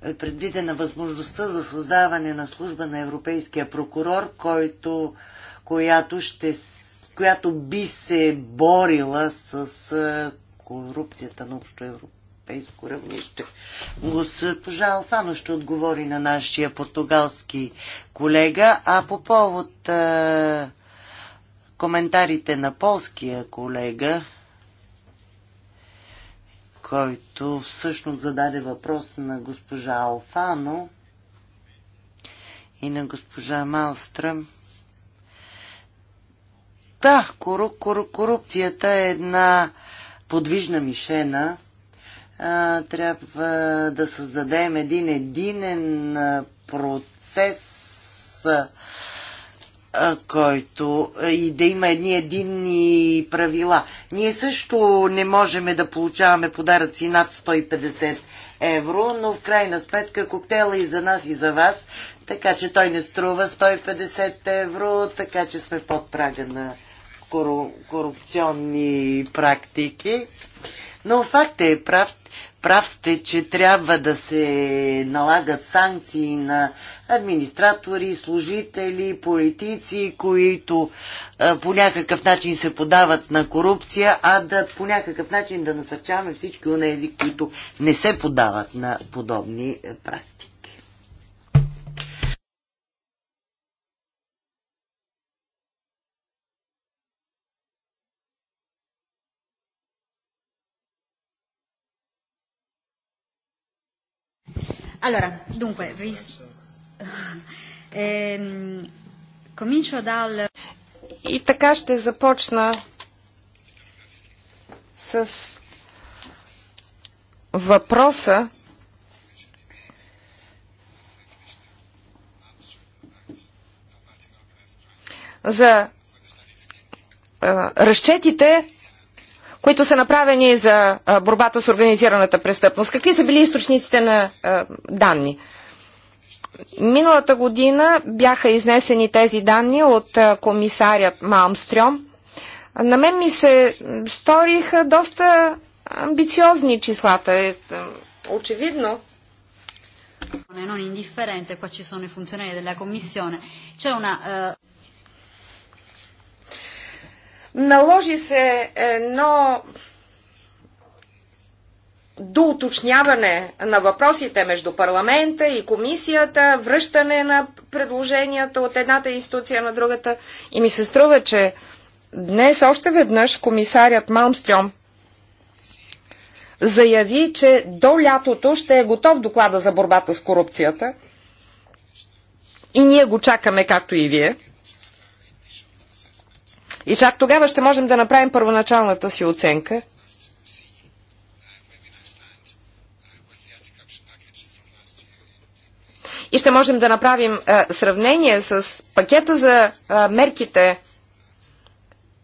е предвидена възможността за създаване на служба на европейския прокурор, който, която, ще, която би се борила с е, корупцията на общоевропейския европейско равнище. Госпожа Алфано ще отговори на нашия португалски колега, а по повод а, коментарите на полския колега, който всъщност зададе въпрос на госпожа Алфано и на госпожа Малстръм. Да, кору, кору, корупцията е една подвижна мишена, трябва да създадем един единен процес, който и да има едни единни правила. Ние също не можем да получаваме подаръци над 150 евро, но в крайна сметка коктейла и за нас и за вас, така че той не струва 150 евро, така че сме под прага на корупционни практики. Но факт е прав, Прав сте, че трябва да се налагат санкции на администратори, служители, политици, които по някакъв начин се подават на корупция, а да по някакъв начин да насърчаваме всички от тези, които не се подават на подобни е, практики. Allora, dunque, ris- <laughs> ehm, comincio dal... И така ще започна с въпроса, за а, разчетите които са направени за борбата с организираната престъпност. Какви са били източниците на данни? Миналата година бяха изнесени тези данни от комисарят Малмстрём. На мен ми се сториха доста амбициозни числата. Е, очевидно, non indifferente, qua ci sono i funzionari della Commissione, c'è una... Uh... Наложи се едно доуточняване на въпросите между парламента и комисията, връщане на предложенията от едната институция на другата. И ми се струва, че днес още веднъж комисарят Малмстрём заяви, че до лятото ще е готов доклада за борбата с корупцията. И ние го чакаме, както и вие. И чак тогава ще можем да направим първоначалната си оценка. И ще можем да направим а, сравнение с пакета за а, мерките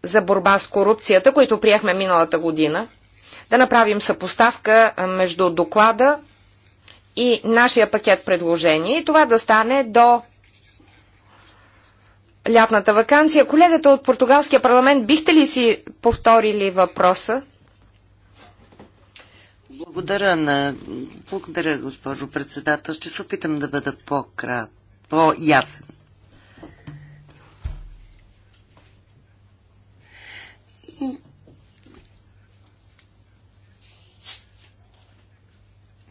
за борба с корупцията, които приехме миналата година. Да направим съпоставка между доклада и нашия пакет предложения и това да стане до лятната вакансия. Колегата от португалския парламент, бихте ли си повторили въпроса? Благодаря, на... Благодаря госпожо председател. Ще се опитам да бъда по-крат, по-ясен. И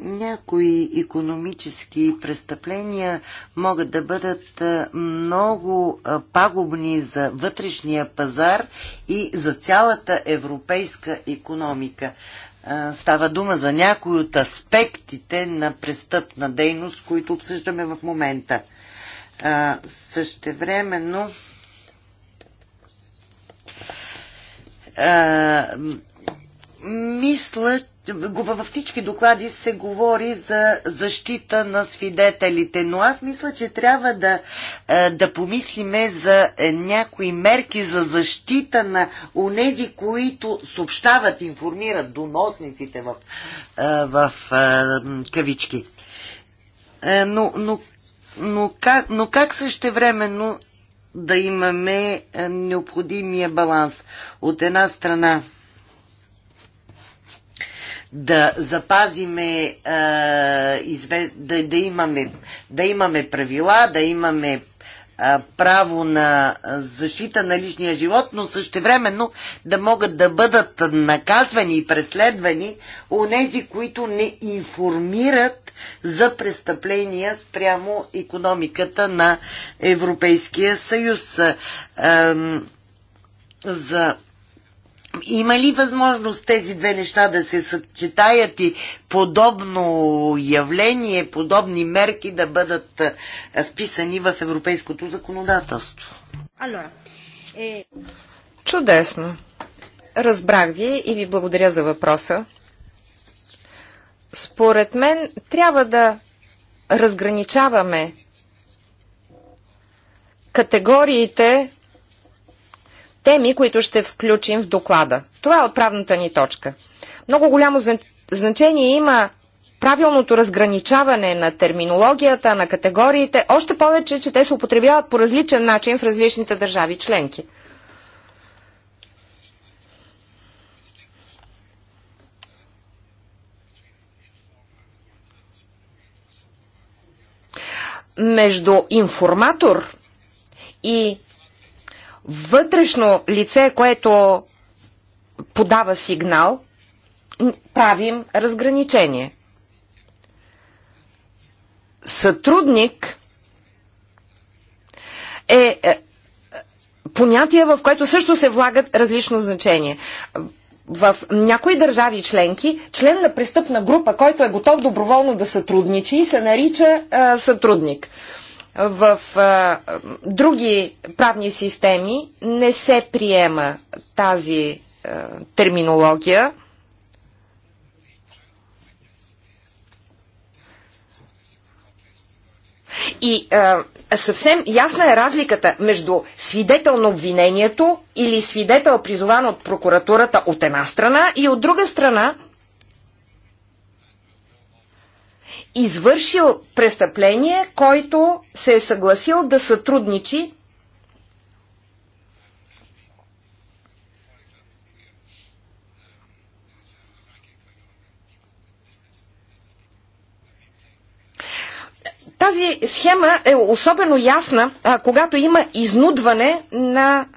някои економически престъпления могат да бъдат много пагубни за вътрешния пазар и за цялата европейска економика. Става дума за някои от аспектите на престъпна дейност, които обсъждаме в момента. Същевременно мисля, във всички доклади се говори за защита на свидетелите, но аз мисля, че трябва да, е, да помислиме за е, някои мерки за защита на онези, които съобщават, информират доносниците в, е, в, в кавички. Но, но, но, как, но как същевременно да имаме необходимия баланс? От една страна да запазиме, да, да, имаме, да имаме правила, да имаме право на защита на личния живот, но същевременно да могат да бъдат наказвани и преследвани нези, които не информират за престъпления спрямо економиката на Европейския съюз. За има ли възможност тези две неща да се съчетаят и подобно явление, подобни мерки да бъдат е, вписани в европейското законодателство? Е, Чудесно. Разбрах ви и ви благодаря за въпроса. Според мен трябва да разграничаваме категориите теми, които ще включим в доклада. Това е отправната ни точка. Много голямо значение има правилното разграничаване на терминологията, на категориите, още повече, че те се употребяват по различен начин в различните държави членки. Между информатор и вътрешно лице, което подава сигнал, правим разграничение. Сътрудник е, е понятие, в което също се влагат различно значение. В някои държави членки, член на престъпна група, който е готов доброволно да сътрудничи, се нарича а, е, сътрудник в а, други правни системи не се приема тази а, терминология. И а, съвсем ясна е разликата между свидетел на обвинението или свидетел призован от прокуратурата от една страна и от друга страна извършил престъпление, който се е съгласил да сътрудничи Тази схема е особено ясна, а, когато има изнудване на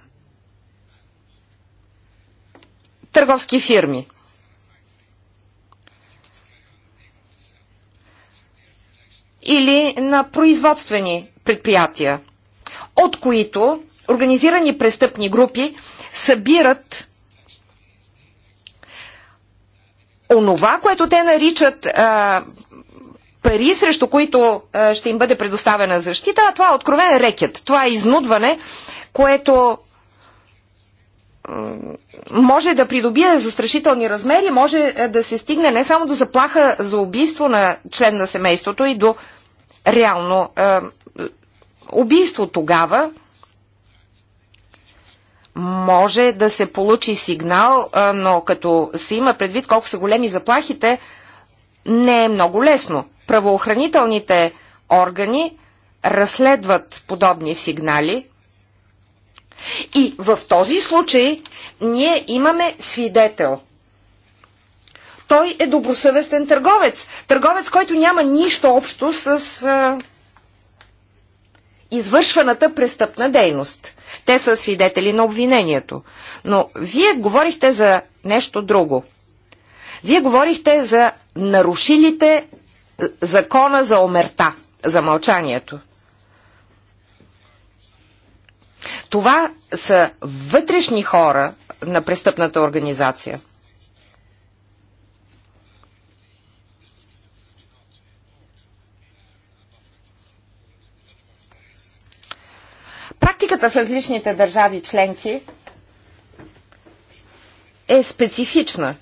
търговски фирми. или на производствени предприятия, от които организирани престъпни групи събират онова, което те наричат а, пари, срещу които а, ще им бъде предоставена защита, а това е откровен рекет. Това е изнудване, което може да придобие застрашителни размери, може да се стигне не само до заплаха за убийство на член на семейството и до реално е, убийство. Тогава може да се получи сигнал, е, но като се има предвид колко са големи заплахите, не е много лесно. Правоохранителните органи разследват подобни сигнали. И в този случай ние имаме свидетел – той е добросъвестен търговец. Търговец, който няма нищо общо с а, извършваната престъпна дейност. Те са свидетели на обвинението. Но вие говорихте за нещо друго. Вие говорихте за нарушилите е, закона за омерта, за мълчанието. Това са вътрешни хора на престъпната организация – Практиката в различните държави членки е специфична.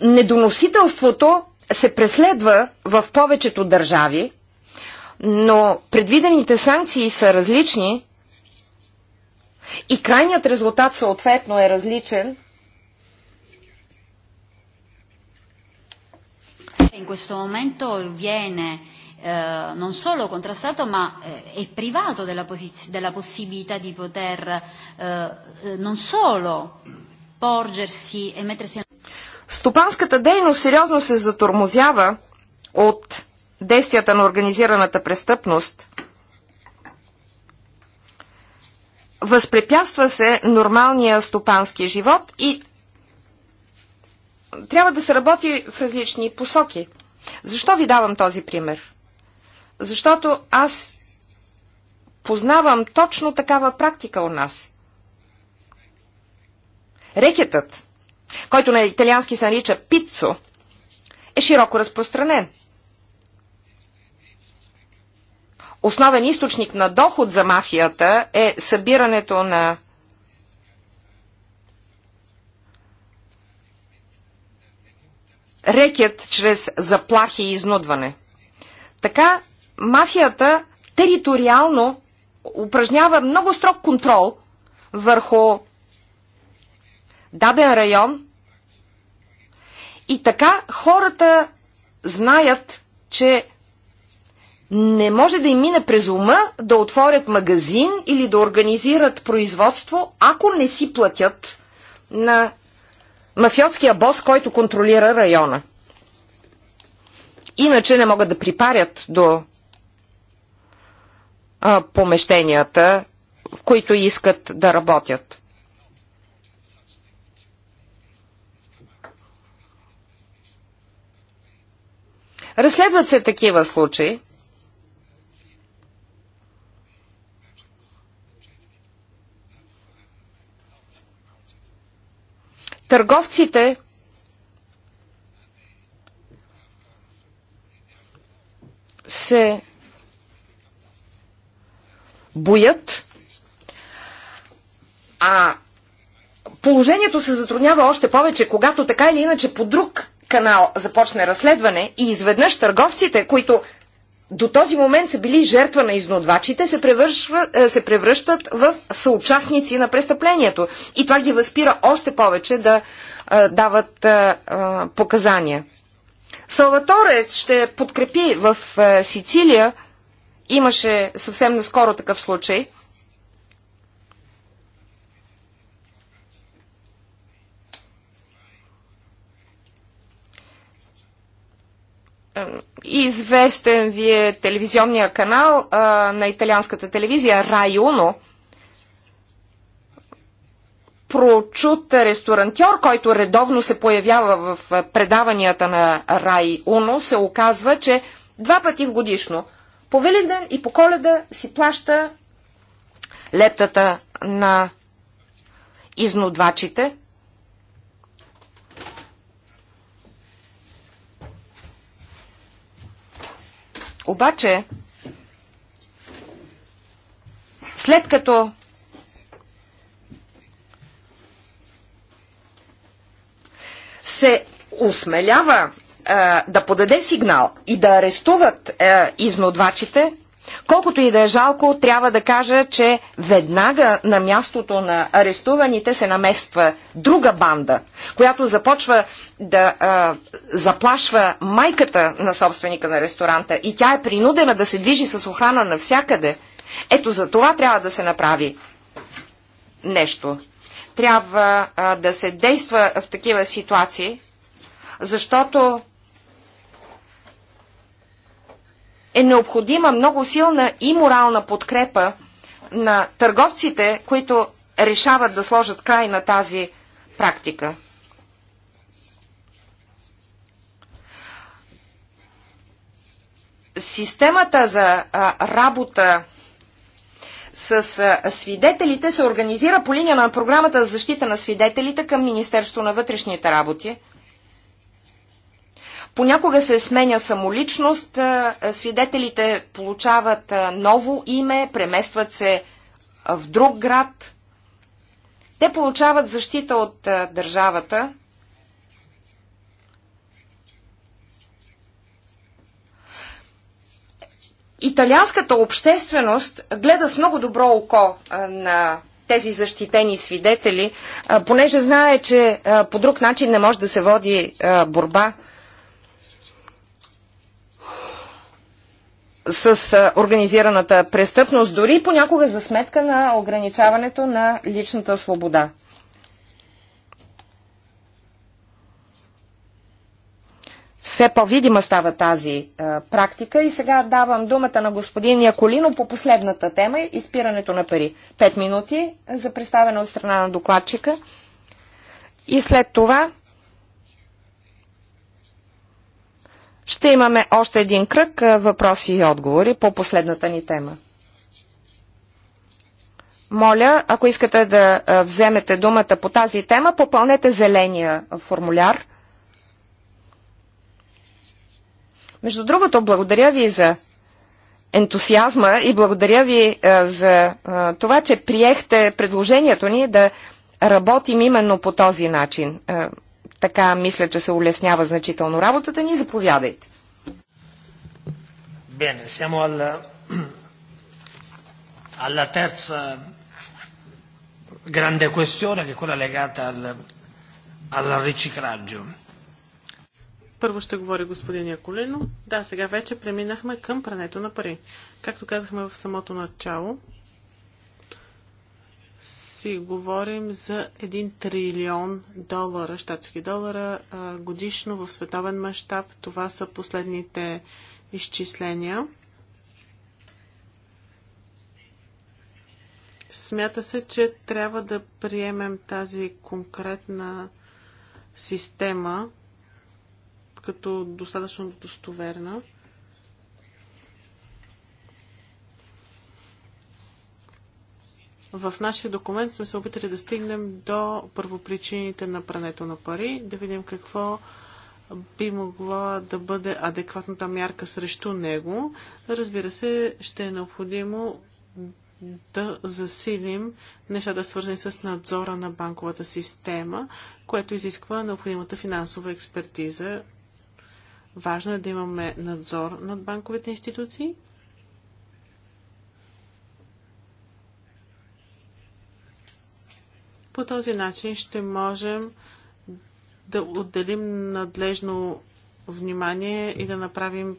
Недоносителството се преследва в повечето държави, но предвидените санкции са различни и крайният резултат съответно е различен – in questo momento viene eh, non solo contrastato ma eh, è privato della, della possibilità di poter eh, eh non solo поржерси е метресен. Стопанската дейност сериозно се затормозява от действията на организираната престъпност. Възпрепятства се нормалния стопански живот и трябва да се работи в различни посоки. Защо ви давам този пример? Защото аз познавам точно такава практика у нас. Рекетът, който на италиански се нарича пиццо, е широко разпространен. Основен източник на доход за мафията е събирането на рекет чрез заплахи и изнудване. Така мафията териториално упражнява много строг контрол върху даден район и така хората знаят, че не може да им мине през ума да отворят магазин или да организират производство, ако не си платят на мафиотския бос, който контролира района. Иначе не могат да припарят до а, помещенията, в които искат да работят. Разследват се такива случаи. Търговците се боят, а положението се затруднява още повече, когато така или иначе по друг канал започне разследване и изведнъж търговците, които до този момент са били жертва на изнодвачите, се, е, се превръщат в съучастници на престъплението. И това ги възпира още повече да а, е, дават а, е, а, показания. Салваторе ще подкрепи в а, Сицилия, имаше съвсем наскоро такъв случай – известен ви е телевизионния канал а, на италианската телевизия Районо. Прочут ресторантьор, който редовно се появява в предаванията на Рай Уно, се оказва, че два пъти в годишно, по Великден и по Коледа, си плаща лептата на изнодвачите, Обаче, след като се осмелява да подаде сигнал и да арестуват е, изнодвачите, Колкото и да е жалко, трябва да кажа, че веднага на мястото на арестуваните се намества друга банда, която започва да а, заплашва майката на собственика на ресторанта и тя е принудена да се движи с охрана навсякъде. Ето за това трябва да се направи нещо. Трябва а, да се действа в такива ситуации, защото е необходима много силна и морална подкрепа на търговците, които решават да сложат край на тази практика. Системата за а, работа с а, свидетелите се организира по линия на програмата за защита на свидетелите към Министерство на вътрешните работи – Понякога се сменя самоличност, свидетелите получават ново име, преместват се в друг град. Те получават защита от държавата. Италианската общественост гледа с много добро око на тези защитени свидетели, понеже знае, че по друг начин не може да се води борба с организираната престъпност, дори понякога за сметка на ограничаването на личната свобода. Все по-видима става тази а, практика и сега давам думата на господин Яколино по последната тема – изпирането на пари. Пет минути за представяне от страна на докладчика и след това Ще имаме още един кръг въпроси и отговори по последната ни тема. Моля, ако искате да вземете думата по тази тема, попълнете зеления формуляр. Между другото, благодаря ви за ентусиазма и благодаря ви за това, че приехте предложението ни да работим именно по този начин. Така мисля, че се улеснява значително работата ни. Заповядайте. Bene, siamo alla, <clears throat> alla terza grande questione che è quella legata al, al riciclaggio. Първо ще говори господин Яколино. Да, сега вече преминахме към прането на пари. Както казахме в самото начало, си говорим за 1 трилион долара, щатски долара годишно в световен мащаб. Това са последните изчисления. Смята се, че трябва да приемем тази конкретна система като достатъчно достоверна. В нашия документ сме се опитали да стигнем до първопричините на прането на пари, да видим какво би могла да бъде адекватната мярка срещу него. Разбира се, ще е необходимо да засилим нещата, свързани с надзора на банковата система, което изисква необходимата финансова експертиза. Важно е да имаме надзор над банковите институции По този начин ще можем да отделим надлежно внимание и да направим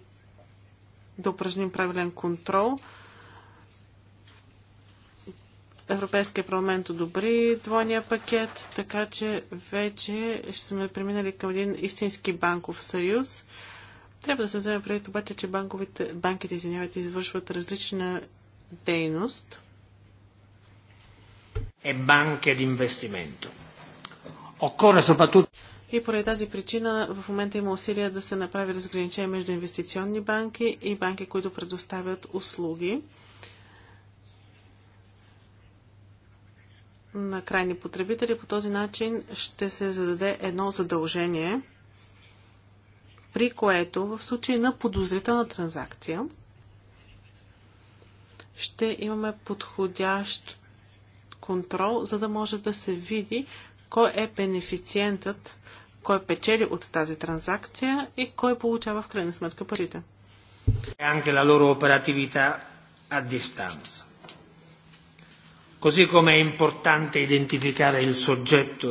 да упражним правилен контрол. Европейския парламент одобри двойния пакет, така че вече ще сме преминали към един истински банков съюз. Трябва да се вземе преди обаче, че банковите, банките извиняват, извършват различна дейност e banche di investimento. Occorre soprattutto и поради тази причина в момента има усилия да се направи разграничение между инвестиционни банки и банки, които предоставят услуги на крайни потребители. По този начин ще се зададе едно задължение, при което в случай на подозрителна транзакция ще имаме подходящ контрол, за да може да се види кой е бенефициентът, кой печели от тази транзакция и кой получава в крайна сметка парите. Е anche la loro operatività a distanza. Così come è importante identificare il soggetto.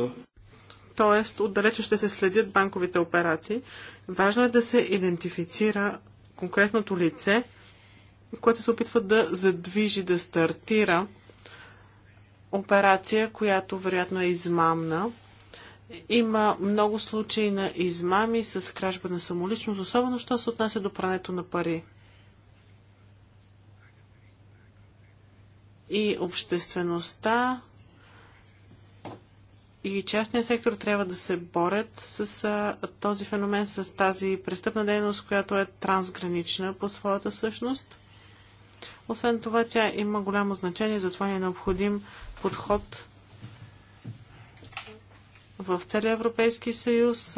Тоест, отдалече ще се следят банковите операции. Важно е да се идентифицира конкретното лице, което се опитва да задвижи, да стартира операция, която вероятно е измамна. Има много случаи на измами с кражба на самоличност, особено що се отнася до прането на пари. И обществеността и частния сектор трябва да се борят с а, този феномен, с тази престъпна дейност, която е трансгранична по своята същност. Освен това, тя има голямо значение, затова е необходим подход в целия Европейски съюз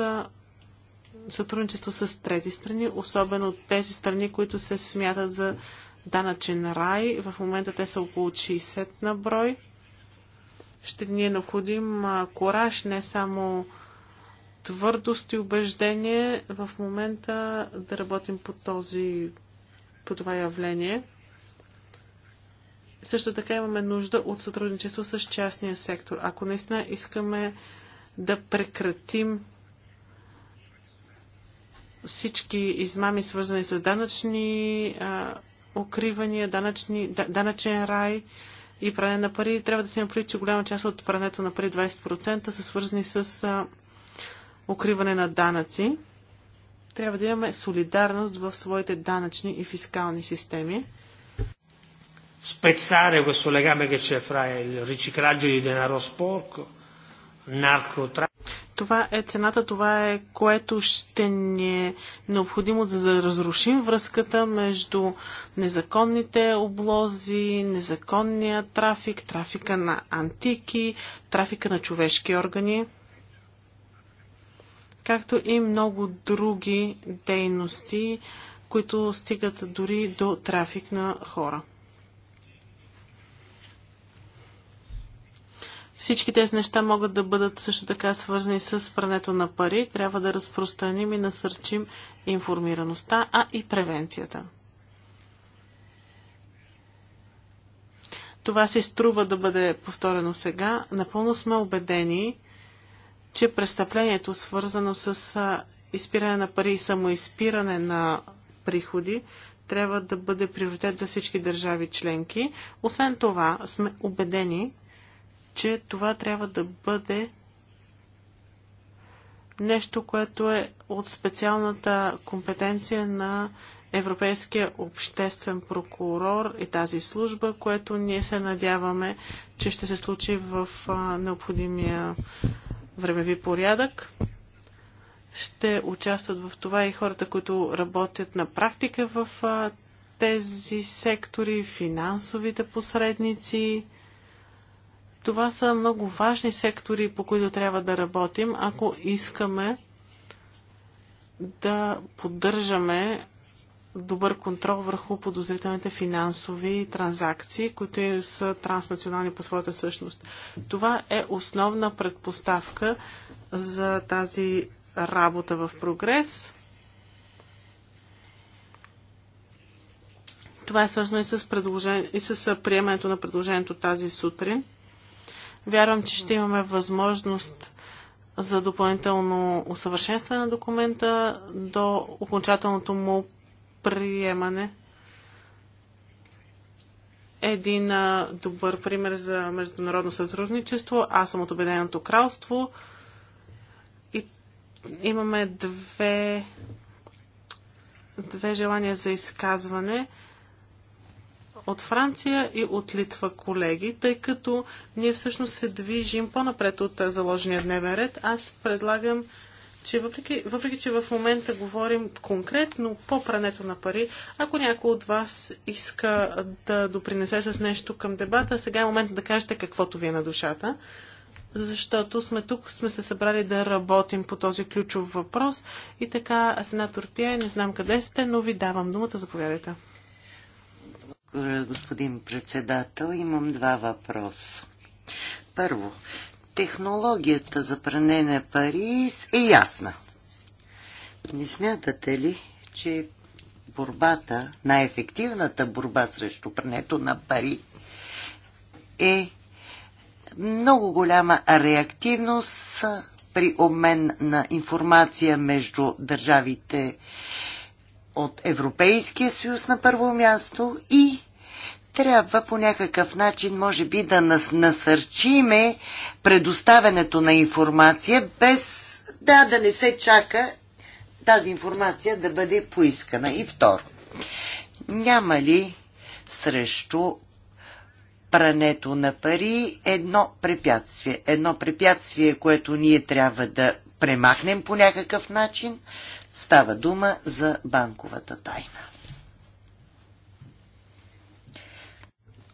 сътрудничество с трети страни, особено тези страни, които се смятат за данъчен рай. В момента те са около 60 на брой. Ще ни е необходим кораж, не само твърдост и убеждение в момента да работим по този по това явление. Също така имаме нужда от сътрудничество с частния сектор. Ако наистина искаме да прекратим всички измами, свързани с данъчни а, укривания, данъчни, да, данъчен рай и пране на пари, трябва да се направи, че голяма част от прането на пари, 20%, са свързани с а, укриване на данъци. Трябва да имаме солидарност в своите данъчни и фискални системи spezzare questo legame che c'è fra il riciclaggio di denaro sporco, наркотрафик. Това е цената, това е което ще ни е необходимо за да разрушим връзката между незаконните облози, незаконния трафик, трафика на антики, трафика на човешки органи, както и много други дейности, които стигат дори до трафик на хора. Всички тези неща могат да бъдат също така свързани с прането на пари. Трябва да разпространим и насърчим информираността, а и превенцията. Това се струва да бъде повторено сега. Напълно сме убедени, че престъплението, свързано с изпиране на пари и самоизпиране на приходи, трябва да бъде приоритет за всички държави членки. Освен това, сме убедени, че това трябва да бъде нещо, което е от специалната компетенция на Европейския обществен прокурор и тази служба, което ние се надяваме, че ще се случи в необходимия времеви порядък. Ще участват в това и хората, които работят на практика в тези сектори, финансовите посредници, това са много важни сектори, по които трябва да работим, ако искаме да поддържаме добър контрол върху подозрителните финансови транзакции, които са транснационални по своята същност. Това е основна предпоставка за тази работа в прогрес. Това е свързано и с, предложен... и с приемането на предложението тази сутрин. Вярвам, че ще имаме възможност за допълнително усъвършенстване на документа до окончателното му приемане. Един а, добър пример за международно сътрудничество. Аз съм от Обединеното кралство. И имаме две, две желания за изказване от Франция и от Литва колеги, тъй като ние всъщност се движим по-напред от заложения дневен ред. Аз предлагам, че въпреки, въпреки че в момента говорим конкретно по прането на пари, ако някой от вас иска да допринесе с нещо към дебата, сега е момент да кажете каквото ви е на душата защото сме тук, сме се събрали да работим по този ключов въпрос. И така, сенатор Пие, не знам къде сте, но ви давам думата, заповядайте господин председател. Имам два въпроса. Първо, технологията за пране на пари е ясна. Не смятате ли, че борбата, най-ефективната борба срещу прането на пари е много голяма реактивност при обмен на информация между държавите от Европейския съюз на първо място и трябва по някакъв начин, може би, да нас насърчиме предоставянето на информация, без да, да не се чака тази информация да бъде поискана. И второ, няма ли срещу прането на пари едно препятствие? Едно препятствие, което ние трябва да премахнем по някакъв начин, Става дума за банковата тайна.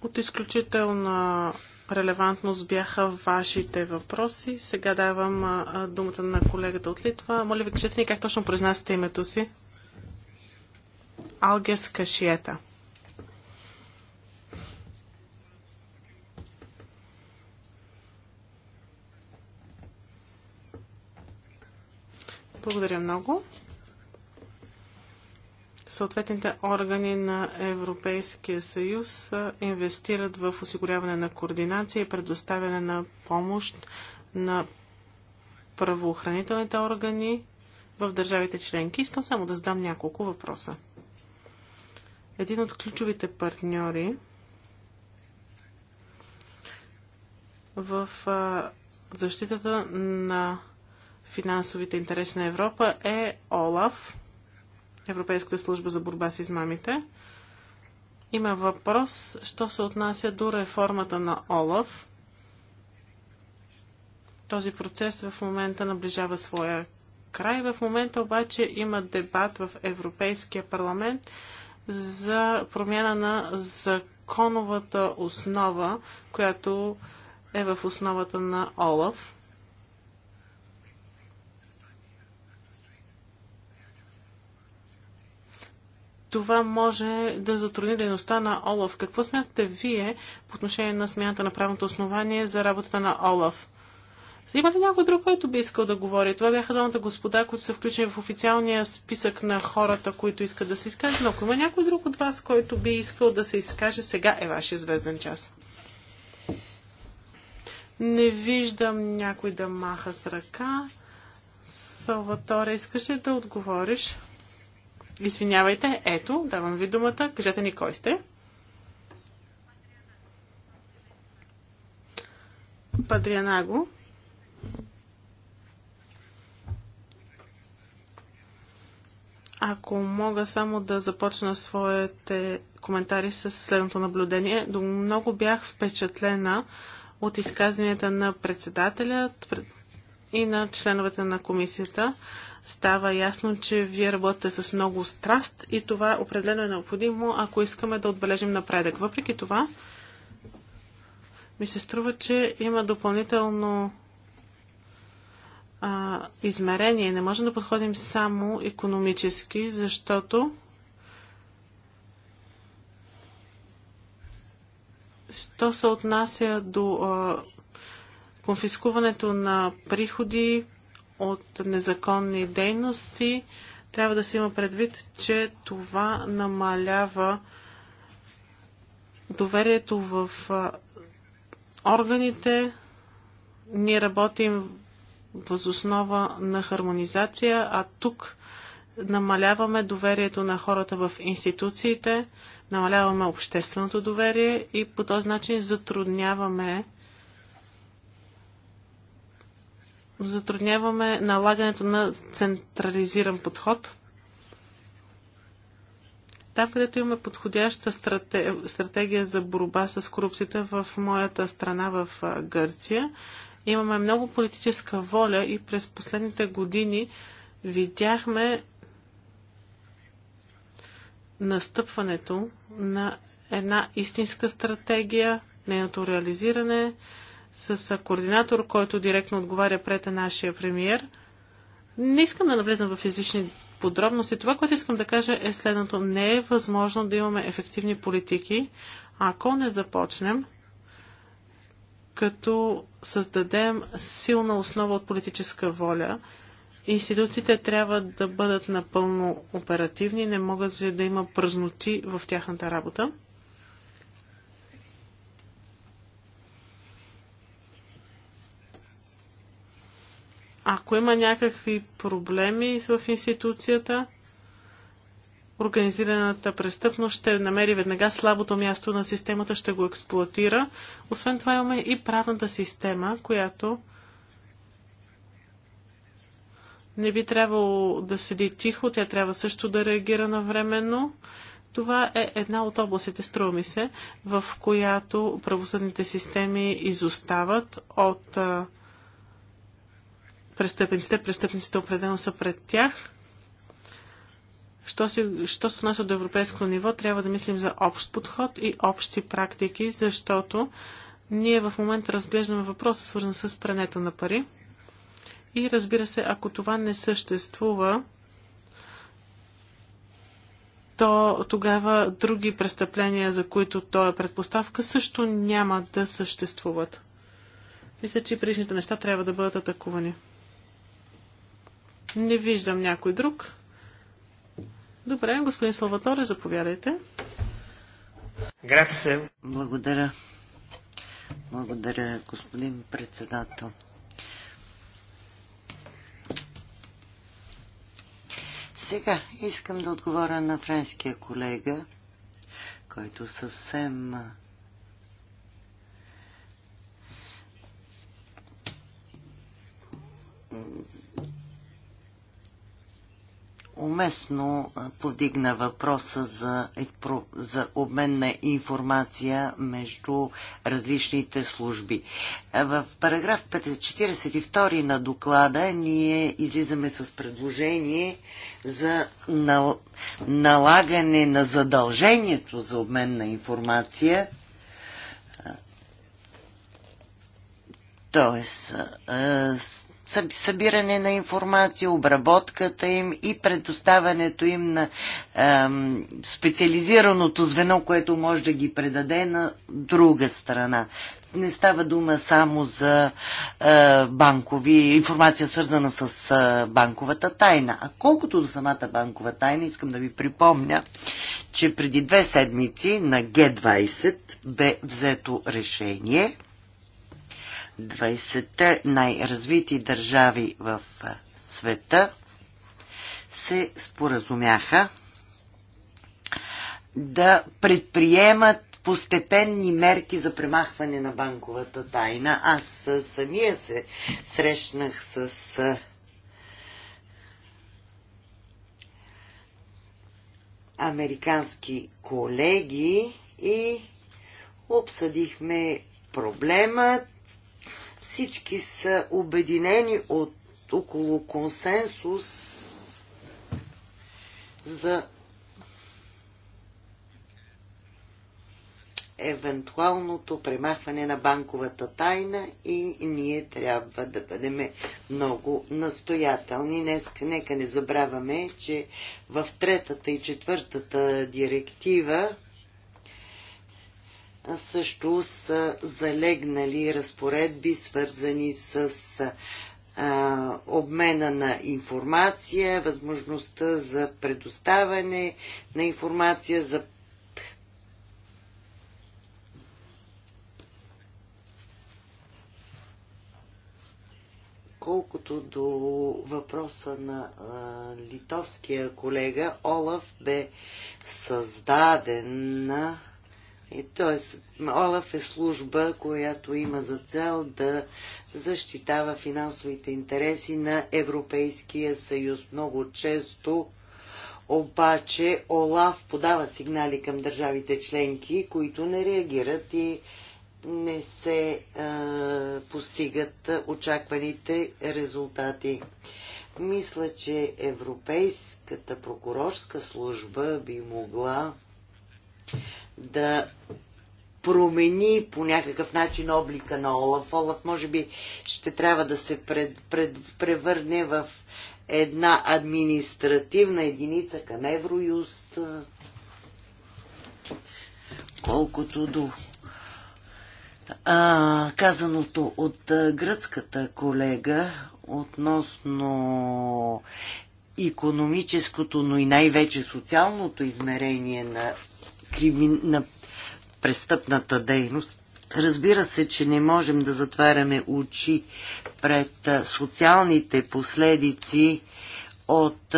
От изключителна релевантност бяха вашите въпроси. Сега давам думата на колегата от Литва. Моля ви, кажете ни как точно произнасяте името си. Алгес Кашиета. Благодаря много съответните органи на Европейския съюз инвестират в осигуряване на координация и предоставяне на помощ на правоохранителните органи в държавите членки. Искам само да задам няколко въпроса. Един от ключовите партньори в защитата на финансовите интереси на Европа е ОЛАФ – Европейската служба за борба с измамите. Има въпрос, що се отнася до реформата на ОЛАВ. Този процес в момента наближава своя край. В момента обаче има дебат в Европейския парламент за промяна на законовата основа, която е в основата на ОЛАВ. това може да затрудни дейността на ОЛАФ. Какво смятате вие по отношение на смяната на правното основание за работата на ОЛАФ? Има ли някой друг, който би искал да говори? Това бяха двамата господа, които са включени в официалния списък на хората, които искат да се изкажат. Но ако има някой друг от вас, който би искал да се изкаже, сега е вашия звезден час. Не виждам някой да маха с ръка. Салваторе, искаш ли да отговориш? Извинявайте, ето, давам ви думата. Кажете ни кой сте. Падрианаго. Ако мога само да започна своите коментари с следното наблюдение. До много бях впечатлена от изказванията на председателят и на членовете на комисията става ясно, че вие работите с много страст и това определено е необходимо, ако искаме да отбележим напредък. Въпреки това, ми се струва, че има допълнително а, измерение. Не можем да подходим само економически, защото що се отнася до а, конфискуването на приходи, от незаконни дейности, трябва да се има предвид, че това намалява доверието в органите. Ние работим възоснова на хармонизация, а тук намаляваме доверието на хората в институциите, намаляваме общественото доверие и по този начин затрудняваме затрудняваме налагането на централизиран подход. Там, където имаме подходяща стратегия за борба с корупцията в моята страна в Гърция, имаме много политическа воля и през последните години видяхме настъпването на една истинска стратегия, нейното реализиране, с координатор, който директно отговаря пред нашия премиер. Не искам да навлезам в излишни подробности. Това, което искам да кажа е следното. Не е възможно да имаме ефективни политики, ако не започнем като създадем силна основа от политическа воля. Институциите трябва да бъдат напълно оперативни, не могат да има празноти в тяхната работа. Ако има някакви проблеми в институцията, организираната престъпност ще намери веднага слабото място на системата, ще го експлуатира. Освен това имаме и правната система, която не би трябвало да седи тихо, тя трябва също да реагира навременно. Това е една от областите, струва ми се, в която правосъдните системи изостават от престъпниците. Престъпниците определено са пред тях. Що се, що се отнася до европейско ниво, трябва да мислим за общ подход и общи практики, защото ние в момента разглеждаме въпроса, свързан с прането на пари. И разбира се, ако това не съществува, то тогава други престъпления, за които то е предпоставка, също няма да съществуват. Мисля, че предишните неща трябва да бъдат атакувани. Не виждам някой друг. Добре, господин Салваторе, заповядайте. Грация. Благодаря. Благодаря, господин председател. Сега искам да отговоря на френския колега, който съвсем уместно повдигна въпроса за, за обмен на информация между различните служби. В параграф 42 на доклада ние излизаме с предложение за нал, налагане на задължението за обмен на информация Тоест, събиране на информация, обработката им и предоставянето им на ем, специализираното звено, което може да ги предаде на друга страна. Не става дума само за е, банкови, информация свързана с е, банковата тайна. А колкото до самата банкова тайна, искам да ви припомня, че преди две седмици на Г20 бе взето решение – 20-те най-развити държави в света се споразумяха да предприемат постепенни мерки за премахване на банковата тайна. Аз самия се срещнах с американски колеги и обсъдихме проблемът всички са обединени от около консенсус за евентуалното премахване на банковата тайна и ние трябва да бъдем много настоятелни. Днес, нека не забравяме, че в третата и четвъртата директива също са залегнали разпоредби, свързани с а, обмена на информация, възможността за предоставяне на информация за колкото до въпроса на а, литовския колега, Олаф бе създаден на и, т.е. Олаф е служба, която има за цел да защитава финансовите интереси на Европейския съюз. Много често обаче Олаф подава сигнали към държавите членки, които не реагират и не се е, постигат очакваните резултати. Мисля, че Европейската прокурорска служба би могла да промени по някакъв начин облика на Олаф. Олаф може би ще трябва да се пред, пред, превърне в една административна единица към Евроюст. Колкото до а, казаното от гръцката колега относно економическото, но и най-вече социалното измерение на на престъпната дейност. Разбира се, че не можем да затваряме очи пред социалните последици от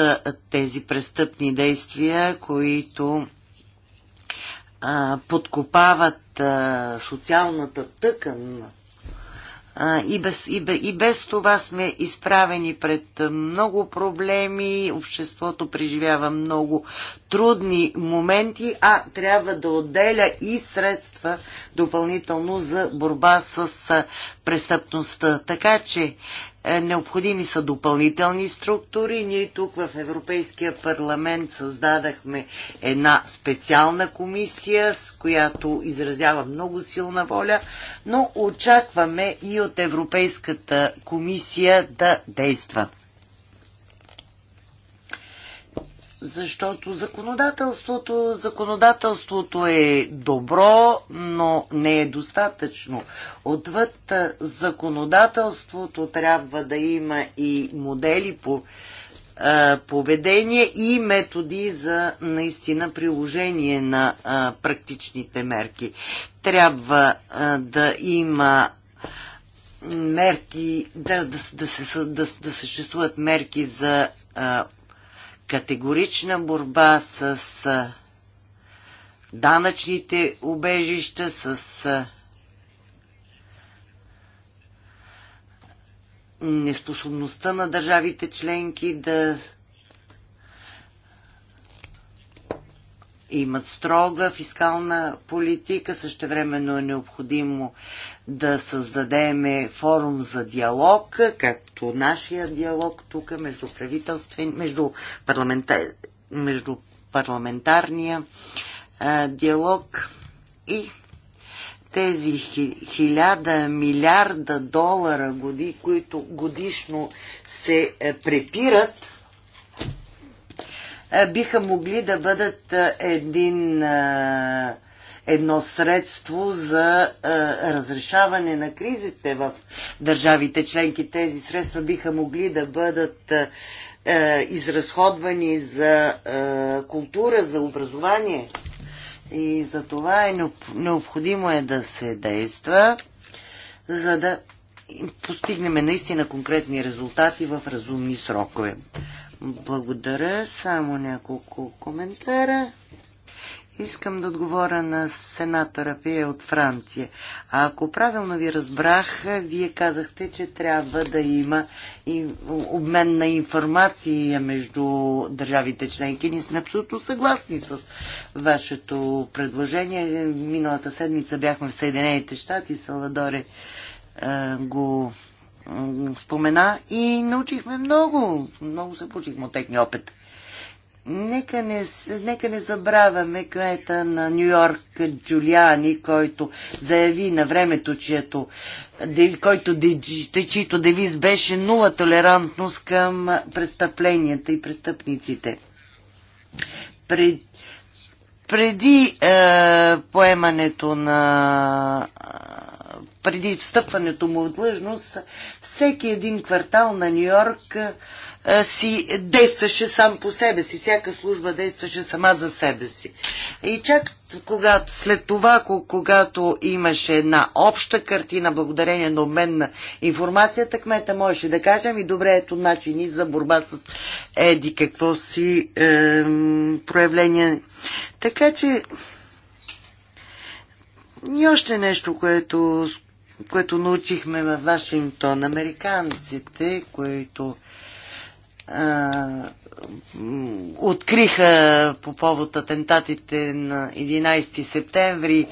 тези престъпни действия, които подкопават социалната тъкан и без, и, без, и без това сме изправени пред много проблеми, обществото преживява много трудни моменти, а трябва да отделя и средства допълнително за борба с престъпността. Така че е, необходими са допълнителни структури. Ние тук в Европейския парламент създадахме една специална комисия, с която изразява много силна воля, но очакваме и от Европейската комисия да действа. защото законодателството, законодателството е добро, но не е достатъчно. Отвъд законодателството трябва да има и модели по поведение и методи за наистина приложение на а, практичните мерки. Трябва а, да има мерки, да, да, да, се, да, да съществуват мерки за категорична борба с данъчните убежища, с неспособността на държавите членки да имат строга фискална политика. Същевременно е необходимо да създадем форум за диалог, както нашия диалог тук между между, парламента, между парламентарния а, диалог и тези хиляда милиарда долара годи, които годишно се е, препират, е, биха могли да бъдат е, един, е, едно средство за разрешаване на кризите в държавите членки. Тези средства биха могли да бъдат изразходвани за култура, за образование. И за това е необходимо е да се действа, за да постигнем наистина конкретни резултати в разумни срокове. Благодаря. Само няколко коментара. Искам да отговоря на сенатора Пие е от Франция. А ако правилно ви разбрах, вие казахте, че трябва да има и обмен на информация между държавите членки. Ние сме абсолютно съгласни с вашето предложение. Миналата седмица бяхме в Съединените щати. Саладоре е, го спомена и научихме много, много се получихме от техния опит. Нека не, нека не забравяме кмета на Нью Йорк Джулиани, който заяви на времето, чието, който, чието девиз беше нула толерантност към престъпленията и престъпниците. Пред, преди е, поемането на преди встъпването му в длъжност, всеки един квартал на Нью Йорк е, си действаше сам по себе си. Всяка служба действаше сама за себе си. И чак когато, след това, когато имаше една обща картина, благодарение на обмен на информацията, кмета можеше да кажем и добре ето начини за борба с еди какво си е, проявление. Така че и още нещо, което, което научихме във Вашингтон. Американците, които а, откриха по повод атентатите на 11 септември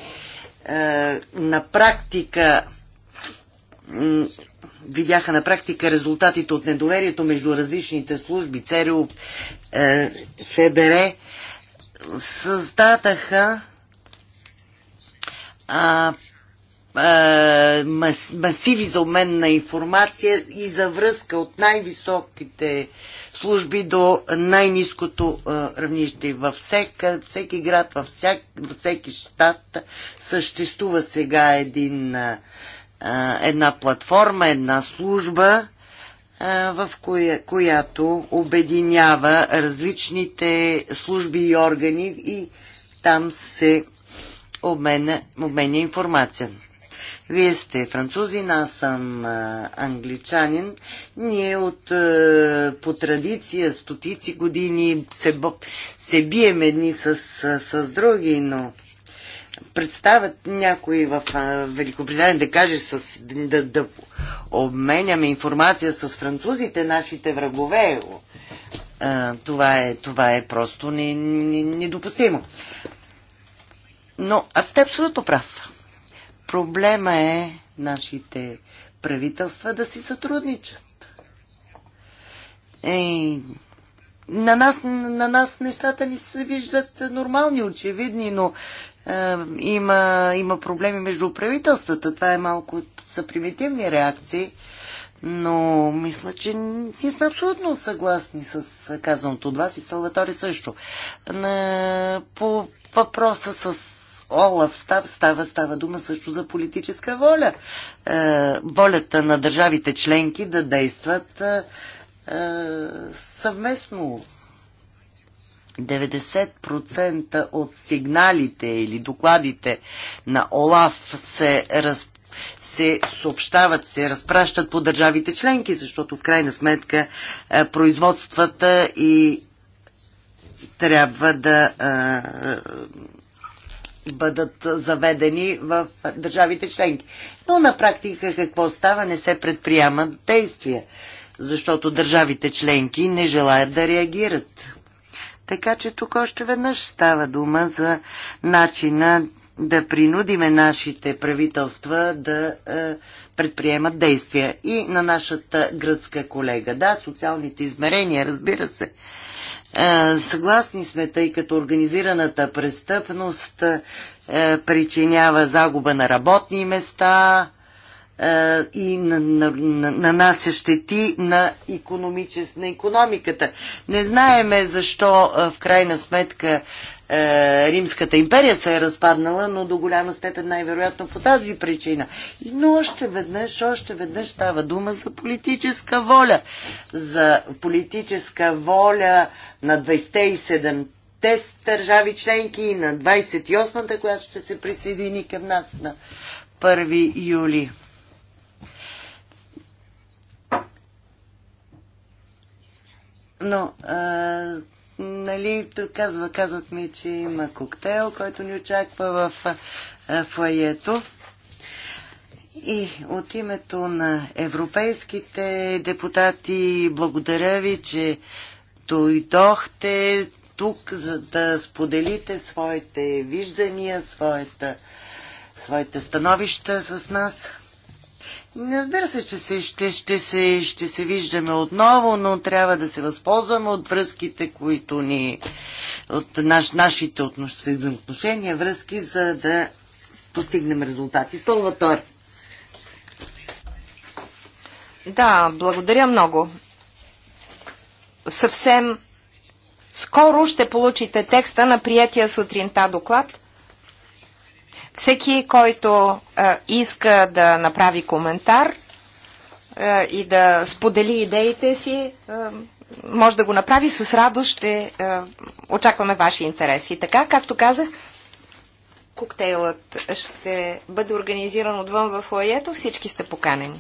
а, на практика видяха на практика резултатите от недоверието между различните служби, ЦРУ, е, ФБР, създадаха а, а, мас, масиви за обмен на информация и за връзка от най-високите служби до най-низкото равнище. Във всека, всеки град, във, всяк, във всеки щат съществува сега един, а, една платформа, една служба, в коя, която обединява различните служби и органи и там се обменя, обменя информация. Вие сте французи, аз съм а, англичанин. Ние от а, по традиция стотици години се, се бием едни с, с, с други, но представят някой в а, Великобритания да каже с, да, да обменяме информация с французите, нашите врагове. А, това, е, това е просто недопустимо. не, не но аз сте абсолютно прав. Проблема е нашите правителства да си сътрудничат. Ей, на нас, на нас нещата ни се виждат нормални, очевидни, но е, има, има проблеми между правителствата. Това е малко са примитивни реакции, но мисля, че ние сме абсолютно съгласни с казаното от вас и Салватори също. На, по въпроса с Олаф става, става, става дума също за политическа воля. Е, волята на държавите членки да действат е, е съвместно. 90% от сигналите или докладите на ОЛАФ се, раз, се съобщават, се разпращат по държавите членки, защото в крайна сметка е, производствата и трябва да е, бъдат заведени в държавите членки. Но на практика какво става? Не се предприемат действия, защото държавите членки не желаят да реагират. Така че тук още веднъж става дума за начина да принудиме нашите правителства да е, предприемат действия. И на нашата гръцка колега. Да, социалните измерения, разбира се, е, съгласни сме, тъй като организираната престъпност е, причинява загуба на работни места е, и нанася щети на, на економиката. Не знаеме защо в крайна сметка е, Римската империя се е разпаднала, но до голяма степен най-вероятно по тази причина. Но още веднъж, още веднъж става дума за политическа воля. За политическа воля на 27-те държави членки и на 28-та, която ще се присъедини към нас на 1 юли. Но а, е, нали, казва, казват ми, че има коктейл, който ни очаква в фойето. И от името на европейските депутати благодаря ви, че дойдохте тук, за да споделите своите виждания, своята, своите становища с нас. Не разбира се, че се, ще, ще, се, ще се виждаме отново, но трябва да се възползваме от връзките, които ни... от наш, нашите отношения, връзки, за да постигнем резултати. Салватор! Да, благодаря много. Съвсем скоро ще получите текста на приятия сутринта доклад – всеки, който а, е, иска да направи коментар а, е, и да сподели идеите си, а, е, може да го направи с радост. Ще а, очакваме ваши интереси. Така, както казах, коктейлът ще бъде организиран отвън в лаето. Всички сте поканени.